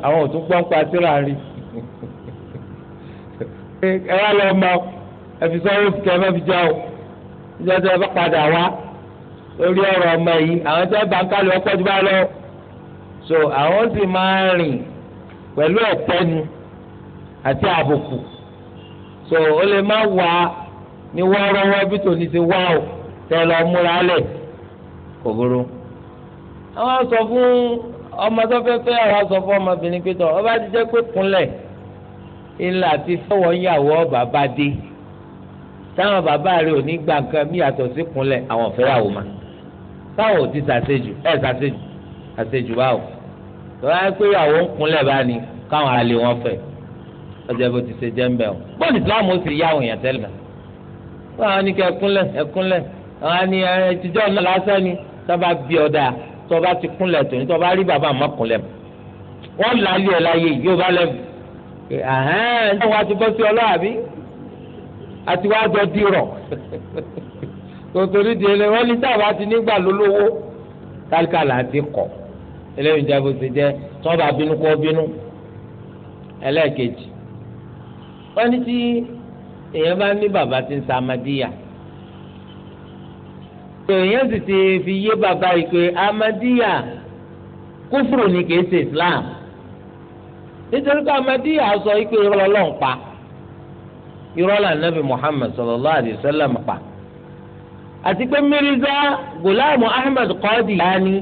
àwọn òtún gbọ́npa tíra rí ẹ wá lọ ma ẹfi sọ́wọ́ fi kẹ́ ẹ má fi já o ìjọ tí ẹ bá padà wá lórí ọ̀rọ̀ ọmọ yìí àwọn tí ẹ bá ń kálí ọkọ̀ jù bá lọ so àwọn sì máa rìn pẹ̀lú ẹ̀tẹ́nu àti àbùkù so ó lè má wá ní wọ́ọ́rọ́wọ́ bí tòní ti wá o tẹ́ lọ múra lẹ̀ kò burú. àwọn sọ fún ọmọ tó fẹ́ fẹ́ àwọn sọ fún ọmọbìnrin pé tọ̀ ọba ti jẹ́ pé kúnlẹ̀ ilà àti fọwọ́ yàwó bàbá dé táwọn bàbá rẹ̀ ò ní gbà nǹkan bí yàtọ̀ sí kúnlẹ̀ àwọn ọ̀fẹ́ yàwó ma táwọn ò ti sàṣejù ẹ̀ sàṣejù àṣejù báwo tọ́lá yẹ pé ìyàwó ń kúnlẹ̀ báni káwọn àlè wọn fẹ́ ọjọ́ bó ti ṣe jẹ́ ń bẹ̀ ọ́ bọ́ọ̀lù islam ó sì yá àwọn èèyàn tẹ́lẹ̀ wọ́n á ní kí ẹkúnlẹ̀ ẹkúnlẹ̀ wọ́n á ẹtìjọ́ náà lásán ni tọ́ba bí ọ̀dà tọ́ba ti kúnlẹ̀ tó ní tọ́ba rí bàbá àmọ́ kúnlẹ̀ wọ́n lálẹ́ ẹ̀ láyé yóò bá lẹ́bù ẹ̀hán ẹ̀ wọ́n á ti bọ́ sí ọlọ́àbí àti wọ́n á jọ dìrọ̀ tòtòrí dìé lé wọ́n ní eléyìí jẹ́ bó jẹ tọba tí wọ́n bá bínú kó bínú ẹlẹ́ẹ̀kejì wọ́n ní tí èèyàn bá ní bàbá tí ń sa amadíyà èèyàn sì ti fi yé bàbá yìí pé amadíyà kúfùrù ni kìí ṣe islam nítorí pé amadíyà sọ pé irọ́ lọ́lọ́run pa irọ́ là muhammad sallallahu pa àti pé mírízà ahmed kọ́ọ̀dì yá ni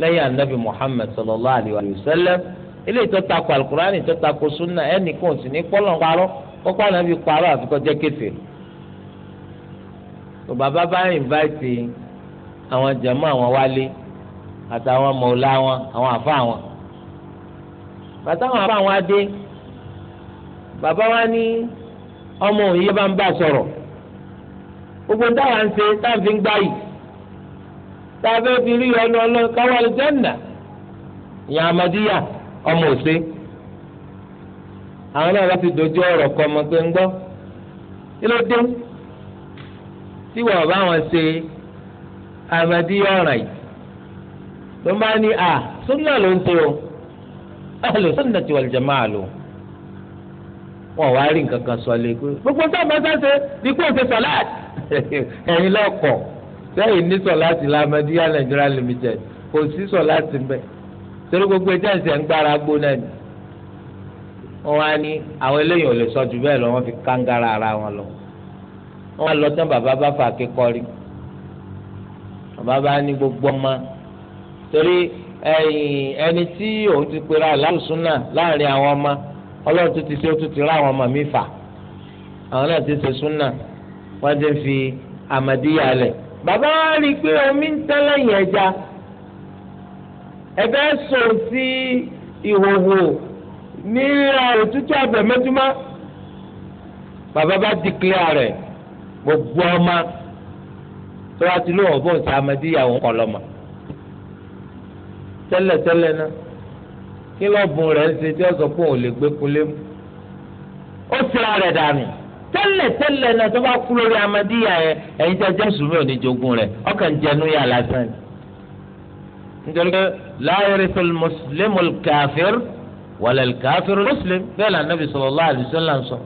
lẹ́yìn anabi muhammed sallallahu alayhi wa sallam ilé ìtọ́tako alukurani ìtọ́tako sunna ẹnìkan ò sì ní kpọ́lọ̀ parọ́ kọ́kọ́ anabi parọ́ àfikọ́ jẹ́ kéfè tó bàbá bá invite àwọn jẹ̀mọ́ àwọn wálé àtàwọn mọ̀ọ́lá wọn àwọn àfa wọn bàtà àwọn àfa wọn adé bàbá wa ní ọmọ òye bá ń bá sọ̀rọ̀ gbogbo táwa ń ṣe táwa fi ń gbá yìí tàbí fi rí ọ̀nà ọlọ́run káwọn àlùjánnà ìyẹn amadíyà ọmọ òsè àwọn náà bá ti dojú ọ̀rọ̀ kọ ọmọ pé ń gbọ́ kí ló dé tí wọ́n bá wọn ṣe amadíyà ọ̀ràn yìí ló bá ní à súnà ló ń tẹ o ahlu sunnati wal jamaa lò wọn wá rí nǹkan kan sọ lé e gbogbo tó àbá ní kó o ṣe sàláàtì ẹ̀yin lọ́kọ̀ọ́ sẹ́yìn ní sọ̀láàtì lamẹ́díyà nàìjíríà limited kò sí sọ̀láàtì mbẹ́ torí gbogbo ẹjẹ́ ẹ̀sẹ̀ ń gbára gbó náà ni wọ́n á ní àwọn eléyìí ò lè sọ jù bẹ́ẹ̀ lọ wọ́n fi kángara ara wọn lọ wọ́n á lọ tán bàbá bá fà kékọ́rí bàbá bá ní gbogbo ọmọ torí ẹni tí òun ti pera lálùsùn náà láàrin àwọn ọmọ ọlọ́run tó ti ṣe ó tún ti rá àwọn ọmọ mi fà àwọn náà ti ṣe súnà wọ́n ti fi àmàdíyà lẹ̀ bàbá wa rí i pé omi ń tán lẹ́yìn ẹja ẹ̀fẹ́ sọ sí ìhòhò ní òtútù abẹ̀mẹ́túmá bàbá bá dìklẹ́à rẹ̀ gbogbo ọmọ tó wá ti lóhùn bóun sí amadíyàwó kọlọ́mọ tẹ́lẹ̀tẹ́lẹ̀ náà kí lọ́ọ̀bù rẹ̀ ń ṣe tí ó sọ pé lè gbé kulé mu ó ti ra rẹ̀ dànù tẹ́lẹ̀ tẹ́lẹ̀ náà tó bá kú lórí amadíyà yẹn ẹ̀yin tẹ́ jẹ́ mùsùlùmí ò ní jogún rẹ̀ ọkàn jẹnu yà lásán ni. nítorí pé láyẹ̀rẹ̀ fẹ́ mùsùlùmí kàfíìr wàlẹ̀ kàfíìr mùsùlùmí bẹ́ẹ̀ là nàbì sallallahu alaihi wasallam sọ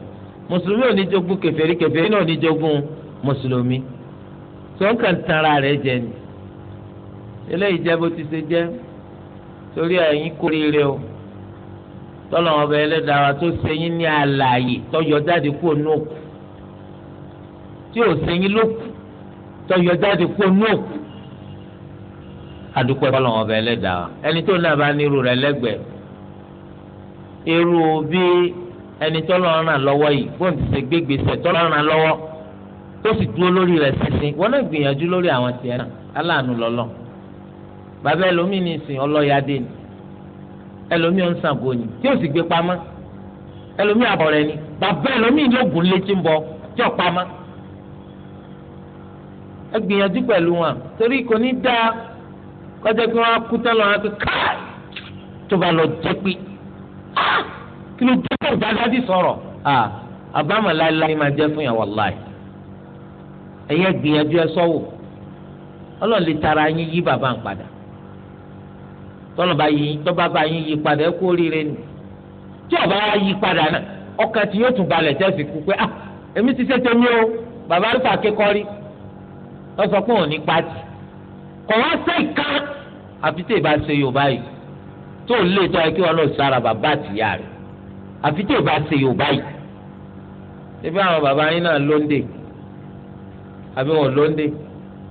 mùsùlùmí ò ní jogún kèfèrí kèfèrí náà ò ní jogún mùsùlùmí tó ń kàn jẹ ni. eléyìí jẹ́ bó ti ṣe jẹ́ torí ẹ̀yin kórìíre o tọ́lọ́mọbẹ ẹlẹ́dàá tó ṣe yín ní alààyè tọ́jọ́ jáde kúrò ní òkú tí ò sẹ́yìn lókù yọ jáde kó nú òkú adúpẹ́ fọlọ́wọ́n ọba ẹlẹ́dàá ẹni tó náà bá ní irú rẹ̀ lẹ́gbẹ̀ẹ́ irú bí ẹni tó lọ́ọ́ ràn lọ́wọ́ yìí bóun ti ṣe gbégbèsè tó lọ́ọ́ ràn lọ́wọ́ tó sì dúró lórí rẹ̀ sísìn wọn náà gbìyànjú lórí àwọn tiẹ̀ náà aláàánú lọ́lọ́ bàbá ẹlòmíì ní ìsìn ọlọ́yàdé ni ẹlòmíì ń sàgò ni tí sì gbé ni bàbá létí ń bọ tí ò ẹ pẹ̀lú wọn torí kò ní dáa kọjá pé wọn kú tán lọ́wọ́ pé káà tó bá lọ jẹ́ pé kí ló dé tó dáadáa sọ̀rọ̀ àbámọ̀ láéláé máa jẹ́ fún yàn wàláì ẹ̀yẹ́ gbìyànjú ẹ sọ́wọ́ ọlọ́run lè tara yín yí bàbá ń padà tọ́lọ́ba yín tọ́ba bá yín yí padà ẹ kú oríire ni tí ọba wa yí padà náà ọkàn tí yóò tún balẹ̀ tẹ́sí kú pé ah èmi ti ṣe o bàbá rí wọ́n sọ pé òun ní pati kọ̀ wá sẹ́ ìka àfi tí ìbá ṣe yorùbá yìí tó ń lé tọ́ ẹ kí wọn lọ sára bàbá àtìyá rẹ̀ àfi tí ìbá ṣe yorùbá yìí ṣébí àwọn bàbá yín náà lóńdè àbí wọn lóńdè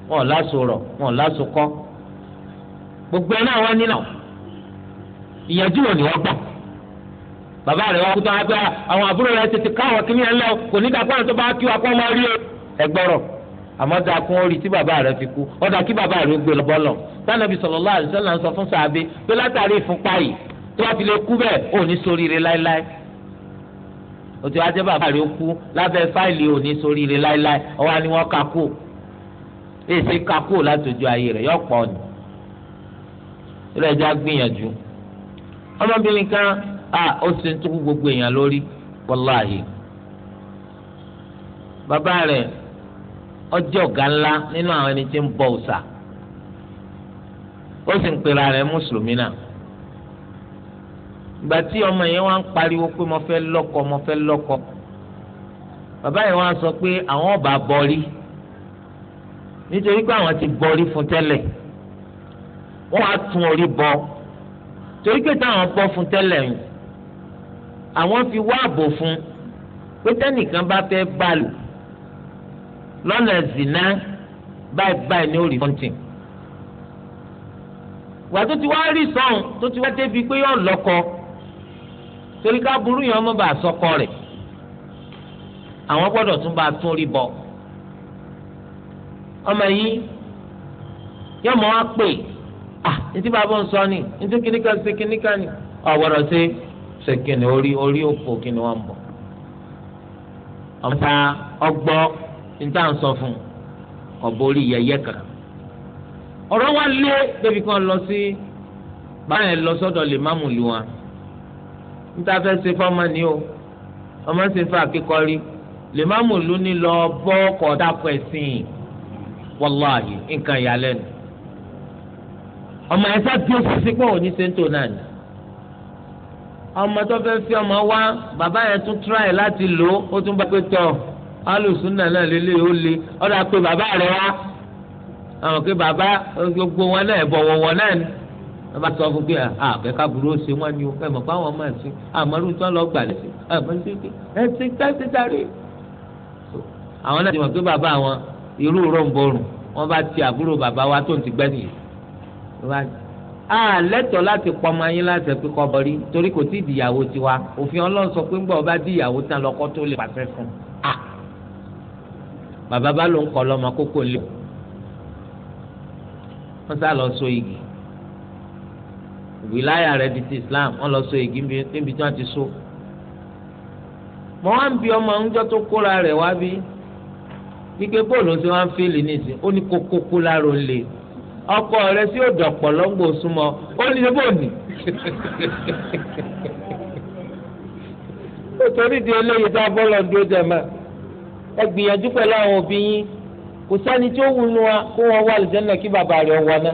wọn lásòrọ̀ wọn lásòkọ́ gbogbo ẹ náà wọn nínà ìyànjú wọn ni wọn gbà bàbá rẹ̀ wọn kú tó wọn gbà àwọn àbúrò rẹ̀ tètè káwọn kí ni ẹ lọ kò ní dàgbà tó bá kí wọn kó wọn àmọ́ dáa kún orí tí bàbá rẹ fi kú ọ̀dà kí bàbá rẹ gbé lọ́bọ́lọ̀ tánàbí sallallahu alaihi wasallam sọ fún sàbẹ pé látàrí ìfúnpá yìí tí wọ́n fi lè kú bẹ́ẹ̀ ò ní soríire láéláé o ti wá jẹ́ bàbá rẹ kú lábẹ́ fáìlì ò ní láéláé ọwọ́ ni wọ́n ka kú èsì ka kú látòjú ayé rẹ̀ yọ ni ilé ẹja gbìyànjú ọmọbìnrin kan a ó sì ń tukú gbogbo èèyàn lórí wàláhì bàbá rẹ̀ ọjọ́ ọ̀gá ńlá nínú àwọn ẹni tí ń bọ òòṣà ó sì ń pera rẹ̀ mùsùlùmí náà ìgbà tí ọmọ yẹn wá ń pariwo pé mo fẹ́ lọ́kọ mo fẹ́ lọ́kọ bàbá yẹn wá sọ pé àwọn ọba bọrí nítorí pé àwọn ti bọrí fún tẹ́lẹ̀ wọ́n á tún orí bọ torí pé táwọn bọ fún tẹ́lẹ̀ yìí àwọn fi wá ààbò fún pé tẹ́nìkan bá fẹ́ bá lò lọ́nà zina báyìí báyìí ni ó rí fọ́ntìn wà tó ti wá rí sọ́hún tó ti wá débi pé yọ̀ lọ́kọ torí ká burú yẹn ọmọ bá sọkọ rẹ̀ àwọn gbọ́dọ̀ tún bá tún rí bọ́ ọmọ yìí yọ mọ wá pè ah ntí bàbá ń sọ ni ntí kìnnìkan ṣe kìnnìkan ni ọ̀wọ́dọ̀ ṣe ṣe kìnnì orí orí òfò kìnnì wọn bọ̀ ọ̀tá ọgbọ́n níta ń sọ fún ọ̀bọ̀rí yẹyẹ kan ọ̀rọ̀ wa lé débi kan lọ sí báyẹn lọ sọ́dọ̀ lè má mú lu wọn níta fẹ́ ṣe fọ́mọ ni o ọmọ ṣe fẹ́ àkíkọ́rí lè má mú lu ní lọ bọ́ kọ̀ọ̀dà pẹ̀sìn wàláhì nǹkan ìyàlẹ́nu ọmọ ẹ̀fọ́ bí ó ṣe pé òní ṣe ń náà ni ọmọ tó fẹ́ fi ọmọ wá bàbá yẹn tún tíráì láti lò ó tún bá pé tọ́ alùsùn náà náà lélẹ̀ ó le ọ̀dà pé bàbá rẹ̀ wá àwọn pé bàbá gbogbo wọn náà ẹ̀bọ̀ wọ̀wọ̀ náà ni wọ́n bá sọ fún pé à kẹ́kẹ́ aburú ṣe wọ́n ni o ẹ̀ mọ̀ fáwọn máa ṣe àmọ́rú tí wọ́n lọ gbà lẹ́sẹ̀ àwọn náà ti mọ̀ pé bàbá àwọn irú rọ̀ǹbọ̀rùn wọ́n bá ti àbúrò bàbá wa tó ń ti gbẹ́sìn a lẹ́tọ̀ọ́ láti pọmọ yín láti ẹ̀pẹ́ kọ́bọ̀rí torí kò tí ì dìyàwó tiwa òfin ọlọ́run sọ pé ń gbọ́ ọba dìyàwó tán lọ́kọ́ tó lè pàṣẹ fún un bàbá bá ló ń kọ́ lọ́mọ kókó lé wọ́n sá lọ so igi wìláyà rẹ̀ di ti Islam wọ́n lọ so igi níbi tí wọ́n ti so mọ wá ń bi ọmọ ńjọ tó kóra rẹ̀ wá bí wípé bóòlù tí wọ́n fi lè nìsín ó ní kókó kó lára ó lè ọkọ rẹ̀ sí òdòpọ̀ lọ́gbò súnmọ́ ó ní bóòlù nítorí di eléyìí tá a bọ́ lọ dúró jẹ mọ́ ẹ gbìyànjú pẹ̀lú àwọn òbí yín kò sẹ́ni tí ó wù nù wa kó wọn wá àlùjánnà kí bàbá rẹ̀ wọ̀ ná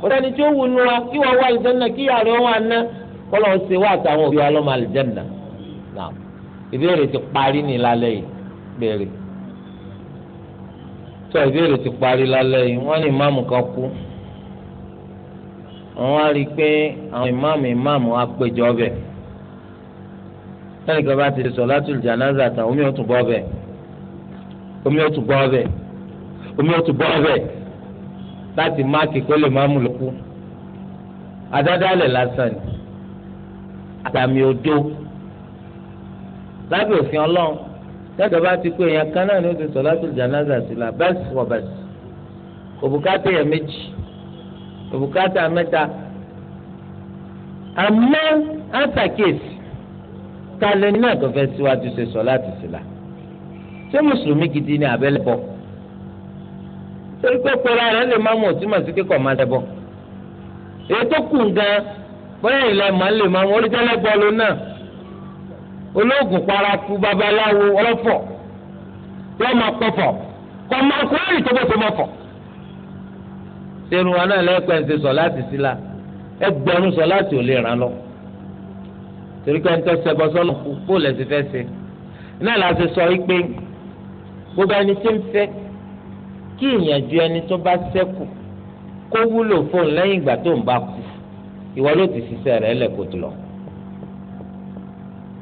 kò sẹ́ni tí ó wù nù wa kí wọn wá àlùjánnà kí ìyá rẹ̀ wọ̀ ná kọ́lọ́ ṣe wá àtàwọn òbí wa lọ́mọ àlùjánnà náà ìbéèrè ti parí ní lálẹ́ yìí béèrè tó ìbéèrè ti parí lálẹ́ yìí wọ́n ní ìmáàmù kan kú àwọn rí i pé àwọn ìmáàmù ìmáàmù á péjọ ọbẹ̀ ẹnìkan bá ti sọ látùl jánásà omi ò omi ó tún bọ́ ọbẹ̀ omi ó tún bọ́ ọbẹ̀ láti máàkì kó lè má mú lóku adádálẹ̀ lásán ni àtàmì odó lábẹ́ òfin ọlọ́run tẹ́tọ̀ bá ti pé èèyàn kan náà ni ó ti sọ láti jànáza sí la bẹ́ẹ̀sì wọ̀ bẹ́ẹ̀sì òbúkátà èèyàn méjì òbúkátà mẹ́ta àmọ́ àtàkìyèsí ta lẹ́ni náà tó fẹ́ síwájú ṣe sọ láti sí la ṣé mùsùlùmí gidi ni àbẹ́lẹ̀ bọ̀ torí pé pẹ̀lú ara lè má mọ̀ tí mà sí kíkọ̀ máa tẹ̀bọ̀ èyí tó kù gan bóyá ìlẹ̀ mà lè má mọ̀ orí tẹ́lẹ̀ bọ̀ ló náà olóògùn paraku babaláwo ọlọ́fọ̀ yóò máa pọ̀fọ̀ kọ́ máa kó èrè tó bó ṣe máa fọ̀ ṣerun wa náà lẹ́pẹ́ ń ṣe sọ láti sí la ẹgbẹ̀rún sọ láti ò lè ràn lọ torí pé sẹ́gbọ́sọ́ lọ́kù bó lẹ́sìn fẹ́ ṣe náà láti sọ wípé gbogbo ẹni tí ń fẹ́ kí ìyànjú ẹni tó bá ṣẹ́kù kó wúlò fóun lẹ́yìn ìgbà tó ń bá kú ìwọ ló ti ṣiṣẹ́ rẹ̀ lẹ́kọ̀ọ́ tó lọ.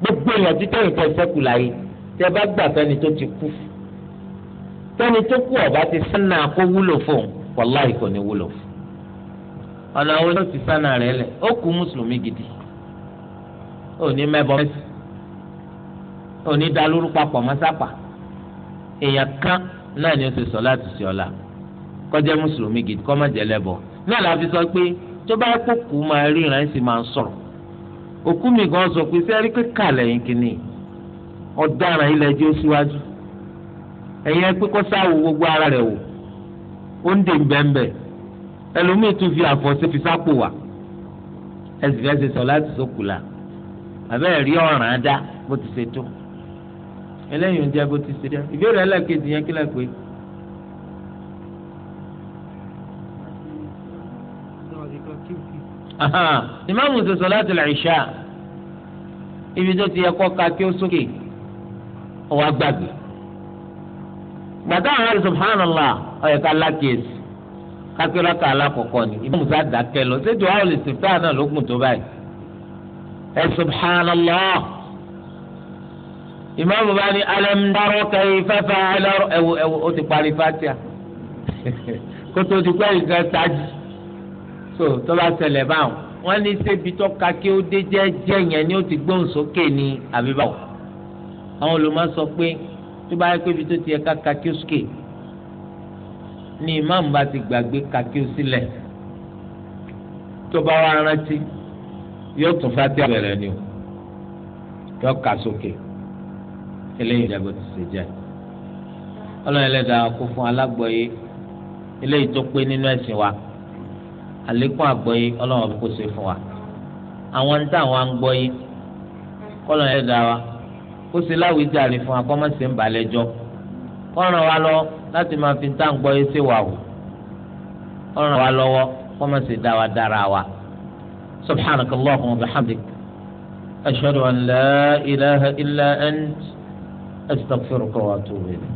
gbogbo ìyànjú tẹ̀yìn tẹ̀ ṣẹ́kù láyé tẹ bá gbà fẹ́ni tó ti kú fẹ́ni tó kú ọ̀bá ti sánà kó wúlò fóun wàláì kò ní wúlò fún. ọ̀nà wo ló ti sánà rẹ̀ lẹ̀ ó kú mùsùlùmí gidi ó ní mẹ́bọ mẹ́sì ó ní dalúrú papọ̀ mọ́sápà èèyàn kan náà ni ó ti sọ láti sí ọ̀la kọjá mùsùlùmí gidi kọ́ má jẹ́ lẹ́bọ̀ náà la fi sọ pé tó bá kó kú máa ríran sì máa ń sọ̀rọ̀ òkú mi gan sọ pé sẹ́rí pé kàlẹ́ yín kìíní ọ̀daràn ilẹ̀ jẹ́ ó síwájú ẹ̀yìn pé kó sáwò gbogbo ara rẹ̀ wò ó ń dè bẹ́ẹ̀nbẹ́ ẹlòmíì tún fi àfọ̀sẹ́ fi sápò wà ẹsì fẹ́ ṣe sọ láti sókùlà àbẹ́ẹ̀ rí ọ̀ràn á dá bó ti ṣe tó eléyìí ń jẹ́ bó ti ṣe jẹ́ ìbéèrè ẹlẹ́ẹ̀kejì yẹn kílẹ̀ pé. ìmáàmù ṣe sọ̀láàtì ìṣà ibi tó ti yẹ kọ́ ka kí ó sókè ọwọ́ gbàgbé gbàtà àwọn àrùn subhanallah ọ̀yẹ̀ ká lákèésì kápẹ́rọ́ ká alákọ̀ọ́kọ́ ni ìmáàmù ṣe àdàkẹ́ lọ ṣé jọ̀wọ́ àwọn olùsèpá náà ló gùn tó báyìí ẹ̀ subhanallah ìmáàmù bá ní alam dara kayfa fa'ala ẹ̀wò ẹ̀wò ó ti parí fatia kótó ti pẹ́ nǹkan tají so tó bá ṣẹlẹ̀ báwọn wọ́n ní ṣebí tó ka kí ó dé jẹ́jẹ́ yẹn ni ó ti gbóhùn sókè ní àbíbáwò àwọn olùmọ̀ sọ pé tó bá yẹ pé ibi tó ti yẹ ká ka kí ó sókè ni ìmáàmù bá ti gbàgbé ka kí ó sílẹ̀ tó bá wà rántí yóò tún fatia bẹ̀rẹ̀ ni o yóò kà sókè. So eléyìí ìjàgbọ́ ti ṣe jẹ́ ọlọ́run ẹlẹ́dàá kó fún alágbọ̀ọ́yé eléyìí tó pé nínú ẹ̀sìn wa àlékún àgbọ̀ọ́yé ọlọ́run kó ṣe fún wa àwọn níta àwọn àgbọ̀ọ́yé kọ́lọ́run ẹlẹ́dàá wa kó ṣe láwùí jàre fún akọ́mọ̀sẹ̀ ń balẹ̀jọ́ kọ́ràn wa lọ láti máa fi níta àgbọ̀ọ́yé ṣe wà o kọ́ràn wa lọ́wọ́ kọ́mọ̀sẹ̀ dá wa dára wa subhanakallahumma wa bihamdik ashhadu an la ilaha illa ant astaghfiruka wa atubu ilayk.